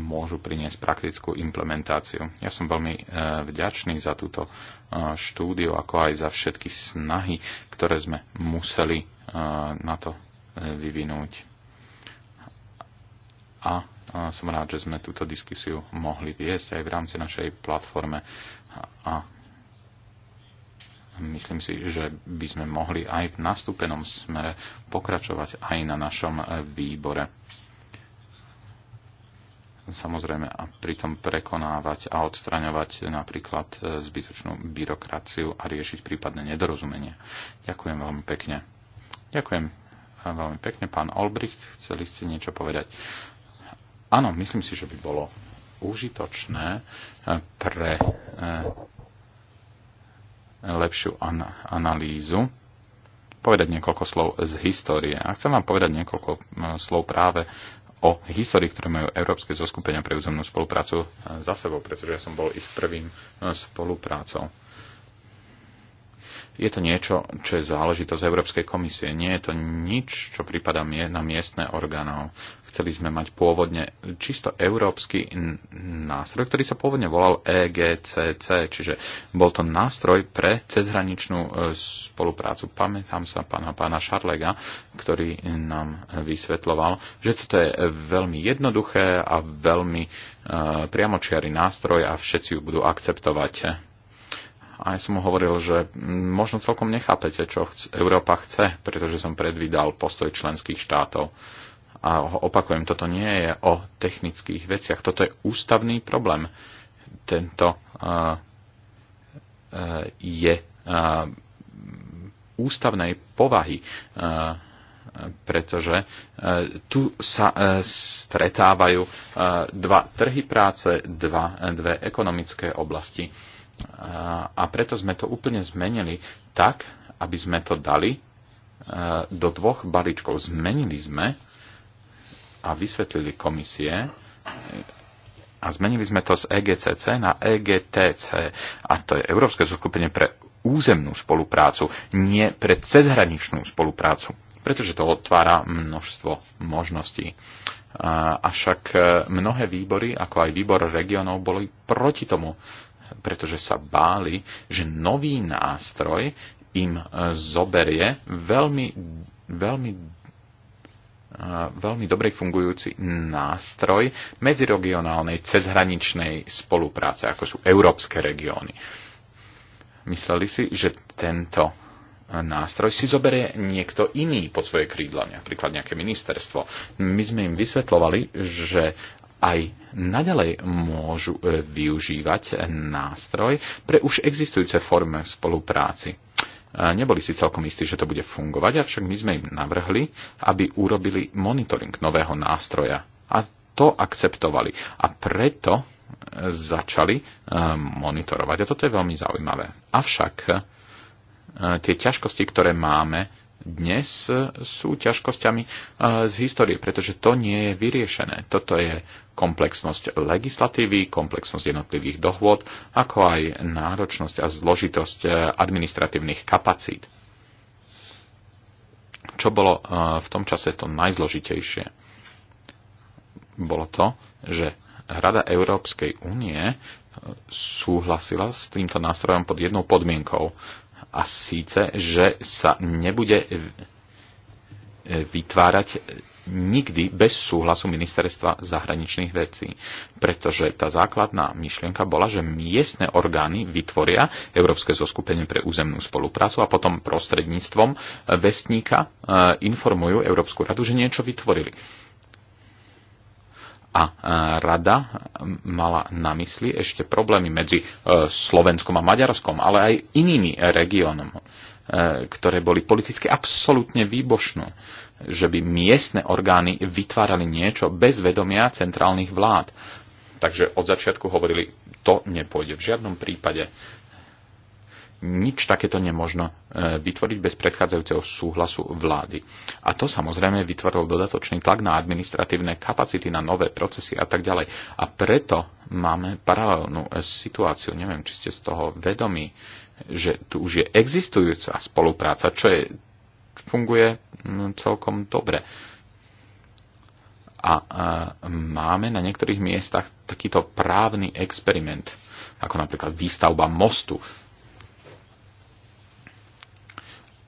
S3: môžu priniesť praktickú implementáciu. Ja som veľmi e, vďačný za túto štúdiu, ako aj za všetky snahy, ktoré sme museli na to vyvinúť a som rád, že sme túto diskusiu mohli viesť aj v rámci našej platforme a myslím si, že by sme mohli aj v nastúpenom smere pokračovať aj na našom výbore. Samozrejme a pritom prekonávať a odstraňovať napríklad zbytočnú byrokraciu a riešiť prípadné nedorozumenie. Ďakujem veľmi pekne. Ďakujem veľmi pekne. Pán Olbricht, chceli ste niečo povedať? Áno, myslím si, že by bolo užitočné eh, pre eh, lepšiu an- analýzu povedať niekoľko slov z histórie. A chcem vám povedať niekoľko slov práve o histórii, ktoré majú Európske zoskupenia pre územnú spoluprácu eh, za sebou, pretože ja som bol ich prvým spoluprácou je to niečo, čo je záležitosť Európskej komisie. Nie je to nič, čo prípada na miestne orgánov. Chceli sme mať pôvodne čisto európsky nástroj, ktorý sa pôvodne volal EGCC, čiže bol to nástroj pre cezhraničnú e, spoluprácu. Pamätám sa pána, pána Šarlega, ktorý nám vysvetloval, že toto je veľmi jednoduché a veľmi e, priamočiarý nástroj a všetci ju budú akceptovať aj som mu hovoril, že možno celkom nechápete, čo chc- Európa chce, pretože som predvídal postoj členských štátov. A opakujem, toto nie je o technických veciach, toto je ústavný problém. Tento uh, uh, je uh, ústavnej povahy, uh, pretože uh, tu sa uh, stretávajú uh, dva trhy práce, dva, dve ekonomické oblasti. Uh, a preto sme to úplne zmenili tak, aby sme to dali e, do dvoch balíčkov. Zmenili sme a vysvetlili komisie a zmenili sme to z EGCC na EGTC a to je Európske zoskupenie pre územnú spoluprácu, nie pre cezhraničnú spoluprácu, pretože to otvára množstvo možností. E, avšak e, mnohé výbory, ako aj výbor regionov, boli proti tomu pretože sa báli, že nový nástroj im e, zoberie veľmi, veľmi, e, veľmi dobre fungujúci nástroj medziregionálnej cezhraničnej spolupráce, ako sú európske regióny. Mysleli si, že tento e, nástroj si zoberie niekto iný pod svoje krídla, napríklad nejaké ministerstvo. My sme im vysvetlovali, že aj naďalej môžu e, využívať nástroj pre už existujúce formy spolupráci. E, neboli si celkom istí, že to bude fungovať, avšak my sme im navrhli, aby urobili monitoring nového nástroja. A to akceptovali. A preto e, začali monitorovať. A toto je veľmi zaujímavé. Avšak tie ťažkosti, ktoré máme dnes e, sú ťažkosťami e, z histórie, pretože to nie je vyriešené. Toto je komplexnosť legislatívy, komplexnosť jednotlivých dohôd, ako aj náročnosť a zložitosť e, administratívnych kapacít. Čo bolo v tom čase to najzložitejšie? Bolo to, že Rada Európskej únie súhlasila s týmto nástrojom pod jednou podmienkou, a síce, že sa nebude vytvárať nikdy bez súhlasu ministerstva zahraničných vecí. Pretože tá základná myšlienka bola, že miestne orgány vytvoria Európske zoskupenie pre územnú spoluprácu a potom prostredníctvom vestníka eh, informujú Európsku radu, že niečo vytvorili a rada mala na mysli ešte problémy medzi e, Slovenskom a Maďarskom, ale aj inými regiónom, e, ktoré boli politicky absolútne výbočné, že by miestne orgány vytvárali niečo bez vedomia centrálnych vlád. Takže od začiatku hovorili, to nepôjde v žiadnom prípade nič takéto nemožno e, vytvoriť bez predchádzajúceho súhlasu vlády. A to samozrejme vytvoril dodatočný tlak na administratívne kapacity, na nové procesy a tak ďalej. A preto máme paralelnú e, situáciu, neviem, či ste z toho vedomí, že tu už je existujúca spolupráca, čo je, funguje celkom dobre. A e, máme na niektorých miestach takýto právny experiment, ako napríklad výstavba mostu,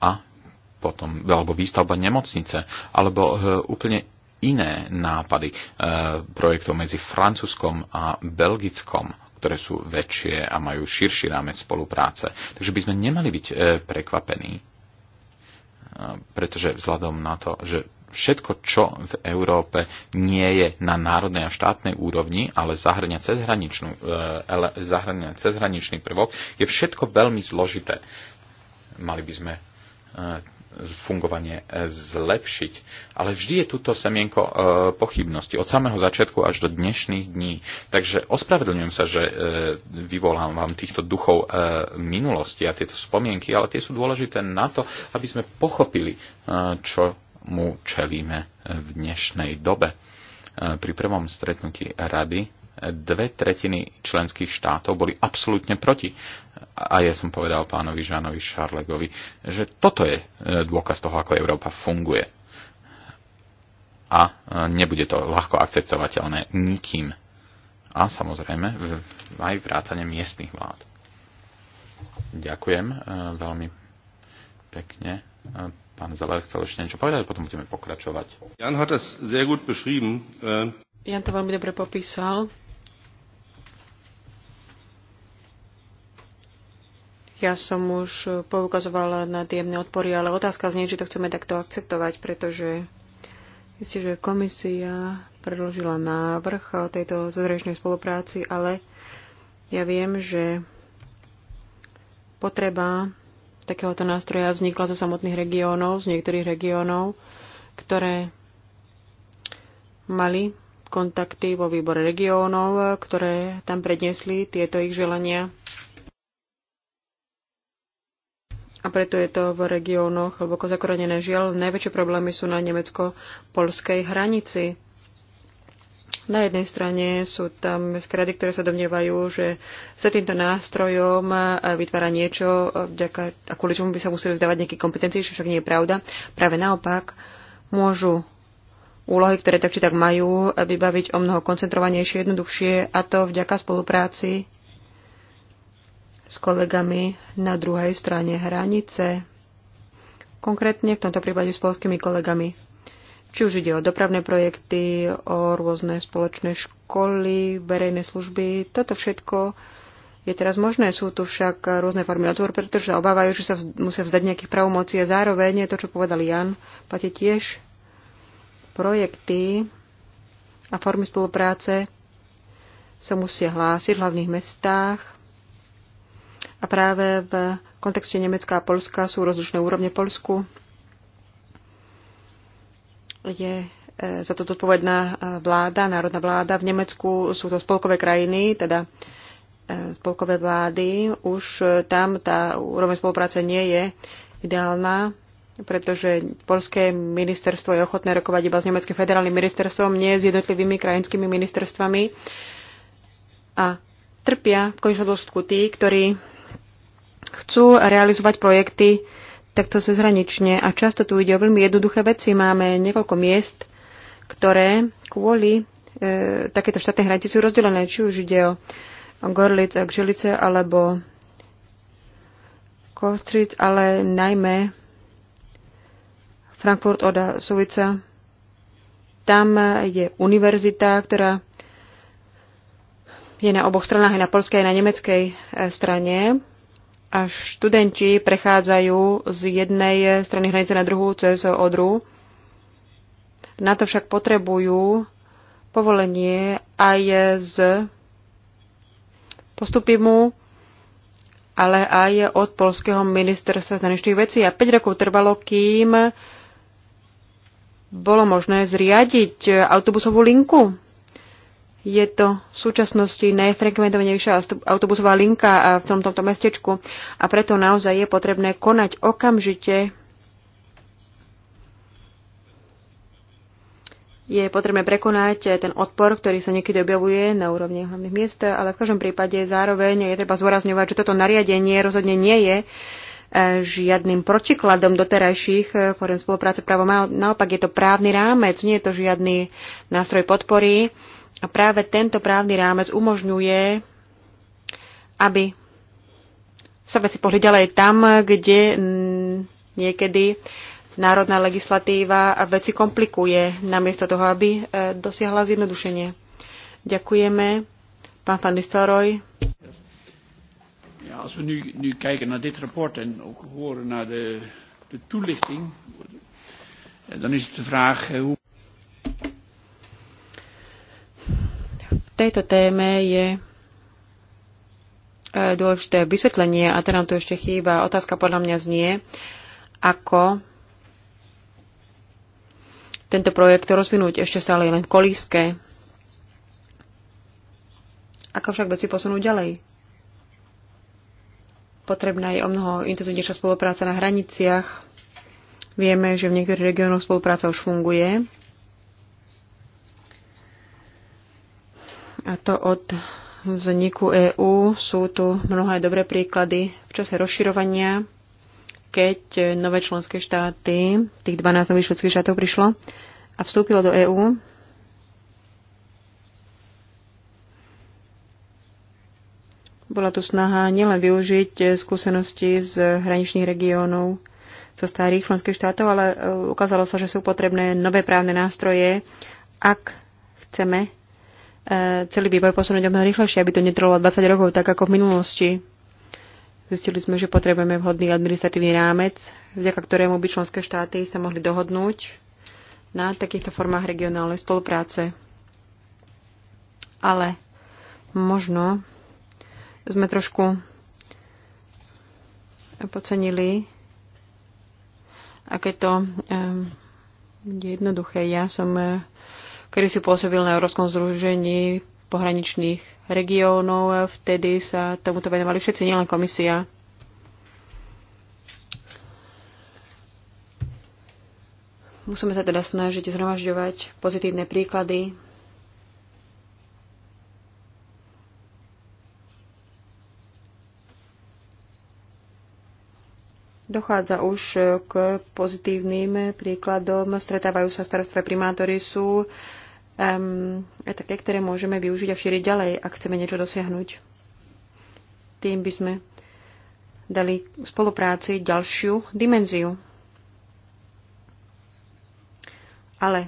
S3: a potom, alebo výstavba nemocnice, alebo e, úplne iné nápady e, projektov medzi Francúzskom a Belgickom, ktoré sú väčšie a majú širší rámec spolupráce. Takže by sme nemali byť e, prekvapení, pretože vzhľadom na to, že všetko, čo v Európe nie je na národnej a štátnej úrovni, ale zahrania, cezhraničnú, zahrania cezhraničný prvok, je všetko veľmi zložité. Mali by sme E, fungovanie e, zlepšiť. Ale vždy je tuto semienko e, pochybnosti od samého začiatku až do dnešných dní. Takže ospravedlňujem sa, že vyvolám vám týchto duchov minulosti a tieto spomienky, ale tie sú dôležité na to, aby sme pochopili, čo mu čelíme v dnešnej dobe. Pri prvom stretnutí rady dve tretiny členských štátov boli absolútne proti. A ja som povedal pánovi Žánovi Šarlegovi, že toto je e, dôkaz toho, ako Európa funguje. A e, nebude to ľahko akceptovateľné nikým. A samozrejme aj vrátane miestnych vlád. Ďakujem e, veľmi pekne. Pán Zeller chcel ešte niečo povedať, potom budeme pokračovať.
S2: Jan hat es sehr gut beschrieben. Äh,
S1: Jan to veľmi dobre popísal. Ja som už poukazovala na tie odpory, ale otázka znie, či to chceme takto akceptovať, pretože myslím, že komisia predložila návrh o tejto zahraničnej spolupráci, ale ja viem, že potreba takéhoto nástroja vznikla zo samotných regiónov, z niektorých regiónov, ktoré mali kontakty vo výbore regiónov, ktoré tam predniesli tieto ich želania preto je to v regiónoch hlboko zakorenené. Žiaľ, najväčšie problémy sú na nemecko-polskej hranici. Na jednej strane sú tam skrady, ktoré sa domnievajú, že sa týmto nástrojom e, vytvára niečo, e, vďaka, a kvôli čomu by sa museli vzdávať nejaké kompetencie, čo však nie je pravda. Práve naopak, môžu úlohy, ktoré tak či tak majú, e, vybaviť o mnoho koncentrovanejšie, jednoduchšie, a to vďaka spolupráci s kolegami na druhej strane hranice, konkrétne v tomto prípade s polskými kolegami. Či už ide o dopravné projekty, o rôzne spoločné školy, verejné služby, toto všetko je teraz možné. Sú tu však rôzne formy otvor, pretože sa obávajú, že sa vz- musia vzdať nejakých pravomocí a zároveň je to, čo povedal Jan, platí tiež projekty a formy spolupráce sa musia hlásiť v hlavných mestách, a práve v kontexte Nemecka a Polska sú rozličné úrovne Polsku. Je e, za to zodpovedná e, vláda, národná vláda. V Nemecku sú to spolkové krajiny, teda e, spolkové vlády. Už tam tá úroveň spolupráce nie je ideálna, pretože Polské ministerstvo je ochotné rokovať iba s Nemeckým federálnym ministerstvom, nie s jednotlivými krajinskými ministerstvami. A trpia v konečnom dôsledku tí, ktorí chcú realizovať projekty takto cezhranične a často tu ide o veľmi jednoduché veci. Máme niekoľko miest, ktoré kvôli e, takéto štátnej hranici sú rozdelené, či už ide o Gorlic a alebo Kostric, ale najmä Frankfurt od Suvica. Tam je univerzita, ktorá je na oboch stranách, aj na polskej, aj na nemeckej e, strane a študenti prechádzajú z jednej strany hranice na druhú cez Odru. Na to však potrebujú povolenie aj z postupimu, ale aj od polského ministerstva zahraničných vecí. A 5 rokov trvalo, kým bolo možné zriadiť autobusovú linku je to v súčasnosti najfrekventovanejšia autobusová linka v tomto mestečku a preto naozaj je potrebné konať okamžite. Je potrebné prekonať eh, ten odpor, ktorý sa niekedy objavuje na úrovni hlavných miest, eh, ale v každom prípade zároveň je treba zdôrazňovať, že toto nariadenie rozhodne nie je eh, žiadnym protikladom doterajších foriem spolupráce právo. Naopak je to právny rámec, nie je to žiadny nástroj podpory. A práve tento právny rámec umožňuje, aby sa veci pohli ďalej tam, kde mm, niekedy národná legislatíva veci komplikuje, namiesto toho, aby e, dosiahla zjednodušenie. Ďakujeme. Pán van Nistelrooy.
S3: Ja, als we nu, nu kijken naar dit rapport en ook horen naar de, de toelichting, eh, dan is het de vraag eh, hoe...
S1: tejto téme je e, dôležité vysvetlenie, a teda nám tu ešte chýba. Otázka podľa mňa znie, ako tento projekt rozvinúť ešte stále len v kolíske. Ako však veci posunúť ďalej? Potrebná je o mnoho intenzívnejšia spolupráca na hraniciach. Vieme, že v niektorých regiónoch spolupráca už funguje a to od vzniku EÚ. Sú tu mnohé dobré príklady v čase rozširovania, keď nové členské štáty, tých 12 nových členských štátov prišlo a vstúpilo do EÚ. Bola tu snaha nielen využiť skúsenosti z hraničných regiónov, zo starých členských štátov, ale e, ukázalo sa, že sú potrebné nové právne nástroje, ak chceme E, celý vývoj posunúť o mnoho rýchlejšie, aby to netrvalo 20 rokov, tak ako v minulosti. Zistili sme, že potrebujeme vhodný administratívny rámec, vďaka ktorému by členské štáty sa mohli dohodnúť na takýchto formách regionálnej spolupráce. Ale možno sme trošku pocenili, aké to um, je jednoduché. Ja som e, kedy si pôsobil na Európskom združení pohraničných regiónov. Vtedy sa tomuto venovali všetci, nielen komisia. Musíme sa teda snažiť zhromažďovať pozitívne príklady dochádza už k pozitívnym príkladom. Stretávajú sa starostve primátory, sú um, a také, ktoré môžeme využiť a šíriť ďalej, ak chceme niečo dosiahnuť. Tým by sme dali spolupráci ďalšiu dimenziu. Ale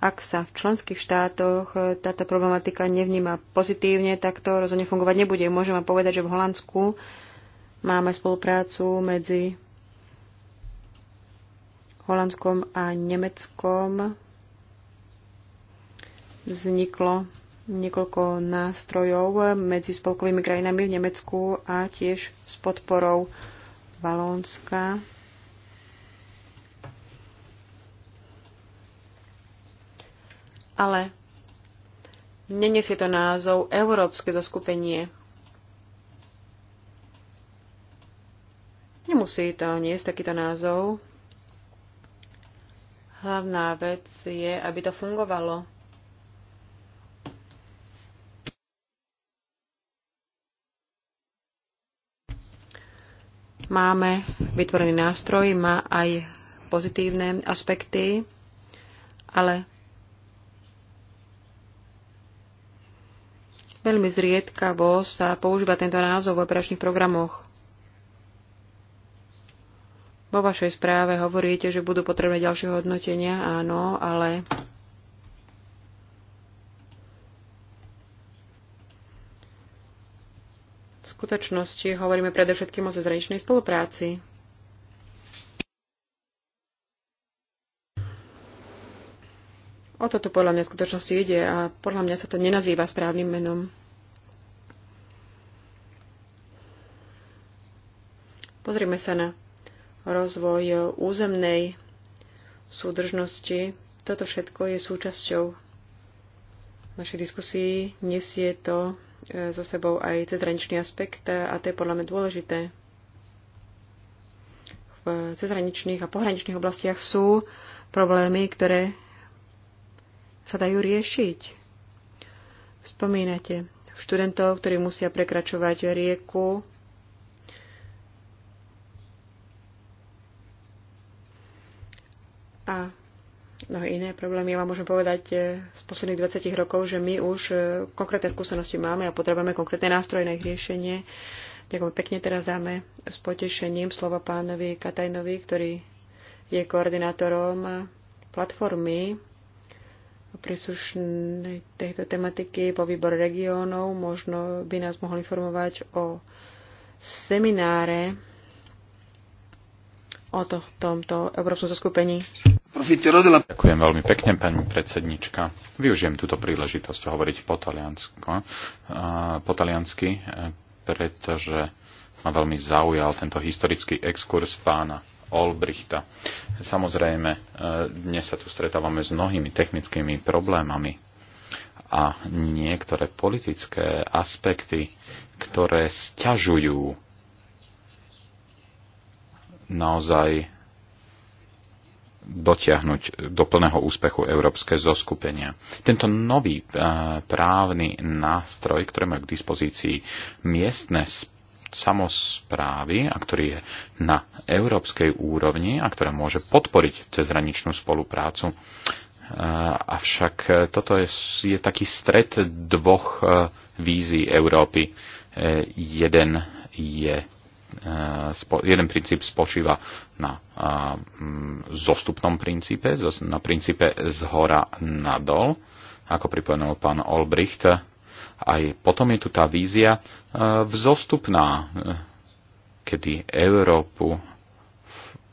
S1: ak sa v členských štátoch táto problematika nevníma pozitívne, tak to rozhodne fungovať nebude. Môžeme povedať, že v Holandsku máme spoluprácu medzi Holandskom a Nemeckom vzniklo niekoľko nástrojov medzi spolkovými krajinami v Nemecku a tiež s podporou Valónska. Ale nenesie to názov Európske zoskupenie. Nemusí to niesť takýto názov. Hlavná vec je, aby to fungovalo Máme vytvorený nástroj, má aj pozitívne aspekty, ale veľmi zriedkavo sa používa tento názov v operačných programoch. Vo vašej správe hovoríte, že budú potrebné ďalšie hodnotenia, áno, ale skutočnosti hovoríme predovšetkým o cezhraničnej spolupráci. O toto podľa mňa skutočnosti ide a podľa mňa sa to nenazýva správnym menom. Pozrime sa na rozvoj územnej súdržnosti. Toto všetko je súčasťou našej diskusii. Nesie to so e, sebou aj cezhraničný aspekt e, a to je podľa mňa dôležité. V cezhraničných a pohraničných oblastiach sú problémy, ktoré sa dajú riešiť. Vspomínate študentov, ktorí musia prekračovať rieku, a mnohé iné problémy. Ja vám môžem povedať e, z posledných 20 rokov, že my už e, konkrétne skúsenosti máme a potrebujeme konkrétne nástroje na ich riešenie. Ďakujem pekne. Teraz dáme s potešením slovo pánovi Katajnovi, ktorý je koordinátorom platformy príslušnej tejto tematiky po výbor regiónov. Možno by nás mohol informovať o semináre o to, tomto európskom zaskupení.
S3: Ďakujem veľmi pekne, pani predsednička. Využijem túto príležitosť hovoriť po, taliansko, po taliansky, e, pretože ma veľmi zaujal tento historický exkurs pána Olbrichta. Samozrejme, e, dnes sa tu stretávame s mnohými technickými problémami a niektoré politické aspekty, ktoré sťažujú naozaj dotiahnuť do plného úspechu európske zoskupenia. Tento nový e, právny nástroj, ktorý majú k dispozícii miestne samozprávy, a ktorý je na európskej úrovni a ktorá môže podporiť cezhraničnú spoluprácu. E, avšak e, toto je, je taký stred dvoch vízií Európy. Jeden je E, jeden princíp spočíva na e, mm, zostupnom princípe, na princípe z hora nadol, ako pripomenul pán Olbricht. Aj potom je tu tá vízia e, vzostupná, kedy Európu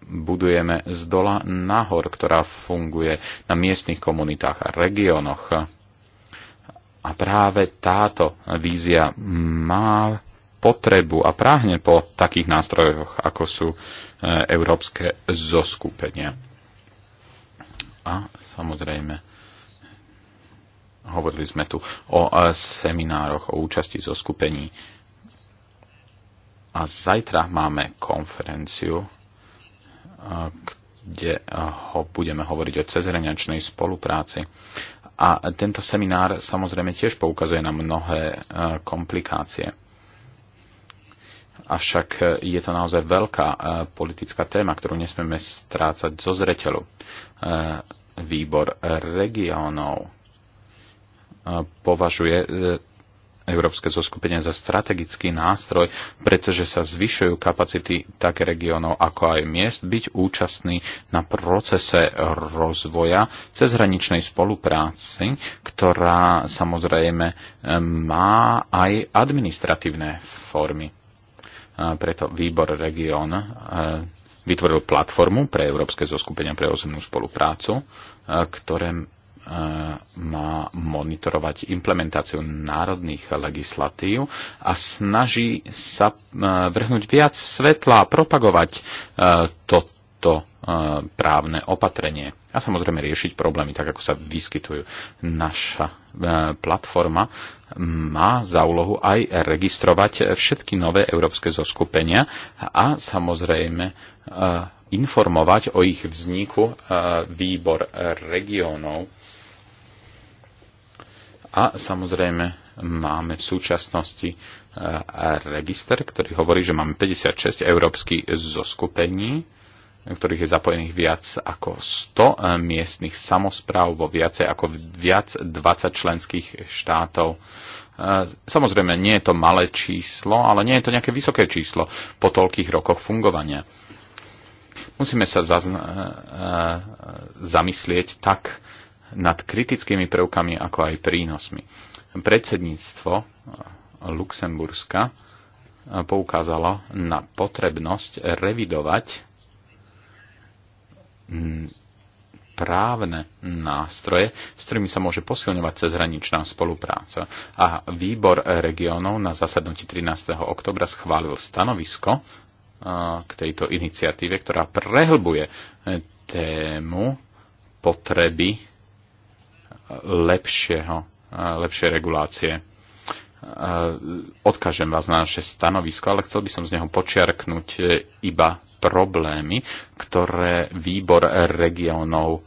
S3: budujeme z dola nahor, ktorá funguje na miestnych komunitách a regiónoch. A práve táto vízia má potrebu a práhne po takých nástrojoch, ako sú e, európske zoskupenia. A samozrejme, hovorili sme tu o e, seminároch, o účasti zoskupení. A zajtra máme konferenciu, e, kde ho budeme hovoriť o cezhraničnej spolupráci. A tento seminár samozrejme tiež poukazuje na mnohé komplikácie. Avšak e, je to naozaj veľká e, politická téma, ktorú nesmieme strácať zo zreteľu. E, výbor regionov považuje Európske zoskupenie za strategický nástroj, pretože sa zvyšujú kapacity také regiónov ako aj miest byť účastní na procese rozvoja cezhraničnej spolupráci, ktorá samozrejme má aj administratívne formy preto výbor región e, vytvoril platformu pre Európske zoskupenia pre územnú spoluprácu, e, ktoré e, má monitorovať implementáciu národných legislatív a snaží sa vrhnúť viac svetla a propagovať toto to e, právne opatrenie a samozrejme riešiť problémy tak, ako sa vyskytujú. Naša e, platforma má za úlohu aj registrovať všetky nové európske zoskupenia a samozrejme e, informovať o ich vzniku výbor regiónov. A samozrejme máme v súčasnosti register, ktorý hovorí, že máme 56 európskych zoskupení v ktorých je zapojených viac ako 100 eh, miestnych samozpráv vo viacej ako viac 20 členských štátov. Eh, samozrejme, nie je to malé číslo, ale nie je to nejaké vysoké číslo po toľkých rokoch fungovania. Musíme sa eh, zamyslieť tak nad kritickými prvkami, ako aj prínosmi. Predsedníctvo Luxemburska poukázalo na potrebnosť revidovať Mm, právne nástroje, s ktorými sa môže posilňovať cezhraničná spolupráca. A výbor regiónov na zasadnutí 13. oktobra schválil stanovisko k tejto iniciatíve, ktorá prehlbuje tému potreby lepšieho, lepšej regulácie E, odkážem vás na naše stanovisko, ale chcel by som z neho počiarknúť e, iba problémy, ktoré výbor regionov e,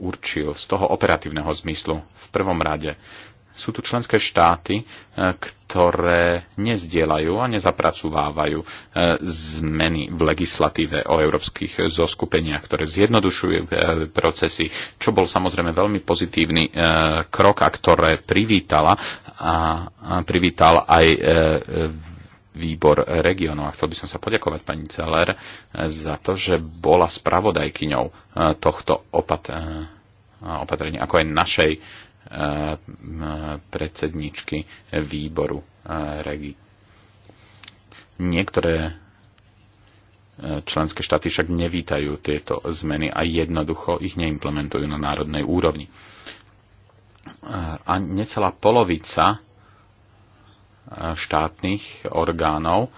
S3: určil z toho operatívneho zmyslu. V prvom rade sú tu členské štáty, e, ktoré nezdielajú a nezapracovávajú e, zmeny v legislatíve o európskych zoskupeniach, ktoré zjednodušujú e, procesy, čo bol samozrejme veľmi pozitívny krok a ktoré privítala a privítal aj výbor regionov. A chcel by som sa poďakovať pani Celer za to, že bola spravodajkyňou tohto opat- opatrenia, ako aj našej predsedničky výboru REGI. Niektoré e, členské štáty však nevítajú tieto zmeny a jednoducho ich neimplementujú na národnej úrovni. A necelá polovica e, štátnych orgánov e,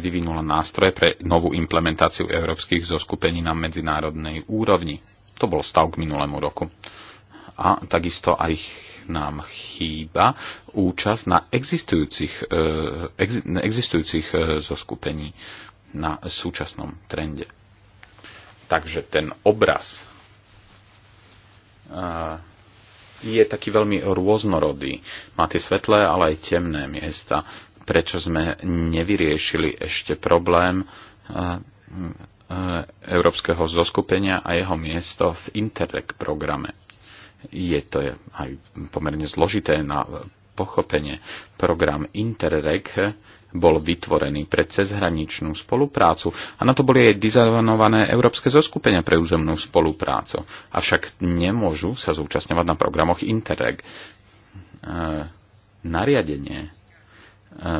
S3: vyvinula nástroje pre novú implementáciu európskych zoskupení na medzinárodnej úrovni. To bol stav k minulému roku a takisto aj nám chýba účasť na existujúcich, e, ex, existujúcich e, zoskupení na súčasnom trende. Takže ten obraz e, je taký veľmi rôznorodý. Má tie svetlé, ale aj temné miesta. Prečo sme nevyriešili ešte problém Európskeho zoskupenia a jeho miesto v Interreg programe? Je to aj pomerne zložité na pochopenie. Program Interreg bol vytvorený pre cezhraničnú spoluprácu a na to boli aj dizajnované európske zoskupenia pre územnú spoluprácu. Avšak nemôžu sa zúčastňovať na programoch Interreg. E, nariadenie e,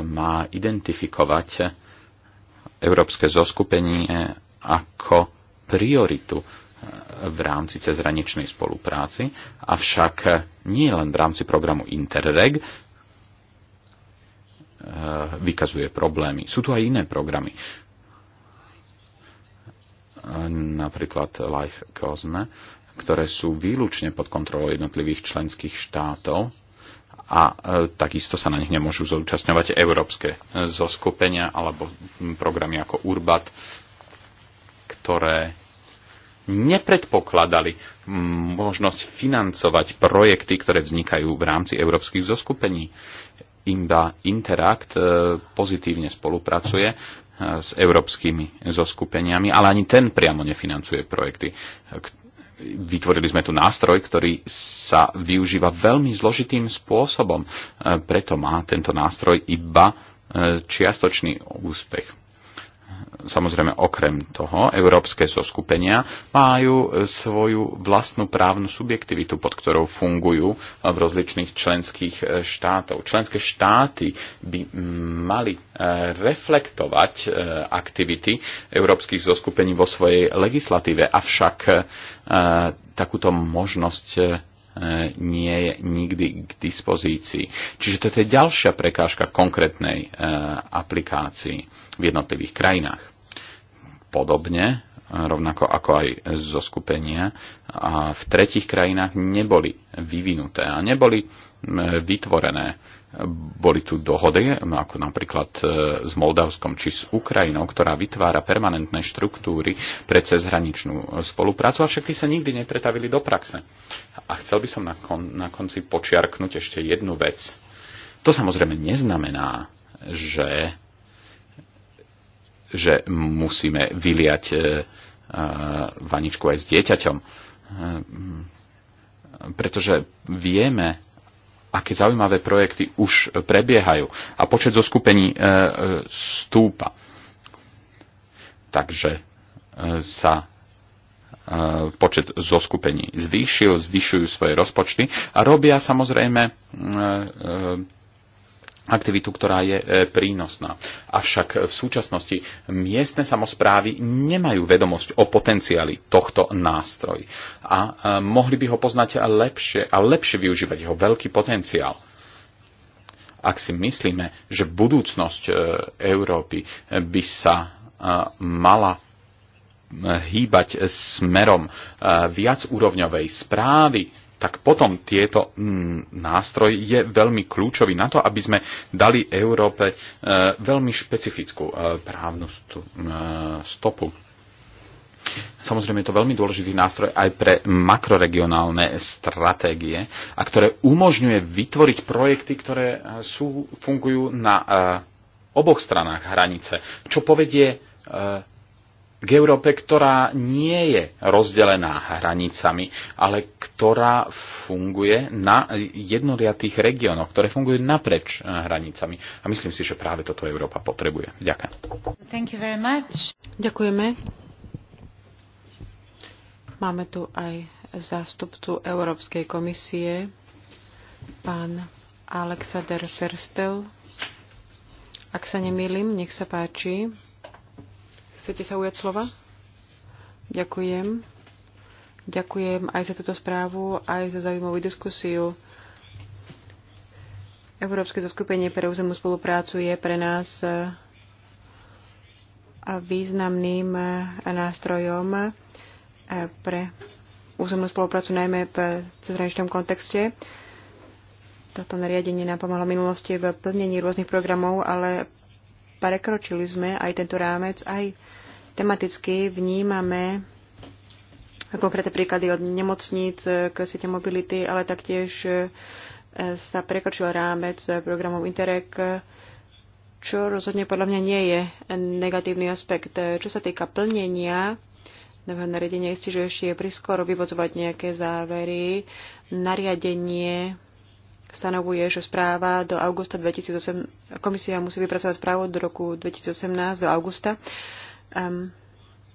S3: má identifikovať európske zoskupenie ako prioritu v rámci cezhraničnej spolupráci, avšak nie len v rámci programu Interreg eh, vykazuje problémy. Sú tu aj iné programy. Napríklad Life Cosme, ktoré sú výlučne pod kontrolou jednotlivých členských štátov a eh, takisto sa na nich nemôžu zúčastňovať európske zoskupenia alebo programy ako Urbat, ktoré nepredpokladali možnosť financovať projekty, ktoré vznikajú v rámci európskych zoskupení. Imba Interact e, pozitívne spolupracuje e, s európskymi zoskupeniami, ale ani ten priamo nefinancuje projekty. Vytvorili sme tu nástroj, ktorý sa využíva veľmi zložitým spôsobom. E, preto má tento nástroj iba čiastočný úspech Samozrejme, okrem toho, európske zoskupenia majú e, svoju vlastnú právnu subjektivitu, pod ktorou fungujú e, v rozličných členských e, štátov. Členské štáty by mali reflektovať aktivity európskych zoskupení vo svojej legislatíve, avšak takúto možnosť E, nie je nikdy k dispozícii. Čiže toto je ďalšia prekážka konkrétnej e, aplikácii v jednotlivých krajinách. Podobne, e, rovnako ako aj zo skupenia, a v tretich krajinách neboli vyvinuté a neboli vytvorené boli tu dohody, no ako napríklad e, s Moldavskom či s Ukrajinou, ktorá vytvára permanentné štruktúry pre cezhraničnú e, spoluprácu, avšak tie sa nikdy nepretavili do praxe. A chcel by som na, kon, na konci počiarknúť ešte jednu vec. To samozrejme neznamená, že, že musíme vyliať e, vaničku aj s dieťaťom, pretože vieme, aké zaujímavé projekty už prebiehajú a počet zoskupení e, e, stúpa. Takže e, sa počet zoskupení zvýšil, zvyšujú svoje rozpočty a robia samozrejme aktivitu, ktorá je e, prínosná. Avšak v súčasnosti miestne samozprávy nemajú vedomosť o potenciáli tohto nástroj a e, mohli by ho poznať lepšie a lepšie využívať jeho veľký potenciál. Ak si myslíme, že budúcnosť e, Európy by sa mala hýbať smerom viacúrovňovej správy, tak potom tieto mm, nástroj je veľmi kľúčový na to, aby sme dali Európe e, veľmi špecifickú e, právnu e, stopu. Samozrejme je to veľmi dôležitý nástroj aj pre makroregionálne stratégie, a ktoré umožňuje vytvoriť projekty, ktoré sú, fungujú na oboch stranách hranice, čo povedie k Európe, ktorá nie je rozdelená hranicami, ale ktorá funguje na jednoliatých regiónoch, ktoré fungujú napreč eh, hranicami. A myslím si, že práve toto Európa potrebuje. Ďakujem.
S1: Thank you very much. Ďakujeme. Máme tu aj zástupcu Európskej komisie, pán Alexander Ferstel. Ak sa nemýlim, nech sa páči. Chcete sa ujať slova? Ďakujem. Ďakujem aj za túto správu, aj za zaujímavú diskusiu. Európske zoskupenie pre územnú spoluprácu je pre nás eh, významným eh, nástrojom eh, pre územnú spoluprácu najmä v cezhraničnom kontexte. Toto nariadenie nám pomohlo minulosti v plnení rôznych programov, ale prekročili sme aj tento rámec, aj tematicky vnímame konkrétne príklady od nemocníc k siete mobility, ale taktiež e, sa prekročil rámec programov Interreg, čo rozhodne podľa mňa nie je negatívny aspekt. Čo sa týka plnenia nového nariadenia, isté, že ešte je priskoro vyvozovať nejaké závery. Nariadenie stanovuje, že správa do augusta 2008, komisia musí vypracovať správu do roku 2018 do augusta. Um,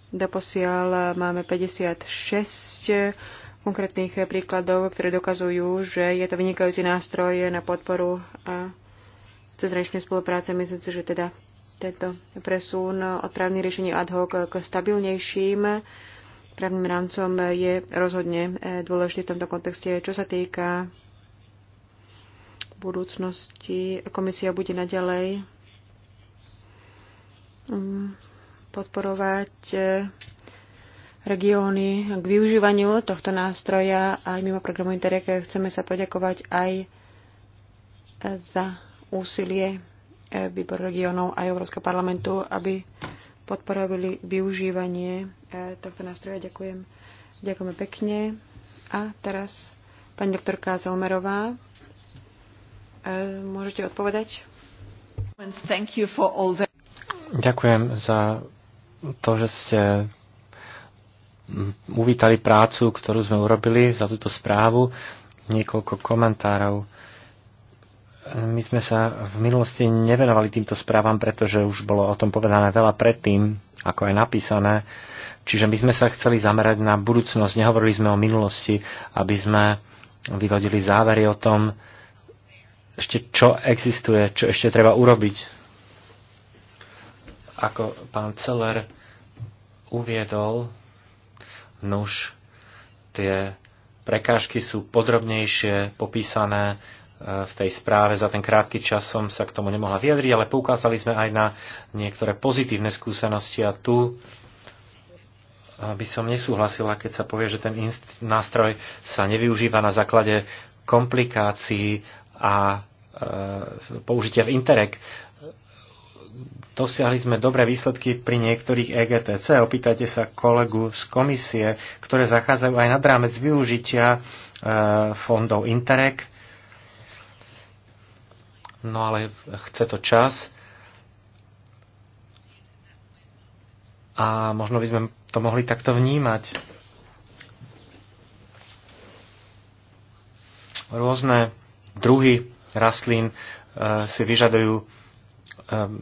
S1: doposiaľ máme 56 konkrétnych príkladov, ktoré dokazujú, že je to vynikajúci nástroj na podporu cezhraničnej spolupráce. Myslím si, že teda tento presun od právnych riešení ad hoc k stabilnejším právnym rámcom je rozhodne eh, dôležitý v tomto kontexte. Čo sa týka v budúcnosti komisia bude naďalej um, podporovať eh, regióny k využívaniu tohto nástroja aj mimo programu Interreg. Chceme sa poďakovať aj eh, za úsilie eh, výboru regiónov a Európskeho parlamentu, aby podporovali využívanie tohto nástroja. Ďakujem. Ďakujeme pekne. A teraz pani doktorka Zelmerová. Eh, môžete odpovedať?
S2: Ďakujem za to, že ste uvítali prácu, ktorú sme urobili za túto správu. Niekoľko komentárov. My sme sa v minulosti nevenovali týmto správam, pretože už bolo o tom povedané veľa predtým, ako je napísané. Čiže my sme sa chceli zamerať na budúcnosť, nehovorili sme o minulosti, aby sme vyvodili závery o tom, ešte čo existuje, čo ešte treba urobiť. Ako pán Celer uviedol, nuž tie prekážky sú podrobnejšie popísané e, v tej správe. Za ten krátky čas som sa k tomu nemohla vyjadriť, ale poukázali sme aj na niektoré pozitívne skúsenosti a tu e, by som nesúhlasila, keď sa povie, že ten nástroj sa nevyužíva na základe komplikácií a e, použitia v Interreg. Dosiahli sme dobré výsledky pri niektorých EGTC. Opýtajte sa kolegu z komisie, ktoré zachádzajú aj nad rámec využitia e, fondov Interreg. No ale chce to čas. A možno by sme to mohli takto vnímať. Rôzne druhy rastlín e, si vyžadujú e,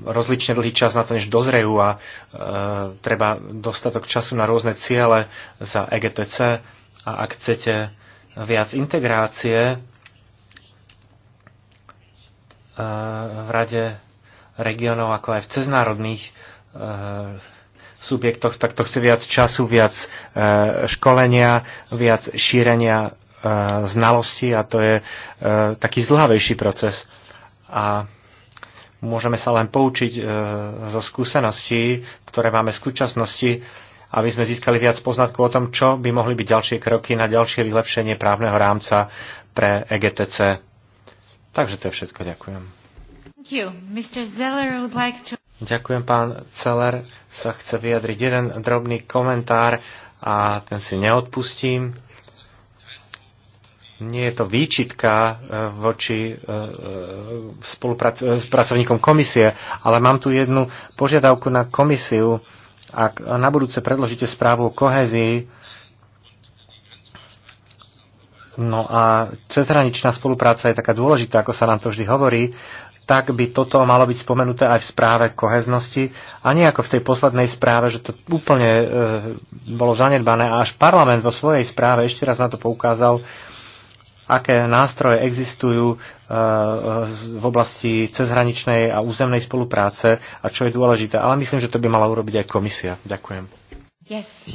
S2: rozlične dlhý čas na to, než dozrejú a e, treba dostatok času na rôzne ciele za EGTC a ak chcete viac integrácie v rade regionov, ako aj v ceznárodných subjektoch, tak to chce viac času, viac školenia, viac šírenia E, znalosti a to je e, taký zdlhavejší proces. A môžeme sa len poučiť e, zo skúseností, ktoré máme v súčasnosti, aby sme získali viac poznatkov o tom, čo by mohli byť ďalšie kroky na ďalšie vylepšenie právneho rámca pre EGTC. Takže to je všetko. Ďakujem.
S1: Zeller, like to...
S2: Ďakujem, pán Celer. Sa chce vyjadriť jeden drobný komentár a ten si neodpustím nie je to výčitka e, voči e, e, spolupracovníkom komisie, ale mám tu jednu požiadavku na komisiu. Ak na budúce predložíte správu o kohezii, No a cezhraničná spolupráca je taká dôležitá, ako sa nám to vždy hovorí, tak by toto malo byť spomenuté aj v správe koheznosti a nie ako v tej poslednej správe, že to úplne e, bolo zanedbané a až parlament vo svojej správe ešte raz na to poukázal, aké nástroje existujú eh, v oblasti cezhraničnej a územnej spolupráce a čo je dôležité. Ale myslím, že to by mala urobiť aj komisia. Ďakujem. Yes,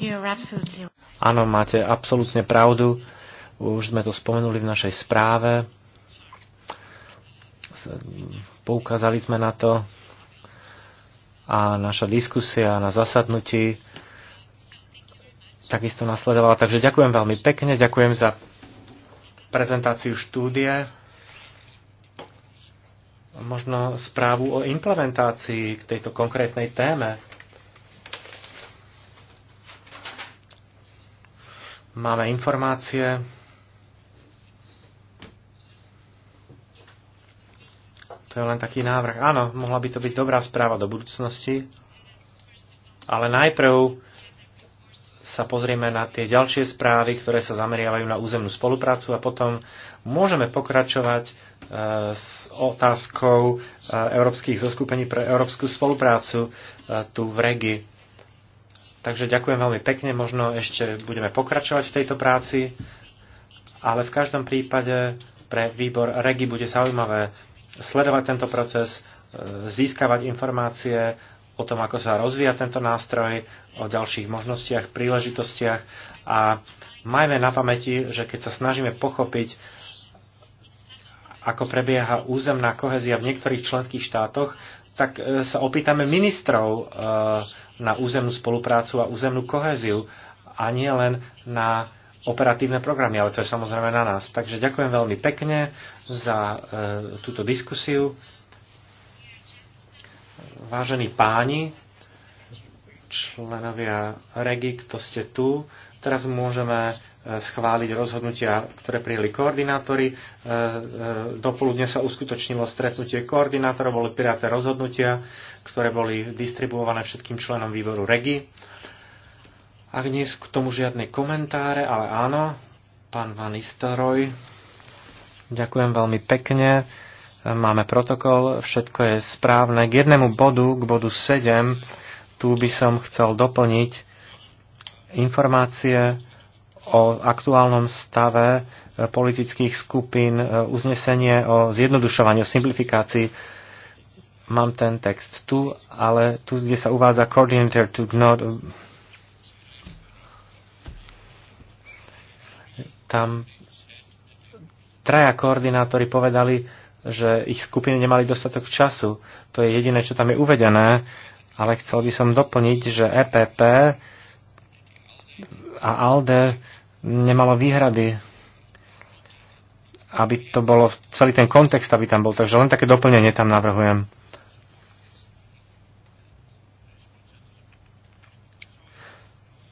S2: Áno, máte absolútne pravdu. Už sme to spomenuli v našej správe. Poukázali sme na to a naša diskusia na zasadnutí takisto nasledovala. Takže ďakujem veľmi pekne, ďakujem za prezentáciu štúdie, možno správu o implementácii k tejto konkrétnej téme. Máme informácie, To je len taký návrh. Áno, mohla by to byť dobrá správa do budúcnosti, ale najprv sa pozrieme na tie ďalšie správy, ktoré sa zameriavajú na územnú spoluprácu a potom môžeme pokračovať e, s otázkou e, európskych zoskupení pre európsku spoluprácu e, tu v Regi. Takže ďakujem veľmi pekne, možno ešte budeme pokračovať v tejto práci, ale v každom prípade pre výbor Regi bude zaujímavé sledovať tento proces, získavať informácie o tom, ako sa rozvíja tento nástroj, o ďalších možnostiach, príležitostiach a majme na pamäti, že keď sa snažíme pochopiť, ako prebieha územná kohezia v niektorých členských štátoch, tak e, sa opýtame ministrov e, na územnú spoluprácu a územnú kohéziu a nie len na operatívne programy, ale to je samozrejme na nás. Takže ďakujem veľmi pekne za e, túto diskusiu. Vážení páni, členovia REGI, kto ste tu, teraz môžeme e, schváliť rozhodnutia, ktoré prijeli koordinátori. E, e, dopoludne sa uskutočnilo stretnutie koordinátorov, boli prijaté rozhodnutia, ktoré boli distribuované všetkým členom výboru REGI. Ak nie sú k tomu žiadne komentáre, ale áno, pán Van Istoroj, ďakujem veľmi pekne máme protokol, všetko je správne. K jednému bodu, k bodu 7, tu by som chcel doplniť informácie o aktuálnom stave e, politických skupín, e, uznesenie o zjednodušovaní, o simplifikácii. Mám ten text tu, ale tu, kde sa uvádza coordinator to not, tam traja koordinátori povedali, že ich skupiny nemali dostatok času. To je jediné, čo tam je uvedené, ale chcel by som doplniť, že EPP a ALDE nemalo výhrady, aby to bolo celý ten kontext, aby tam bol. Takže len také doplnenie tam navrhujem.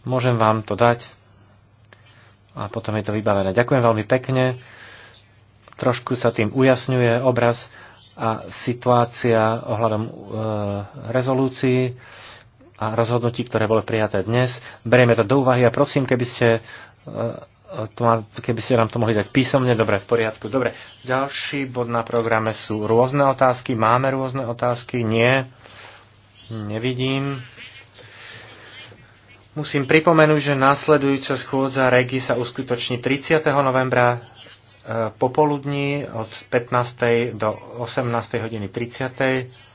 S2: Môžem vám to dať a potom je to vybavené. Ďakujem veľmi pekne. Trošku sa tým ujasňuje obraz a situácia ohľadom e, rezolúcií a rozhodnutí, ktoré boli prijaté dnes. Berieme to do úvahy a prosím, keby ste, e, to, keby ste nám to mohli dať písomne. Dobre, v poriadku. Dobre, ďalší bod na programe sú rôzne otázky. Máme rôzne otázky? Nie. Nevidím. Musím pripomenúť, že následujúca schôdza REGI sa uskutoční 30. novembra popoludní od 15. do 18. hodiny 30.